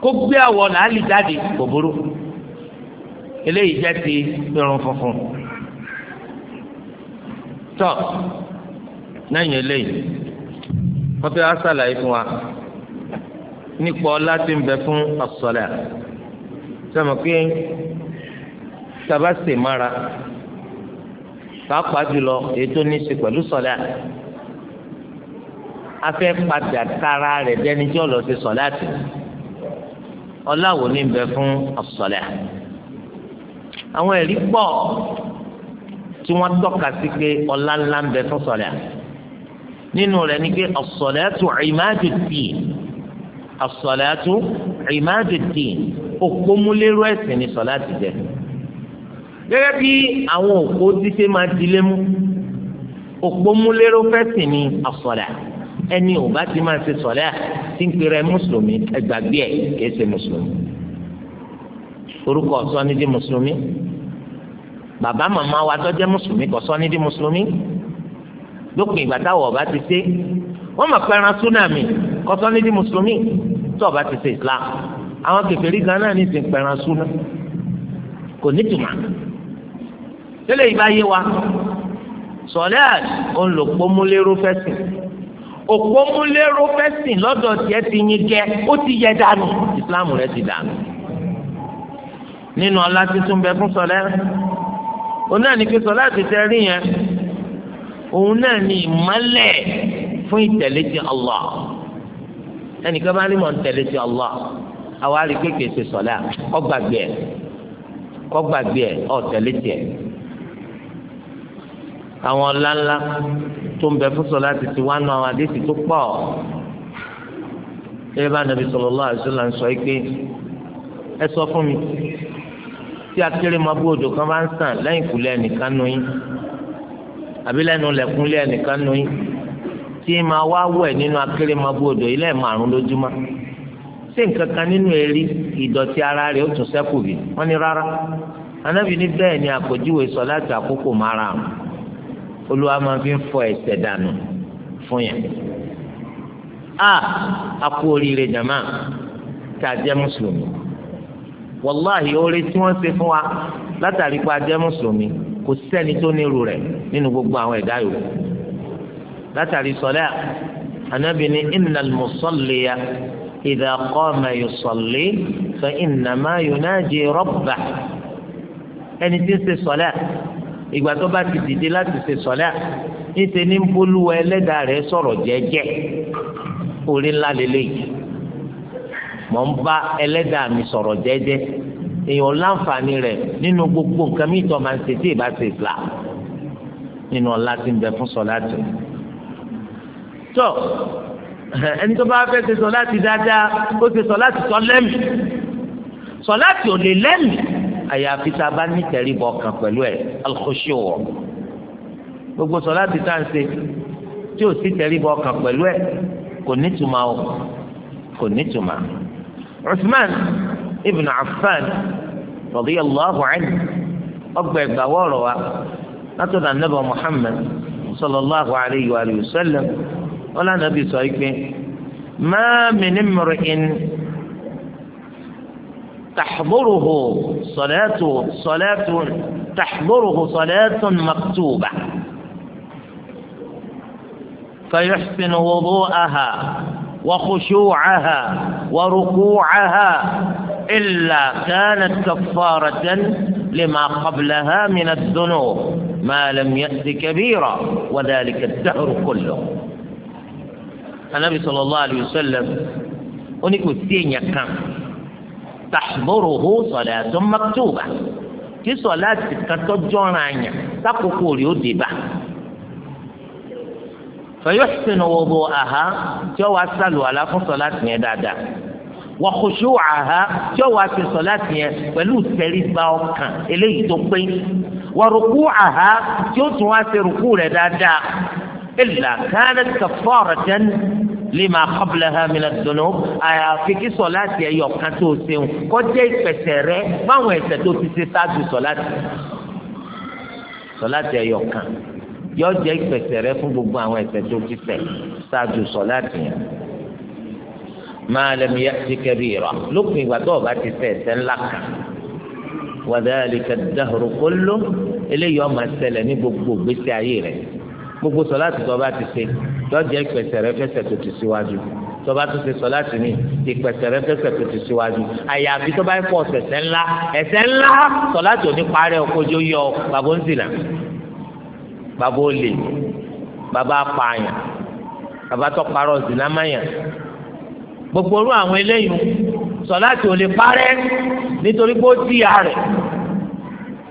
kó gbé àwọ̀ làálì jáde kò burú eléyìí jẹ́ ti irun funfun tọ lẹ́yìn eléyìí wọ́n fẹ́ asàlàyé fún wa nípa ọlá tí ń bẹ fún ọ̀sọ̀lẹ̀ sọmọ pé tàbá sè mára pàápàá jùlọ èyí tó ní í ṣe pẹ̀lú sọ̀lẹ̀ afẹ́ padà tara rẹ̀ dẹ́ni tí ọ̀lọ́ ti sọ̀lẹ̀ àti ọlá wo ní ń bẹ fún ọ̀sọ̀lẹ̀ àwọn ẹ̀rí pọ̀ tí wọ́n tọ́ka sí pé ọlá ńlá ń bẹ fún sọ̀lẹ̀ àti nínú rẹ̀ ni pé as-salatu imadud-din as-salatu imadud-din òpómúlérò ẹ̀sìn ni sọ̀lá ti jẹ́ gẹ́gẹ́ bí àwọn òpó títí máa dilé mú òpómúlérò fẹ́sìn ni as-salat ẹni ò bá ti máa ṣe sọ̀lá tí ń pèrè mùsùlùmí ẹgbàgbé ẹ̀ kìí ṣe mùsùlùmí orúkọ sọ ní di mùsùlùmí bàbá màmá wa tó mùsùlùmí kò lópin ìgbà táwọn ọba ti ṣe wọn mọ pé ẹran súnàmì ní di mùsùlùmí tó ọba ti ṣe islam àwọn kèfèrí gan náà ní ìsìn pẹran súnà kò ní tùmà tẹ́lẹ̀ ìbá yé wa sọlẹ ònlòpọmúlérò fẹsìn òpómúlérò fẹsìn lọ́dọ̀ tiẹ̀ ti yín jẹ ó ti yẹ dànù islam rẹ ti dànù nínú ọlá tuntun bẹ fún sọlẹ onáà ní pé sọlẹ àti tẹ rí yẹn òun náà ni ìmọ́lẹ̀ fún ìtẹ̀lé ti Allah ẹnìkan bá ní mọ̀ ìtẹ̀lé ti Allah àwa rí kéèké ṣe sọ̀lá ọgbàgbé ẹ̀ kọ́gbàgbé ẹ̀ ọ̀tẹ̀lé tiẹ̀ àwọn ọ̀lànlá tó ń bẹ fún sọ̀lá ti ti wá náà àdéhìí tó pọ̀ ẹ bá nàbí sallallahu alaihi wasallam sọ yìí pé ẹ sọ fún mi tí akéré máa bú odò kan bá ń sàn lẹ́yìn kùlẹ̀ nìkan nù yín àbí lẹ́nu lẹ̀kúnlé ẹnìkan nù yín tí máa wá wẹ̀ nínú akérèmọ́bù odò ilé márùn lójúmọ́ ṣé nǹkan kan nínú èrí ìdọ̀tí ara rẹ̀ ó tún sẹ́kù bí wọ́n ní rárá anábì ní bẹ́ẹ̀ ni àpèjúwe sọ láti àkókò mara àrùn olúwa máa fi ń fọ ẹ̀ṣẹ̀ dànù fún yẹn a akú oríire jàmá tá a jẹ́ mùsùlùmí wàláhì oore tí wọ́n ṣe fún wa látàrí pé a jẹ́ mùsùlùmí kò sẹ́ni tó nírú rẹ̀ nínú gbogbo àwọn ẹ̀dá yòókù látàrí sọlẹ́ Ànábì ní innal musalliya idha qama yusalli fa innama yunaji rabbah ẹni tí ń ṣe sọlẹ́ ìgbà tó bá ti dìde láti ṣe sọlẹ́ níṣe ní bolúwa ẹlẹ́dàá rẹ̀ sọ̀rọ̀ jẹ́jẹ́ orí ńlá lélẹ́yìí mọ̀ ń bá ẹlẹ́dàá mi sọ̀rọ̀ jẹ́jẹ́ èèyàn láǹfààní rẹ̀ nínú gbogbo nǹkan mi tó máa ń ṣe tí ì bá ṣe ìlà nínú ọlá tí ń bẹ fún sọláàtì tó ẹni tó bá fẹ́ ṣe sọláàtì dáadáa ó ṣe sọláàtì tó lẹ́mì sọláàtì ò lè lẹ́mì àyàfi tá a bá ní tẹríbọ kan pẹ̀lú ẹ̀ alkhushu wọ̀ gbogbo sọláàtì tá à ń ṣe tí ò sí tẹríbọ kan pẹ̀lú ẹ̀ kò nítumọ̀ o kò nítumọ̀ Usman. ibn Affan radiyallahu anhu ọgbà ẹgbà wọ́ọ̀rọ̀ wa látọ̀dọ̀ anábà Muhammad sallallahu alayhi wa sallam wọn lànà bí sọ ikpe ma min imri'in تحضره صلاة صلاة تحضره صلاة مكتوبة فيحسن وضوءها وخشوعها وركوعها إلا كانت كفارة لما قبلها من الذنوب ما لم يأت كبيرا وذلك الدهر كله النبي صلى الله عليه وسلم أنك سين يكام تحضره صلاة مكتوبة في صلاة ti kàtọ́ jọ́ra yẹn sákòókò rí ó dé bá. fẹ̀yọ́sìn wọ́bọ̀ wa khushu'aha tí ó wàá fi sọ̀láàtì yẹn pẹ̀lú tẹríba ọkàn eléyìí tó pé wa ruku'aha tí ó tún wàá ṣe rùkú rẹ̀ dáadáa illa kanat kafaratan lima qablaha min ad-dunub àyàfi kí sọ̀láàtì ẹ̀yọ̀ kan tó ṣeun kọjá ìpẹ̀sẹ̀ rẹ fáwọn ẹ̀ṣẹ̀ tó ti ṣe ṣáájú sọ̀láàtì sọ̀láàtì ẹ̀yọ̀ kan yọ jẹ́ ìpẹ̀sẹ̀ rẹ fún gbogbo àwọn ẹ̀ṣẹ̀ tó ti ṣẹ̀ ṣáájú sọ̀láàtì yẹn máa lẹ́nu yẹ ti kẹ́bi ìrọ̀ lópin ìgbà tó o bá ti ṣẹ̀ ẹ̀ṣẹ̀ ńlá kan wadhalika ad-dahru kullu eléyìí ọmọ ṣẹlẹ̀ ní gbogbo gbèsè ayé rẹ̀ gbogbo sọláàtì tó bá ti ṣe lọ́jọ́ ìpẹ̀sẹ̀ rẹ fẹsẹ̀ tó ti síwájú tó bá tó ṣe ní ìpẹ̀sẹ̀ rẹ fẹsẹ̀ tó ti síwájú àyàfi tó bá pọ̀ ṣẹ̀ṣẹ̀ ńlá ẹ̀ṣẹ̀ ńlá sọláàtì òní parẹ́ ọkọjọ́ yọ bàbá ńzìlà bàbá olè bàbá apààyàn bàbá tó parọ́ zìlámáyàn gbogbo orú àwọn eléyìí sọláàtì ò lè parẹ́ nítorí pé ó ti yà rẹ̀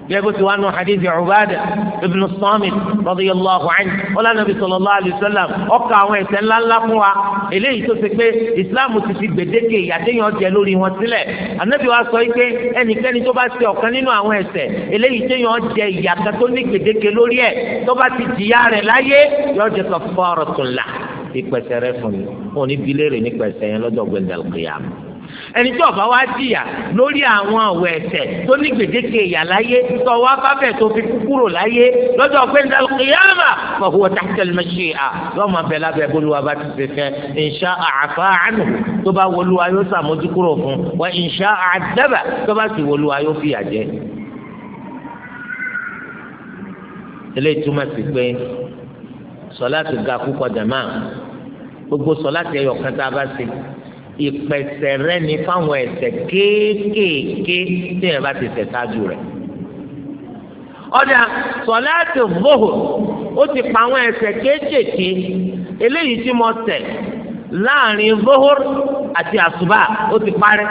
gẹ́gẹ́ tí wàá nù hadith Ubada ibn Samit radiyallahu anhu ọlá nàbì sallallahu alayhi wa sallam ọkà àwọn ẹ̀ṣẹ̀ ńláńlá fún wa eléyìí tó ṣe pé ìsìláàmù ti fi gbèdéke ìyàdéyàn jẹ lórí wọn sílẹ̀ ànábì wa sọ pé ẹnikẹ́ni tó bá ṣe ọ̀kan nínú àwọn ẹ̀ṣẹ̀ eléyìí téèyàn jẹ ìyàtọ̀ tó ní gbèdéke lórí ẹ̀ tó bá ti jìyà rẹ̀ láyé yọ ìpẹ̀sẹ̀ rẹ fún mi wọn ò ní bi léèrè nípa ẹ̀ṣẹ̀ yẹn lọ́jọ́ gbẹ̀ndàlùkìyàmù ẹni tí ọba wa jìyà lórí àwọn ọ̀wọ̀ ẹ̀ṣẹ̀ tó ní gbèdéke ìyà láyé tó wá fábẹ̀ tó fi kú kúrò láyé lọ́jọ́ gbẹ̀ndàl kìyàmà fọwọ́ tàkìtẹ̀lẹ́mẹṣẹ́ à lọ́mọ abẹ lábẹ́ bolúwa bá ti fi fẹ́ ìṣá àfa àánú tó bá wọlúwa yóò sàmójú fún wa ìṣá àdẹ́bà tó bá sì wọlúwa yóò fìyà jẹ. eléyìí túmọ̀ sí pé sọláàtì ga púpọ̀ jàmá gbogbo sọláàtì ẹyọ kan tá bá ṣe ìpẹ̀sẹ̀ rẹ ni fáwọn ẹ̀ṣẹ̀ kéékèèké tí ẹ bá ti ṣẹ̀ ṣáájú rẹ̀ ọ̀dà sọláàtì vóhù ó ti pa àwọn ẹ̀ṣẹ̀ kéékèèké eléyìí tí mo ṣẹ̀ láàrin vóhù àti àsùbà ó ti parẹ́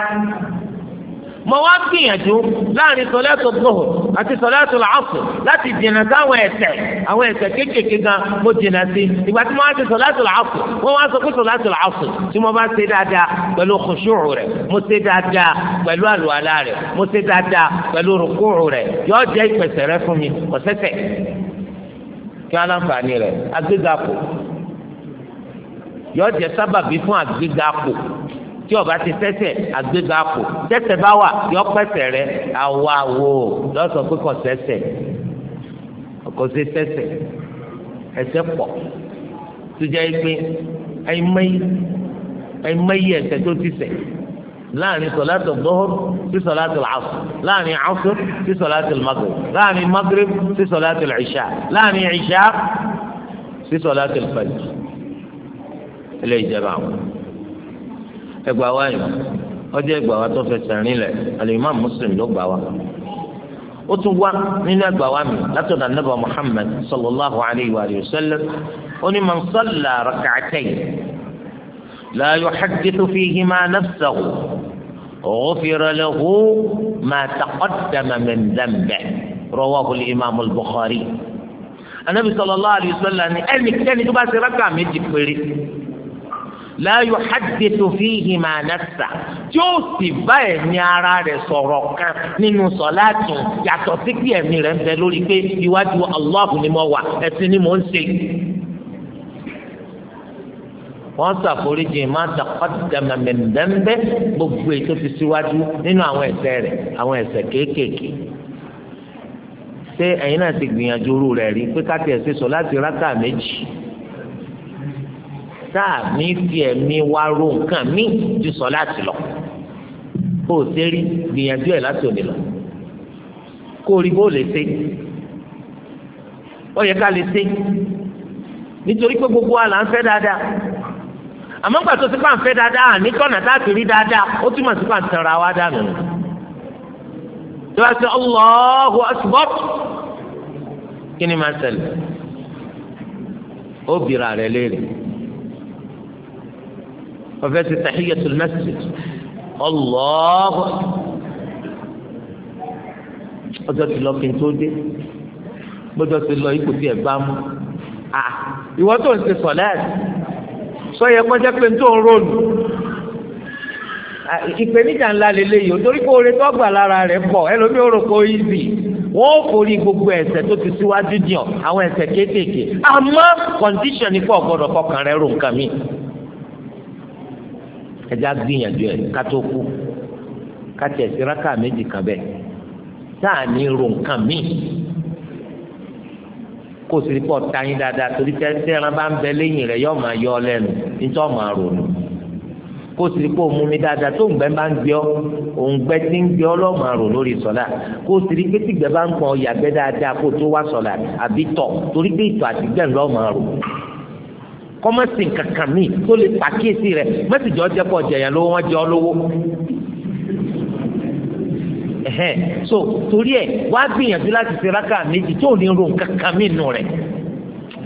mo wá gbìyànjú láàrin sọlẹ́tò gbòòrò àti sọlẹ́tò làásù láti dènà sáwọn ẹ̀ṣẹ̀ àwọn ẹ̀ṣẹ̀ kéékèèké gan mo dènà sí ìgbà tí mo wá ti sọlẹ́tò làásù wọ́n wá sọ pé sọlẹ́tò làásù tí mo bá ṣe dáadáa pẹ̀lú kùsùrù rẹ̀ mo ṣe dáadáa pẹ̀lú àlùwàlá rẹ̀ mo ṣe dáadáa pẹ̀lú rùkúrù rẹ̀ yóò jẹ́ ìpèsè rẹ fún mi kọ̀sẹ́sẹ̀ kí aláǹfààní rẹ̀ agbégakò yóò tí ọba ti tẹ́sẹ̀ àgbéga kù tẹ́sẹ̀ bá wà yọ pẹ́sẹ̀ rẹ àwa wo lọ́sọ̀ pé kò tẹ́sẹ̀ kò sí tẹ́sẹ̀ ẹsẹ̀ pọ̀ tó jẹ́ pé ẹ̀mẹ́yì ẹ̀mẹ́yì ẹsẹ̀ tó ti sẹ̀ láàrin sọláàtì dọ́hùr sí sọláàtì àṣù láàrin àṣù sí sọláàtì magrib láàrin magrib sí sọláàtì ìṣà láàrin ìṣà sí sọláàtì fajr ilé ìjẹba àwọn ẹgbà wa yìí ọjọ́ ẹgbà wa tó fẹsẹ̀ rìn lẹ̀ alimam muslim ló gbà wa ó tún wá nínú ẹgbà wa mi látọ̀dọ̀ anábà muhammad sallallahu alayhi wa sallam ó ní man salla rak'atayn la yuhaddithu fihima nafsahu غفر له ما تقدم من ذنبه رواه الإمام البخاري النبي صلى الله عليه وسلم قال لك تاني تبقى سرقة من جبريل la yuhaddithu fihi ma nafsa tí ó sì bá ẹ̀mí ara rẹ̀ sọ̀rọ̀ kan nínú sọ̀láàtù yàtọ̀ sí pé ẹ̀mí rẹ̀ ń bẹ lórí pé iwájú Allahu ni mo wà ẹ̀sìn ni mo ń ṣe. wọ́n ṣàforíjì ma taqaddama min gbogbo ètò ti síwájú nínú àwọn ẹ̀ṣẹ̀ rẹ̀ àwọn ẹ̀ṣẹ̀ kéékèèké ṣé ẹ̀yin náà ti gbìyànjú rú rẹ̀ rí pé ká tiẹ̀ ṣe sọ̀láàtì rákà méjì tá a ní fi ẹ̀mí wá ro nǹkan míì ju sọ láti lọ kó o ṣe rí gbìyànjú ẹ̀ láti òní lọ kó o rí bó o lè ṣe ó yẹ ká lè ṣe nítorí pé gbogbo wa là ń fẹ́ dáadáa àmọ́ gbà tó ti pa ń fẹ́ dáadáa àní tọ́nà láti rí dáadáa ó túmọ̀ sí pa ń tẹ̀ra wa dànù tó ṣe Allahu Akbar kí ni máa ṣẹlẹ̀ ó bìrà rẹ̀ léèrè ọ̀fẹ́ تحية المسجد الله Allahu ọjọ́ ti lọ kí n tó dé gbọ́dọ̀ ti lọ ipò tí ẹ̀ bá mú à ìwọ tó ń ṣe sọ̀lẹ́ẹ̀tì sọ yẹ kọjá pé n tó ń rònú ìpèníjà ńlá lélẹ́yìí nítorí pé oore tó gbà lára rẹ̀ pọ̀ ẹlòmíì rò pé ó wọ́n ò forí gbogbo ẹ̀ṣẹ̀ tó ti síwájú dìàn àwọn ẹ̀ṣẹ̀ kéékèèké àmọ́ kọ̀ǹdíṣàn pọ̀ gbọ́dọ̀ fọkàn rẹ̀ rò nǹkan mìíràn ẹjẹ agbìyànjú ẹ kátó kú kátì ẹsẹ rákà méjì kan bẹ táà ní ro nǹkan míì kó o sì rí pọ̀ tayín dáadáa torí tẹ́tẹ́ ẹran bá ń bẹ lẹ́yìn rẹ̀ yóò máa yọ ọ lẹ́nu nítorí ọmọ àrònú kó o sì rí pọ̀ mú mi dáadáa tó ǹgbẹ́ bá ń gbé ọ òǹgbẹ́ tí ń gbé ọ lọ́mọ àrò lórí sọ̀lá kó o sì rí pé tìgbẹ́ bá ń pọn ọ̀yàgbẹ́ dáadáa kó o tó wá sọ̀lá àbí tọ̀ torí pé ìtọ̀ àtìgbẹ́ ńlọ́mọ àrò kọ́mọ̀sì kankan mi tó lè pàkíyèsí rẹ̀ mẹ́sìjọ́ jẹ́ pọ̀ jẹ̀yàn lówó wọ́n jẹ́ ọ lówó. ẹ̀hẹ́n so torí ẹ̀ wá gbìyànjú láti ṣe rákà méjì tó ní ro kankan mi nù rẹ̀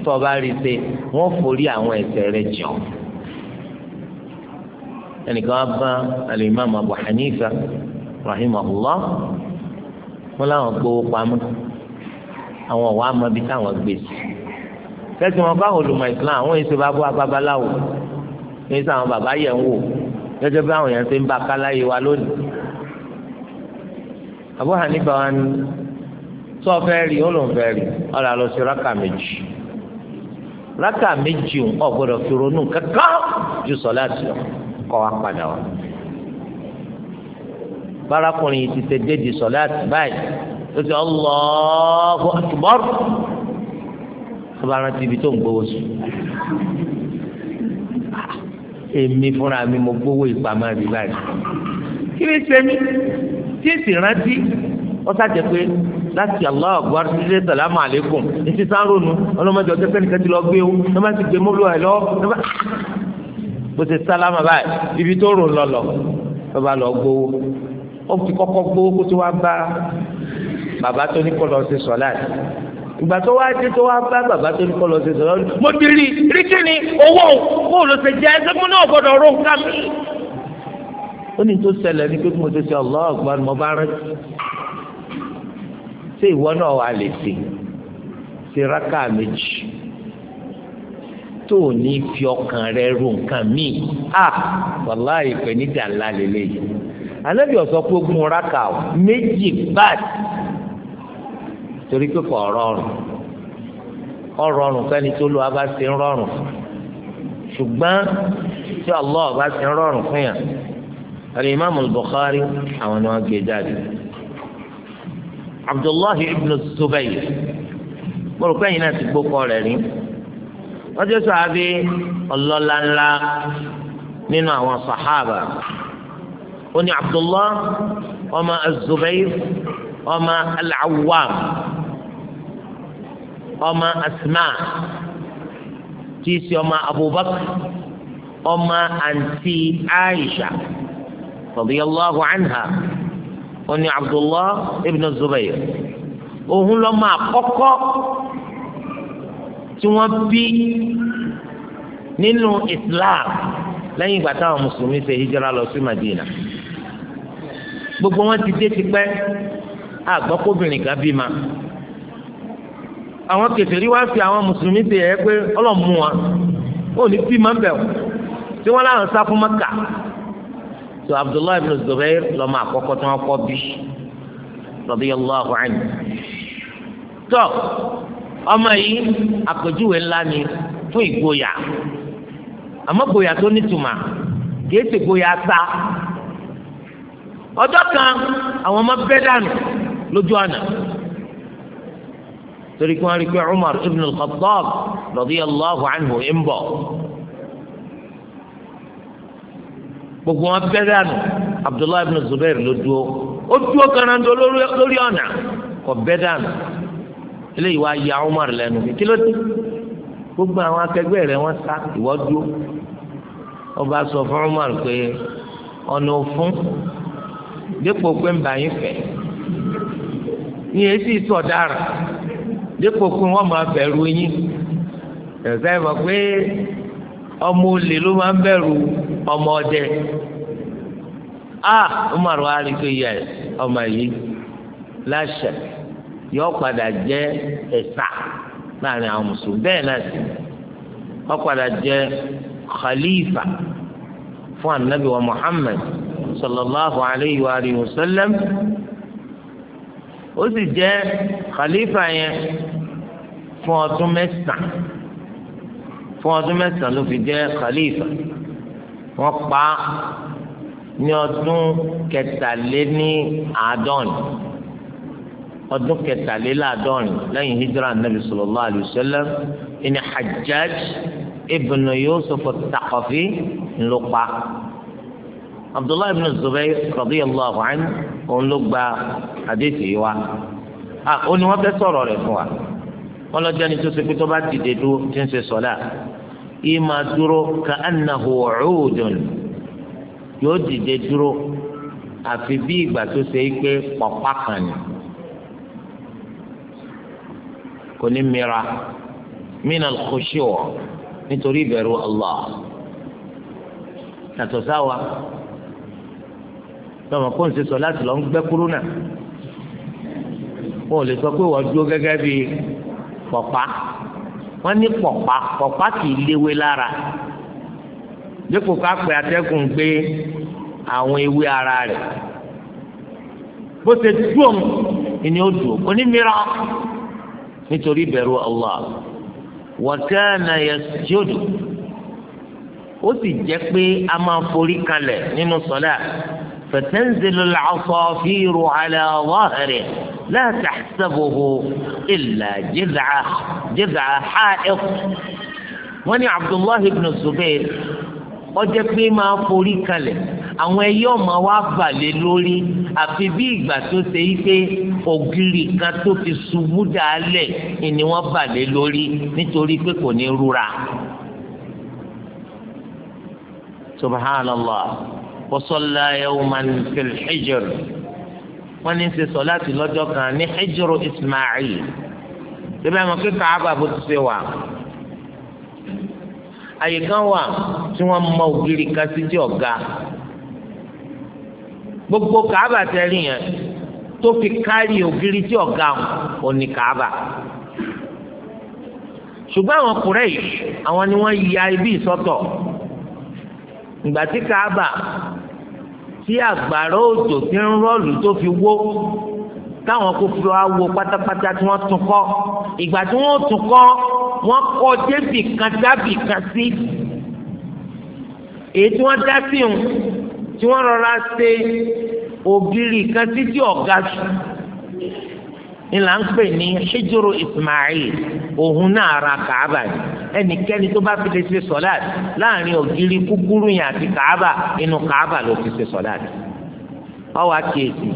tó o bá rí i pé wọ́n forí àwọn ẹ̀ṣẹ̀ rẹ̀ jọ. ẹnìkan á bá alimami Abu Hanifa rahimahullah wọn làwọn gbowó pamọ́ àwọn ọ̀wá amabi táwọn gbèsè tẹ́sí wọn báwọn olùmọ̀ Islam àwọn èsì bá bọ́ ababaláwo ní sọ àwọn bàbá yẹn ń wò gẹ́gẹ́ bí àwọn yẹn ti ń ba káláyé wa lónìí. Abu Hanifa wa ni tó o fẹ́ rí olóhùn fẹ́ rí ọ̀là lọ sí rákà méjì rákà méjì ò gbọ́dọ̀ fi ronú kankan ju sọ̀láàtì lọ kọ́ wa padà wá. bárakùnrin yìí ti tẹ́ dédìí sọ̀láàtì báyìí ó ti Allahu akbar tó bá rántí ibi tó ń gbowó sùn èmi fúnra mi mo gbowó ìpamọ́ rí báyìí kí ni sẹ́mi tí èsì rántí ọ̀sá jẹ pé láti allah akbar ṣíṣe salamu aleykum ètí sáárọ̀nù ọlọ́mọdé ọjọ́ kẹ́nìkan ti lọ gbé o ní wọ́n ti gbé mọ́bìlì ẹ̀ lọ ní wọ́n bó ṣe sálámà báyìí ibi tó rò lọ́lọ́ bàbá lọ gbowó ó ti kọ́kọ́ gbowó kó tó wá bá bàbá tó ní kó lọ ṣe sọ́láàtì ìgbà tó wá dé tó wá bá bàbá tó ní kọ́ lọ sí sọ̀rọ̀ mo ti rí rí kí ni owó kó o lọ sí jẹ́ ẹsẹ̀ mo náà gbọ́dọ̀ rún ká mi. ó ní tó ṣẹlẹ̀ ní pé mo ti ṣe Allahu Akbar mo bá rẹ́ ṣé ìwọ náà wà lè ṣe ṣe rákà méjì tó o ní fi ọkàn rẹ ro nǹkan míì a ah, wàláhì pé nídàá ńlá lélẹ́yìí anábìọ̀sọ́ pé ogun rákà méjì báyìí torí pé kò rọrùn kò rọrùn kẹ́ni tó lu abá ti ń rọrùn ṣùgbọ́n tí Allah bá ti ń rọrùn fún yàn al-Imam al-Bukhari àwọn ni wọ́n gbé jáde Abdullahi ibn Zubayr mo rò pé náà ti gbókọ rẹ̀ rí wọ́n ti sọ abẹ́ nínú àwọn sàhábà ó ní Abdullah ọmọ az ọmọ al ọma asma tí í ṣe ọmọ abubakar ọmọ àǹtí aisha radiyallahu anha oní abdullah ibn zubair òun lọ́mọ àkọ́kọ́ tí wọ́n bí nínú islam lẹ́yìn ìgbà táwọn mùsùlùmí ṣe hijira lọ sí madina gbogbo wọn ti dé kan bí ma. àwọn kèfèrí wá fi àwọn mùsùlùmí ti yẹ pé ọlọ́mú wa ó ní bí máa ń bẹ̀ o tí wọ́n láwọn sá fún maka tó abdullahi ibn zubair lọ́mọ àkọ́kọ́ tí wọ́n kọ́ bí radiyallahu anhu tó ọmọ yìí àpèjúwe ńlá ni fún ìgboyà àmọ́ gboyà tó nítumà kìí ṣe gboyà sá ọjọ́ kan àwọn ọmọ bẹ́ dànù lójú àná torí kí wọ́n rí pé Umar ibn al-Khattab radiyallahu anhu ń bọ̀ gbogbo wọn bẹ́ dànù Abdullahi ibn Zubair ló dúró ó dúró karandó lórí ọ̀nà kò bẹ́ dànù eléyìí wá ya Umar lẹ́nu kí ló dé gbogbo àwọn akẹgbẹ́ rẹ̀ wọ́n sá ìwọ wọ́n bá sọ fún Umar pé ọ̀nà òfun dípò pé ń bá yín fẹ́ ní èsì sọ̀dára dípò pé wọ́n máa bẹ̀rù yín ẹ̀sẹ̀ mọ̀ pé ọmọ olè ló máa ń bẹ̀rù ọmọ ọdẹ ah Umar wa rí pé yẹ ọmọ yìí láṣẹ yọ padà jẹ ẹ̀sà láàrin àwọn mùsùlùmí bẹ́ẹ̀ náà sì wọ́n padà jẹ khalifa fún anabi wa Muhammad sallallahu alayhi wa sallam ó sì jẹ́ khalifa yẹn fún ọdún mẹ́sàn-án fún ọdún mẹ́sàn-án ló fi jẹ́ khalifa wọ́n pa á ní ọdún kẹtàléní àádọ́rin ọdún kẹtàléláàádọ́rin lẹ́yìn hijra anabi sallallahu alayhi wa sallam ìní hajjaj ibn yusuf al ńlọpa abdullahi ibn zubayr radiyallahu anhu òun ló gba àdéhùn yìí wá ah ó ní wọ́n fẹ́ sọ̀rọ̀ rẹ̀ fún wa wọ́n lọ jẹ́ni tó ṣe pé tó bá dìde dúró tí ń ṣe sọ̀lá yìí máa dúró ka annahu uudun yóò dìde dúró àfi bí ìgbà tó ṣe é pé pọ̀pá kan ni kò ní mìíràn minal khushu' nítorí ìbẹ̀rù Allah yàtọ̀ sáwa tọmọ kó n ṣe sọ láti lọ ń gbẹ kúrú náà wọn ò lè sọ pé wọ́n dúró gẹ́gẹ́ bí pọ̀pá wọ́n ní pọ̀pá pọ̀pá kì í léwé lára dípò ká pè atẹ́gùn gbé àwọn ewé ara rẹ̀ bó ṣe dúró ni ó dùn onímìíràn nítorí ìbẹ̀rù Allah wa kana ó sì jẹ́ pé a máa forí kalẹ̀ nínú sọ́lá. فتنزل العصافير على ظهره لا تحسبه إلا جذع جذع حائط وني عبد الله بن الزبير ọjọ́ pé máa forí kalẹ̀ àwọn ẹyẹ ọmọ wa bà lé lórí àfi bí ìgbà tó ṣe yí pé ògiri kan tó fi ṣubú dálẹ̀ ni wọ́n bà lé lórí nítorí pé kò ní rúra subhanallah. وصلى يوما في الحجر وننسى صلاة لجوكا نحجر إسماعيل تبقى ما كنت عبا بتسوى أي كان وا سوى موجري كاسيتي أوغا gbogbo kaaba tẹ̀lé yẹn tó fi kárí ògiri tí ọ̀gá òní kaaba ṣùgbọ́n àwọn Quraysh àwọn ni wọ́n ya ibi ìsọ́tọ̀ ìgbà tí kaaba tí àgbàrá òjò ti ń rọ́ọ̀lù tó fi wó táwọn kò fi wá wo pátápátá tí wọ́n tún kọ́ ìgbà tí wọ́n tún kọ́ wọ́n kọ́ débì kan dábì kan sí èyí tí wọ́n dá sí òun tí wọ́n rọra ṣe ògiri kan títí ọ̀gá sùn ńlá ń pè ní hijru ismail òun náà ra kàába ni ẹnikẹ́ni tó bá fi lè ṣe sọ́láàt láàrin ògiri kúkúrú yẹn àti kàába inú kàába ló ti ṣe sọ́láàt ọwọ́ àkíyèsí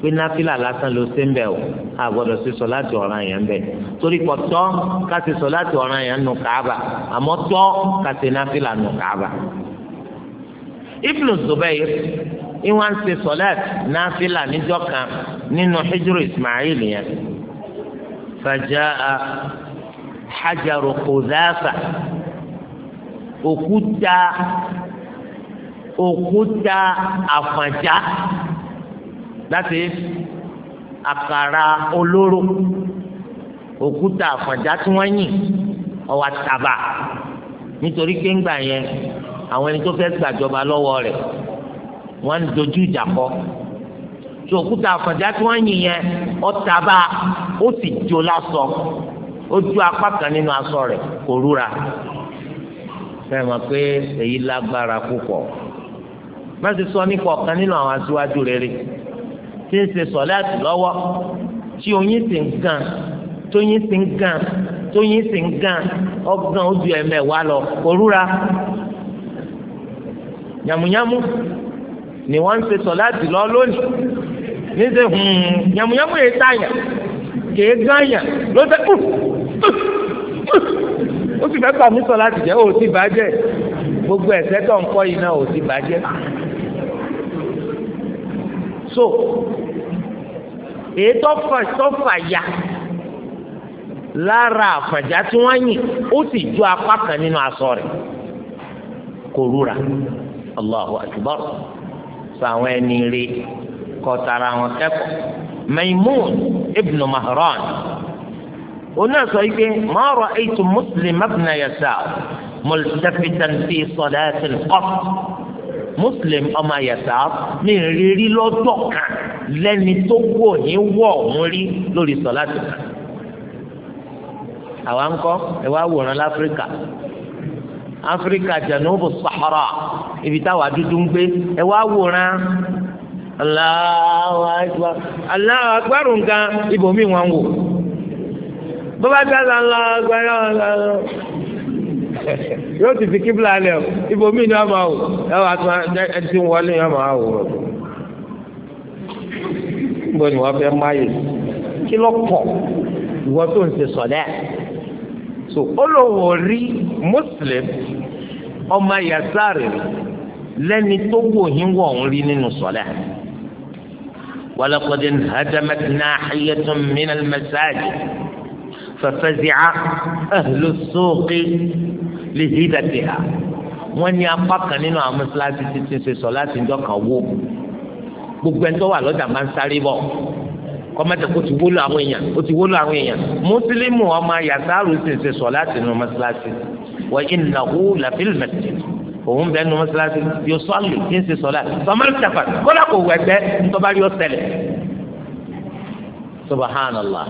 pé náfìlà lásán ló ṣe ń bẹ̀ o a gbọ́dọ̀ ṣe sọ́láàtì ọ̀ràn yẹn ń bẹ̀ torí kò tọ́ ká ṣe sọ́láàtì ọ̀ràn yẹn nù kàába àmọ́ tọ́ ká ṣe náfìlà nù kàába. Ibn Zubair ìwọ́n ń ṣe sọ̀lẹ́t náfìlà níjọ́ kan nínú hijiru ismail yẹn fàjà hajaru kòzáfà òkúta òkúta àfàjá láti àkàrà olóró òkúta àfàjá tí wọ́n yìn ọwọ́ àtàbà nítorí pé yẹn àwọn ẹni tó fẹ́ gbàjọba lọ́wọ́ rẹ̀ wọ́n ń dojú ìjà kọ tó òkúta àfọ̀njá tí wọ́n yìn yẹn ọ̀tá bá ó sì jó lásọ ó ju apá kan nínú aṣọ rẹ̀ kò rúra fẹ́ẹ́ mọ̀ pé èyí lágbára púpọ̀ má ti sọ nípa ọ̀kan nínú àwọn aṣíwájú rere tí ń ṣe sọ̀láàtì lọ́wọ́ tí oyin sì ń gan tóyin sì ń gan tóyin sì ń gan ọgàn ojú ẹ̀mẹ̀ wá lọ kò rúra yàmùyàmù ni wọ́n ń ṣe sọ láti lọ lónìí níṣẹ́ hmm, yàmùyàmù yẹn tààyàn kèé gányàn ló ṣe kú ó sì fẹ́ pàmí sọ láti jẹ́ ó ti bàjẹ́ gbogbo ẹ̀sẹ̀ tó ń kọ́ yìí náà ó ti bàjẹ́ so èyí tó fà tó fà ya lára àfàjá tí wọ́n yìn ó sì ju apá kan nínú aṣọ rẹ̀ kò rúra Allahu akbar sọ àwọn ẹni rí kọtara àwọn kẹ́kọ̀ọ́ Maimun ibn Mahran onáṣọ ike ma ra'aytu Muslim ibn Yasar multafitan fi salati al-qasr Muslim ọmọ Yasar ní rírí lọ́dọ̀ kan lẹ́ni tó wò ní wọ̀ ọ̀hún rí lórí salati kan àwa ń kọ́ ẹ wá wòran láfíríkà áfíríkà janubu sahara ibi táwa dúdú ń gbé ẹ wá wòran aláwọ àgbà aláwọ agbárùn gan ibòmí wọn wò bọ́bá tí a lọ lọ gbọ́dọ̀ lọ yóò ti fi kíbla lẹ o ibòmí ni wọn máa wò ẹ wà tó ẹ ti wọlé wọn máa wò ó wọn fẹ́ máa yè kí ló pọ̀ ìwọ tó ń ṣe sọ̀dẹ́ so olówó rí muslim ọmọ yasari lẹ́ni tó wòyìn wọ̀ ń rí nínú sọ́lá ولقد انهدمت ناحية من المساجد ففزع أهل السوق لهبتها wọ́n ní apá kan nínú àwọn mọ́sálásí títí ṣe sọ láti ń jọ kàn wó gbogbo ẹni tó wà lọ́jà máa ń sáré bọ̀ kọ́mọ́tẹ̀ kó ti wólú àwọn èèyàn ó ti wólú àwọn èèyàn mùsùlùmù ọmọ yàtàrú sì ń ṣe sọ láti nu mọ́sálásí wa innahu làfíìlì masjid òun bẹ́ẹ̀ nu mọ́sálásí yóò sọ àlù kí ń ṣe sọ láti sọmọlù tẹfà kọ́lá kò wẹ̀ gbẹ́ ntọ́ba yóò ṣẹlẹ̀ subhanallah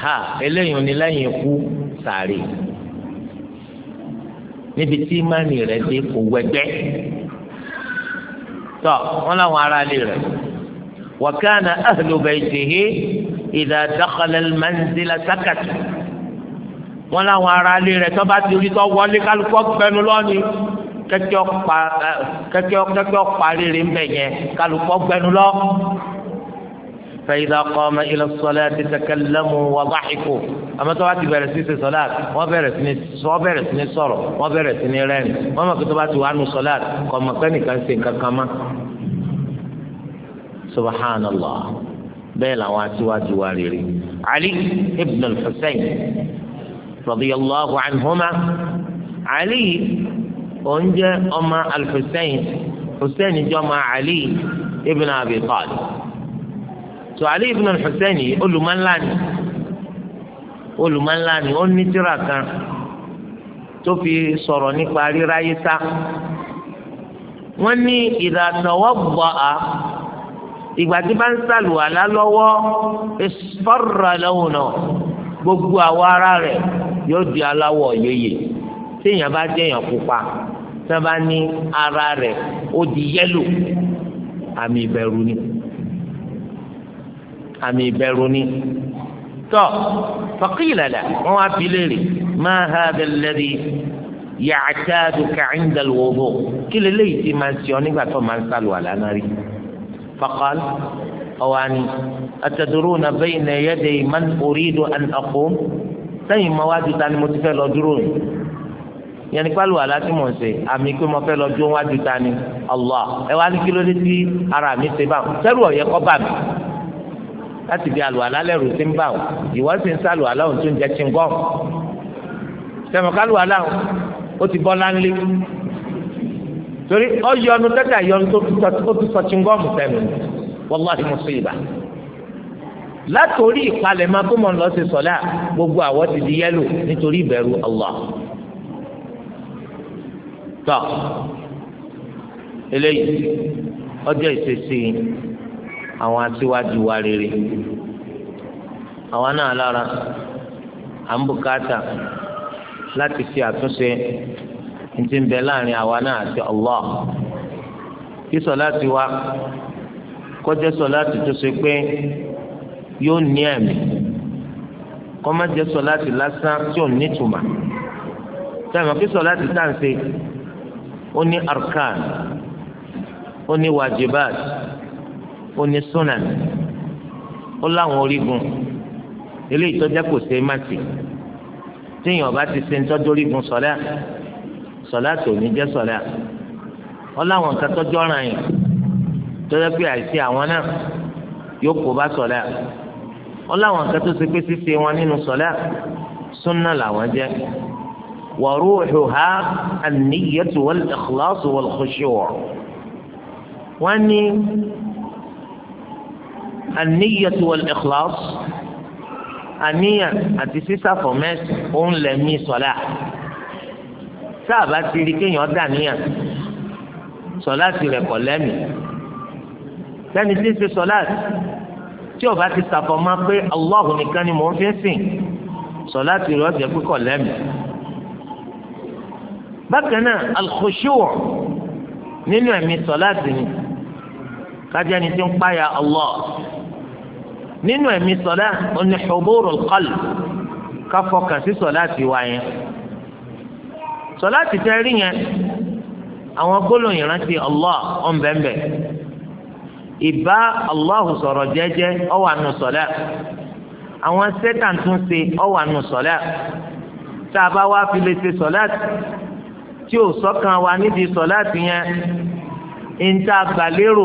ha eléyìí ni lẹ́yìn ikú sàárè níbi tí ìmánì rẹ̀ dé kò wẹ̀ gbẹ́ tọ́ wọn làwọn aráalé rẹ̀. وكان أهل بيته إذا دخل المنزل سكت ولا làwọn ará ilé rẹ̀ tó bá ti rí tó wọlé kálukọ gbẹnu lọni kẹkẹ فإذا قام إلى الصلاة تكلموا وضحكوا أما تبعت بيرسني الصلاة ما بيرسني ما بيرسني الصلاة ما بيرسني الرين وما كتبت عنه صلاة كما كني كان سين كما subhanallah bẹ́ẹ̀ làwọn aṣíwájú wa rere ali ibn al-husayn radiyallahu anhuma ali òun jẹ́ ọmọ al-husayn husayn jẹ́ ọmọ ali ibn abi talib so ali ibn al-husayn olùmọ̀ńlá ni olùmọ̀ńlá ni ó ní tírà kan tó fi sọ̀rọ̀ nípa ríráyé sá wọ́n ní idha tawadda'a ìgbà tí bá ń sàlùwàlá lọ́wọ́ ìsọ̀rọ̀ lọ́wọ́ náà gbogbo àwọ̀ ara rẹ̀ yóò di aláwọ̀ yeye téèyàn bá jẹ́yàn pupa tí wọ́n bá ní ara rẹ̀ ó di yẹ́lò àmì ìbẹ̀rù ni àmì ìbẹ̀rù ni tọ́ fàkìlàlà wọ́n wá bi léèrè máa ha bẹ̀lẹ́rì yàtá dùkà ń dàlùwọ̀ bò kí lélẹ́yìí ti máa ń sọ nígbà tó máa ń sálùwàlá náà rí i. فقال أواني أتدرون بين يدي من أريد أن أقوم sẹ́yìn mọ wájú ta ni mo ti fẹ́ lọ dúró ni yẹn nípa lu àlá tí mò ń ṣe àmì pé mo fẹ́ lọ dúró wájú ta ni Allah ẹ wá ní kí ló dé tí ara mi ṣe bá wọn sẹ́rù ọ̀yẹ́ kọ́ bà mí láti fi àlù àlá lẹ́rù sí ń bà wọn ìwọ́n sì ń sàlù àlá òun tó ń jẹ́ chingom sẹ́mi ká lù àlá ó ti bọ́ láńlé torí ọyọnu tẹ́tà yọnu tó tún sọtí ngọ́ọ̀mù sẹ́nu wàláhi mùsíbà látòrí ìpalẹ̀ máa kó mọ̀ ń lọ sí sọ́lá gbogbo àwọ̀ ti di yẹ́lò nítorí ìbẹ̀rù Allah tọ́ eléyìí ọjọ́ ìṣesí àwọn aṣíwájú wa rere àwa náà lára à ń bùkátà láti fi àtúnṣe ntí ń bẹ láàrin àwa náà àti Allah kí sọláàtì wa kọjá sọláàtì tó ṣe pé yóò ní ẹ̀mí kọ́májẹ sọláàtì lásán tí ò ní tùmà sẹ́wọ̀n kí sọláàtì tá à ń ṣe ó ní arkan ó ní wajibat ó ní sunan ó láwọn orígun eléyìí tọ́já kò ṣe é má sí téèyàn bá ti ṣe ń tọ́jú orígun sọlẹ́ sọlá tó ní jẹ́ sọlá wọn láwọn nǹkan tọ́jú ọ̀ràn yìí tọ́jú pé àìsí àwọn náà yóò kó bá sọlá wọn láwọn nǹkan tó ṣe pé ṣíṣe wọn nínú sọlá súnà làwọn jẹ́ wàrúùhùhá àníyẹ̀tù wọ́n ìkìláṣù wọ́n kọ́ṣíwọ̀ wọ́n ní àníyẹ̀tù wọ́n ìkìláṣù àníyàn àti sísàfọ̀mẹ́sì òun lẹ̀ sọlá tá a bá ti rí kéèyàn dàníyàn sọláàtì rẹ̀ kọ̀ lẹ́mìí lẹ́ni tí ń ṣe sọláàtì tí ó bá ti sàfọ̀mọ́ pé Allahu nìkan ni mò ń fi ń sìn sọláàtì rẹ̀ ọ̀jẹ̀ kíkọ̀ lẹ́mìí. bákan náà alkhushu' nínú ẹ̀mí sọláàtì ni kájá ni tí ń páyà Allah nínú ẹ̀mí sọlá oní hudurul qalb káfọkàn sí sọláàtì wa sọláàtì tẹ́ rí yẹn àwọn gbólóhùn ìrántí allah ọ̀nbẹ̀ǹbẹ̀ ìbá allah sọ̀rọ̀ jẹ́jẹ́ ọwọ́ àánú sọ̀lá àwọn sẹ́tàn tún ṣe ọwọ́ àánú sọ̀lá tá a bá wá fi lè ṣe sọ̀láàtì tí ò sọ́kàn wa nídìí sọ̀láàtì yẹn ń tá a pẹ̀lú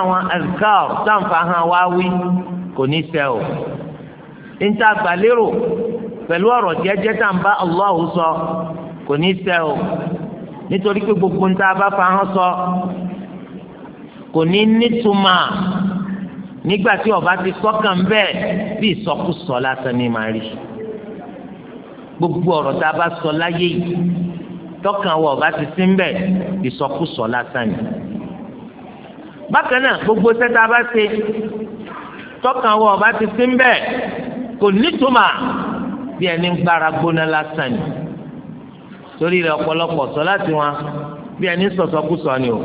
àwọn azkar táǹfà hàn wá wí kò ní sẹ́ o ń tá a pẹ̀lú ọ̀rọ̀ jẹ́jẹ́ tá à ń bá Allah sọ kò ní ṣẹ o nítorí pé gbogbo ń tá a bá fahán sọ kò ní nítumọ̀ nígbà tí ọba ti sọ́kàn bẹ́ẹ̀ bí ìsọkúsọ lásán ni màá rí gbogbo ọ̀rọ̀ tá a bá sọ láyé yìí tọkàn wọ ọba ti sí ń ìsọkúsọ lásán ni bákan náà gbogbo sẹta bá ṣe tọkàn wọ ọba ti sí ń kò nítumà bí ẹni ń gbára gbóná lásán ni torí rẹ̀ ọ̀pọ̀lọpọ̀ sọ láti wọn bí ẹni sọsọkúsọ ni o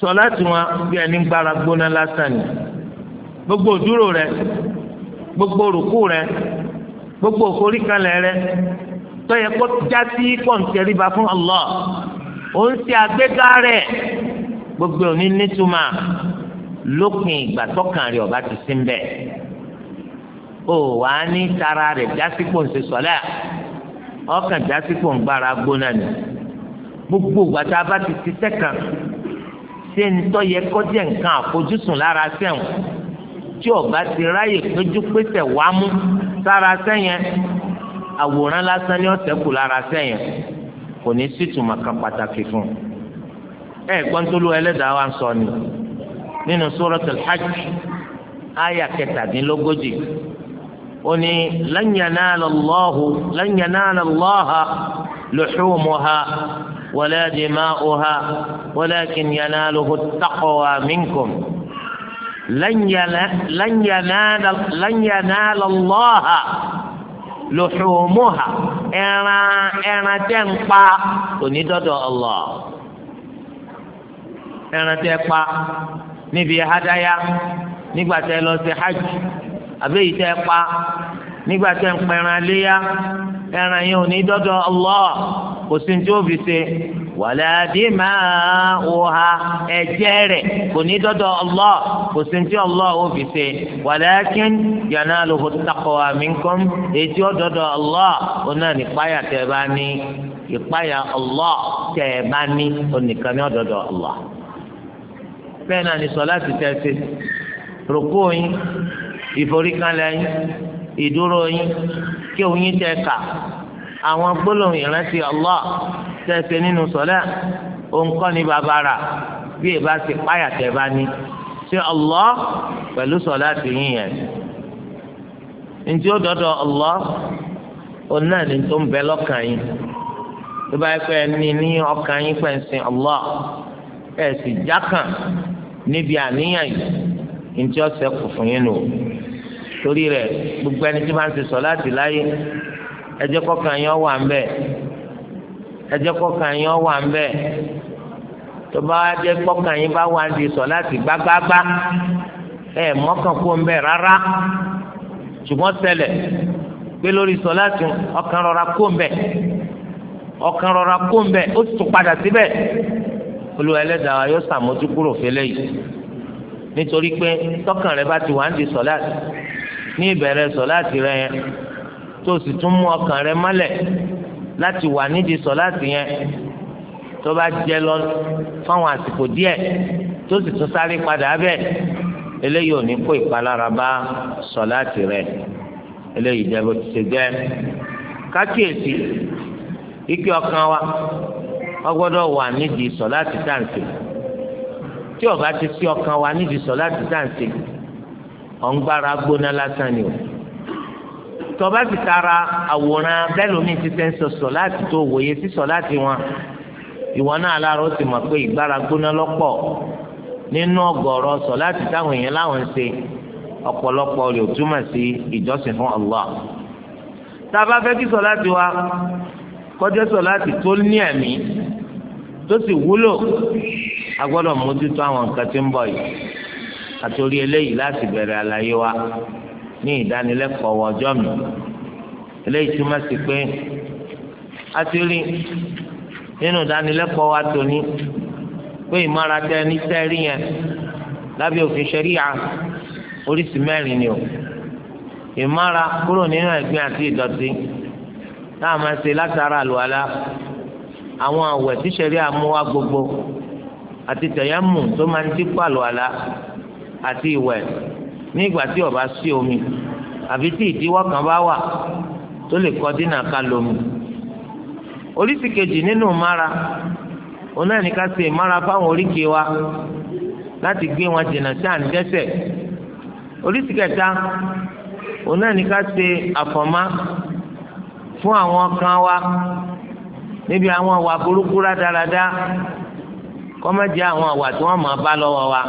sọ láti wọn bí ẹni ń gbára gbóná lásán ni gbogbo òdúró rẹ̀ gbogbo òrùkú rẹ̀ gbogbo òforíkalẹ̀ rẹ̀ tọyẹ kó jásí kọ̀ǹtẹ̀ríba fún Allah òun ti àgbéga rẹ̀ gbogbo òní nítumà lópin ìgbà tọkàn rẹ̀ ọba ti sí ń bẹ́ẹ̀ o wà á ní tara rẹ̀ jásípò ń ṣe sọ́lá ọkàn jásípò ń gbára gbóná ni gbogbo gbàtà bá ti ti sẹ́kàn ṣé ń tọ́ yẹ kọ́jẹ́ nǹkan àfojúsùn lára sẹ́wọ̀n tí ọba ti ráyè péjú pésẹ̀ wá mú sára sẹ́yìn àwòrán lásán ni ọ̀sẹ̀ kù lára sẹ́yìn kò ní sí ìtumọ̀ kan pàtàkì fún un. ẹ gbọ́n tó ló ẹlẹ́dàá wa ń sọ ni nínú Suratul Hajj áyà kẹtàdínlógójì وني لن ينال الله لن ينال الله لحومها ولا دماؤها ولكن يناله التقوى منكم لن ينال لن ينال الله لحومها انا انا تنقى ونيدد الله انا تنقى نبي هدايا نبي هدايا نبي هدايا àbí èyí tẹ́ ẹ pa nígbà tẹ́ ń pẹran léyà ẹran yẹn ò ní dọ́dọ̀ Allah kò sí ní tí ó fi ṣe wàlàdí máa wòha ẹ̀jẹ̀ rẹ̀ kò ní dọ́dọ̀ Allah kò sí ní tí Allah ó fi ṣe wàlàkín yanaluhu taqwa minkum èyí tí ó dọ́dọ̀ Allah ó náà ní páyà tẹ́ bá ní ìpáyà Allah tẹ́ bá ní onìkan ní ọ̀dọ̀dọ̀ Allah bẹ́ẹ̀ náà ní sọ láti tẹ́ ṣe rògbòyìn ìforíkanlẹ̀ yín ìdúró yín kí òun yín tẹ kà àwọn gbólóhùn ìrántí Allah tẹsẹ nínú sọlẹ òǹkọ́ni bàbàrà bí èbá ti páyà tẹ bá ní ṣe Allah pẹ̀lú sọlẹ àti yín yẹn ntí ó dọdọ Allah òun náà ní tó ń bẹ lọ́kàn yín tó bá yẹ pé ẹni ní ọkàn yín pẹ̀ ń sin Allah ẹ̀ sì jákàn níbi àníyàn yìí ntí ọsẹ kù fún yín nù torí rẹ̀ gbogbo ẹni tí máa ń ti sọ láti láyé ẹ jẹ́ kọkàn yín wà ń bẹ ẹ jẹ́ kọkàn yín wà ń bẹ tó bá wá jẹ́ kọkàn yín bá wà ń ti sọ láti gbágbágbá ẹ mọkàn kó ń bẹ rárá ṣùgbọ́n ṣẹlẹ̀ pé lórí sọ láti ọkàn rọra kó ń bẹ ọkàn rọra kó ń bẹ ó sì tún padà síbẹ̀ olùwẹ̀lẹ́dàá yóò ṣàmójúkúrò fẹlẹ́ yìí nítorí pé tọkàn rẹ bá ti wà ń di sọláàtì ní ìbẹ̀rẹ̀ sọláàtì rẹ yẹn tó sì tún mú ọkàn rẹ mọ́lẹ̀ láti wà nídìí sọláàtì yẹn tó bá jẹ lọ fáwọn àsìkò díẹ̀ tó sì tún sáré padà bẹ́ẹ̀ eléyìí ò ní kó ìpalára bá sọláàtì rẹ eléyìí jẹ bó ti ṣe jẹ kákíyèsí ike ọkàn wa ọgbọ́dọ̀ wà nídìí sọláàtì tàǹtì tí ọba ti sí ọkàn wa níbi sọ láti dáǹtì ọ̀ngbára gbóná lásán ni o tọba ti tara àwòrán bẹ́ẹ̀ lómi ti fẹ́ sọ sọ láti tó wòye sí sọ láti wọn ìwọ náà aláàárọ̀ ti mọ̀ pé ìgbára gbóná lọ́pọ̀ nínú ọgọ́rọ̀ sọ láti táwọn èèyàn láwọn ń ṣe ọ̀pọ̀lọpọ̀ rẹ̀ ò túmọ̀ sí ìjọsìn fún Allah tá a bá fẹ́ kí sọ láti wa kọjá sọ láti tó ní ẹ̀mí tó sì wúlò a gbọ́dọ̀ mójútó àwọn nǹkan tí ń bọ̀ yìí àtòrí eléyìí láti bẹ̀rẹ̀ àlàyé wa ní ìdánilẹ́kọ̀ọ́ ọjọ́ mi eléyìí túmọ̀ sí pé a ti rí nínú ìdánilẹ́kọ̀ọ́ wa tòní pé ìmárata ẹni sẹ́rí yẹn lábẹ́ òfin ṣẹ́ríà oríṣi mẹ́rin ni o ìmára kúrò nínú ẹ̀gbin àti ìdọ̀tí tá máa ṣe látara àlùwalá àwọn àwẹ̀ tí ṣẹ̀rí àmúwá gbogbo àti tẹ̀yámù tó máa ń dípò àlùwàlá àti ìwẹ̀ ní ìgbà tí ó bá sí omi àfi tí ìdíwọ́ kan bá wà tó lè kọ́ dínà ká lomi. oríṣi kejì nínú ìmára òun náà ní ká ṣe ìmára fáwọn oríkèé wa láti gbé wọn jìnnà sí àǹdẹ́sẹ̀ oríṣi kẹta òun náà ní ká ṣe àfọ̀mọ́ fún àwọn kan wa níbi àwọn wà burúkú rádaràda. Rada kọ́má jẹ́ àwọn àwà tí wọ́n máa bá lọ́wọ́ wa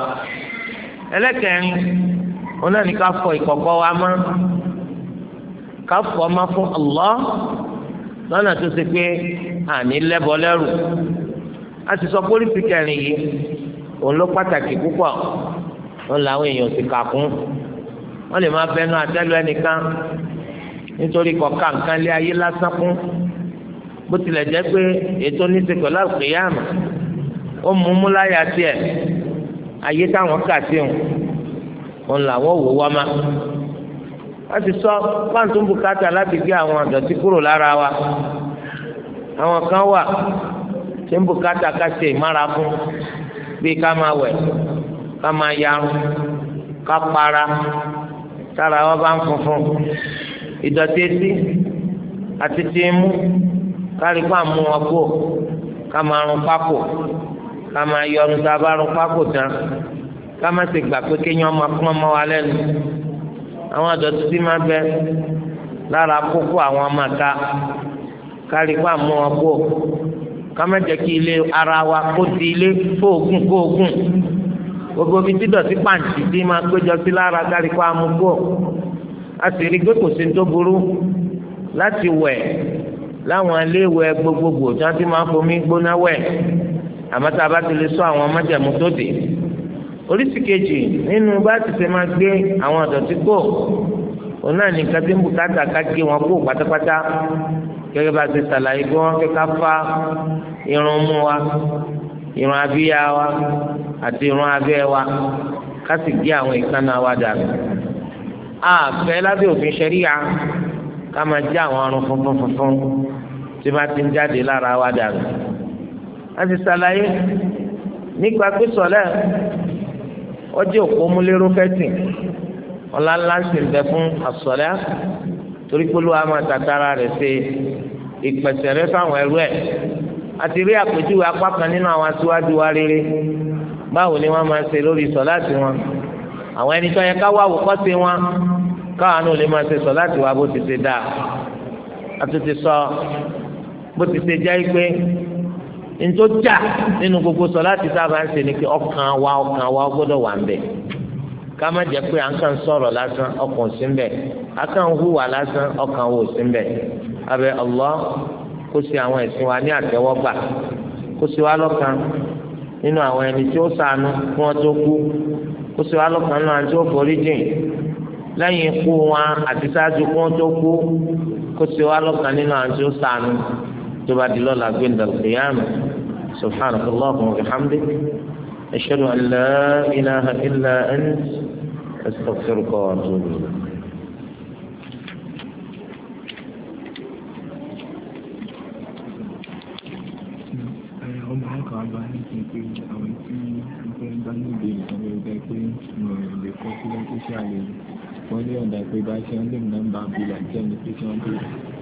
ẹlẹ́kẹ̀rin wọn náà ní ká fọ ìkọ̀kọ̀ wa mọ́ ká fọ ọmọ fún Allah lọ́nà tó ṣe pé àní lẹ́bọ lẹ́rù a sì sọ pólísì kẹrin yìí òun ló pàtàkì púpọ̀ wọn làwọn èèyàn sì kà kún wọn lè máa bẹnu àtẹ́lu ẹnìkan nítorí kọ̀ọ̀ká nǹkan lé ayé lásán kún bó tilẹ̀ jẹ́ pé ètò oníṣe pẹ̀lú àlùkìyámà ó mú mú láyà tiẹ̀ ayé táwọn kà sí òun òun làwọn wò wá má wọ́n ti sọ pàǹtó ń bùkátà láti gbé àwọn àdọ̀tí kúrò lára wa àwọn kan wà tí ń bùkátà ká ṣe ìmára fún bíi ká máa wẹ̀ ká máa yarun ká para tára wọn bá ń funfun ìdọ̀tí etí àti ti mú kárí pa mú ká máa rún pákó ká máa yọnu tá a bá rún pákó tán ká má ti gbà pé kéèyàn máa kún ọmọ wa lẹ́nu àwọn àdọ̀tí tí máa bẹ lára kókó àwọn ọmọ ká kárí pa mọ́ wọn kó ká má jẹ́ kí ilé ara wa kó di ilé fóògùn fóògùn gbogbo bíi dídọ̀tí pàǹtí tí máa péjọ sí lára kárí pa kó a gbé kò sí tó burú láti wẹ̀ láwọn iléèwẹ̀ gbogbogbò tí wọ́n ti máa fomi gbóná wẹ̀ àmọ́ tá a bá ti lè sọ àwọn májẹ̀mú tó dé oríṣi kejì nínú bá ti ṣe máa gbé àwọn ọ̀dọ̀tí kò òun náà nìkan tí ń bùkátà ká gé wọn kó pátápátá gẹ́gẹ́ bá ti ṣàlàyé pé wọ́n fẹ́ ká fa irun mú wa irun abíyá wa àti irun abẹ́ wa ká sì gé àwọn ìkànnà wa dànù àfẹ́ lábẹ́ òfin ṣẹ̀ríya ká máa já àwọn ọrùn funfun funfun tí bá ti ń jáde lára wa dànù láti ṣàlàyé nípa pé sọ̀lẹ́ ọjọ́ òpó múlẹ́rú fẹ́sìn ọ̀làńlá ń sìn bẹ́ fún àsọ̀lẹ́ torí pé olúwa máa tàtàrà rẹ̀ ṣe ìpẹ̀sẹ̀ rẹ̀ fáwọn ẹrú ẹ̀ àti rí àpèjúwe apá kan nínú àwọn aṣíwájú wa rere báwo ni wọ́n máa ṣe lórí sọ̀láàtì wọn àwọn ẹni tó yẹ ká wá wòkọ́sí wọn káwọn náà lè máa ṣe sọ̀láàtì wa bó ti ṣe dáa a sọ bó ti ṣe jẹ́ pé ntọ́jà nínú gbogbo sọ láti sábà ń ṣe ni pé ọkàn wa ọkàn wa gbọ́dọ̀ wà ń bẹ̀ ká má jẹ́ pé à ń kàn sọ̀rọ̀ lásán ọkàn sí ń bẹ̀ à kàn hùwà lásán ọkàn wò sí ń bẹ̀ abẹ́ Allah kó ṣe àwọn ẹ̀sìn wa ní àtẹ́wọ́gbà kó ṣe wá lọ́kàn nínú àwọn ẹni tí ó ṣàánú kí wọ́n tó kú kó ṣe wá lọ́kàn nínú àwọn tí ó forí jìn lẹ́yìn ikú wọn àti ṣáájú kí wọ́n kú kó ṣe wá lọ́kàn nínú àwọn tí ó ṣàánú. تبعد الله العقين القيامة سبحانك اللهم وبحمدك أشهد أن لا إله إلا أنت أستغفرك وأتوب إليك wọ́n ní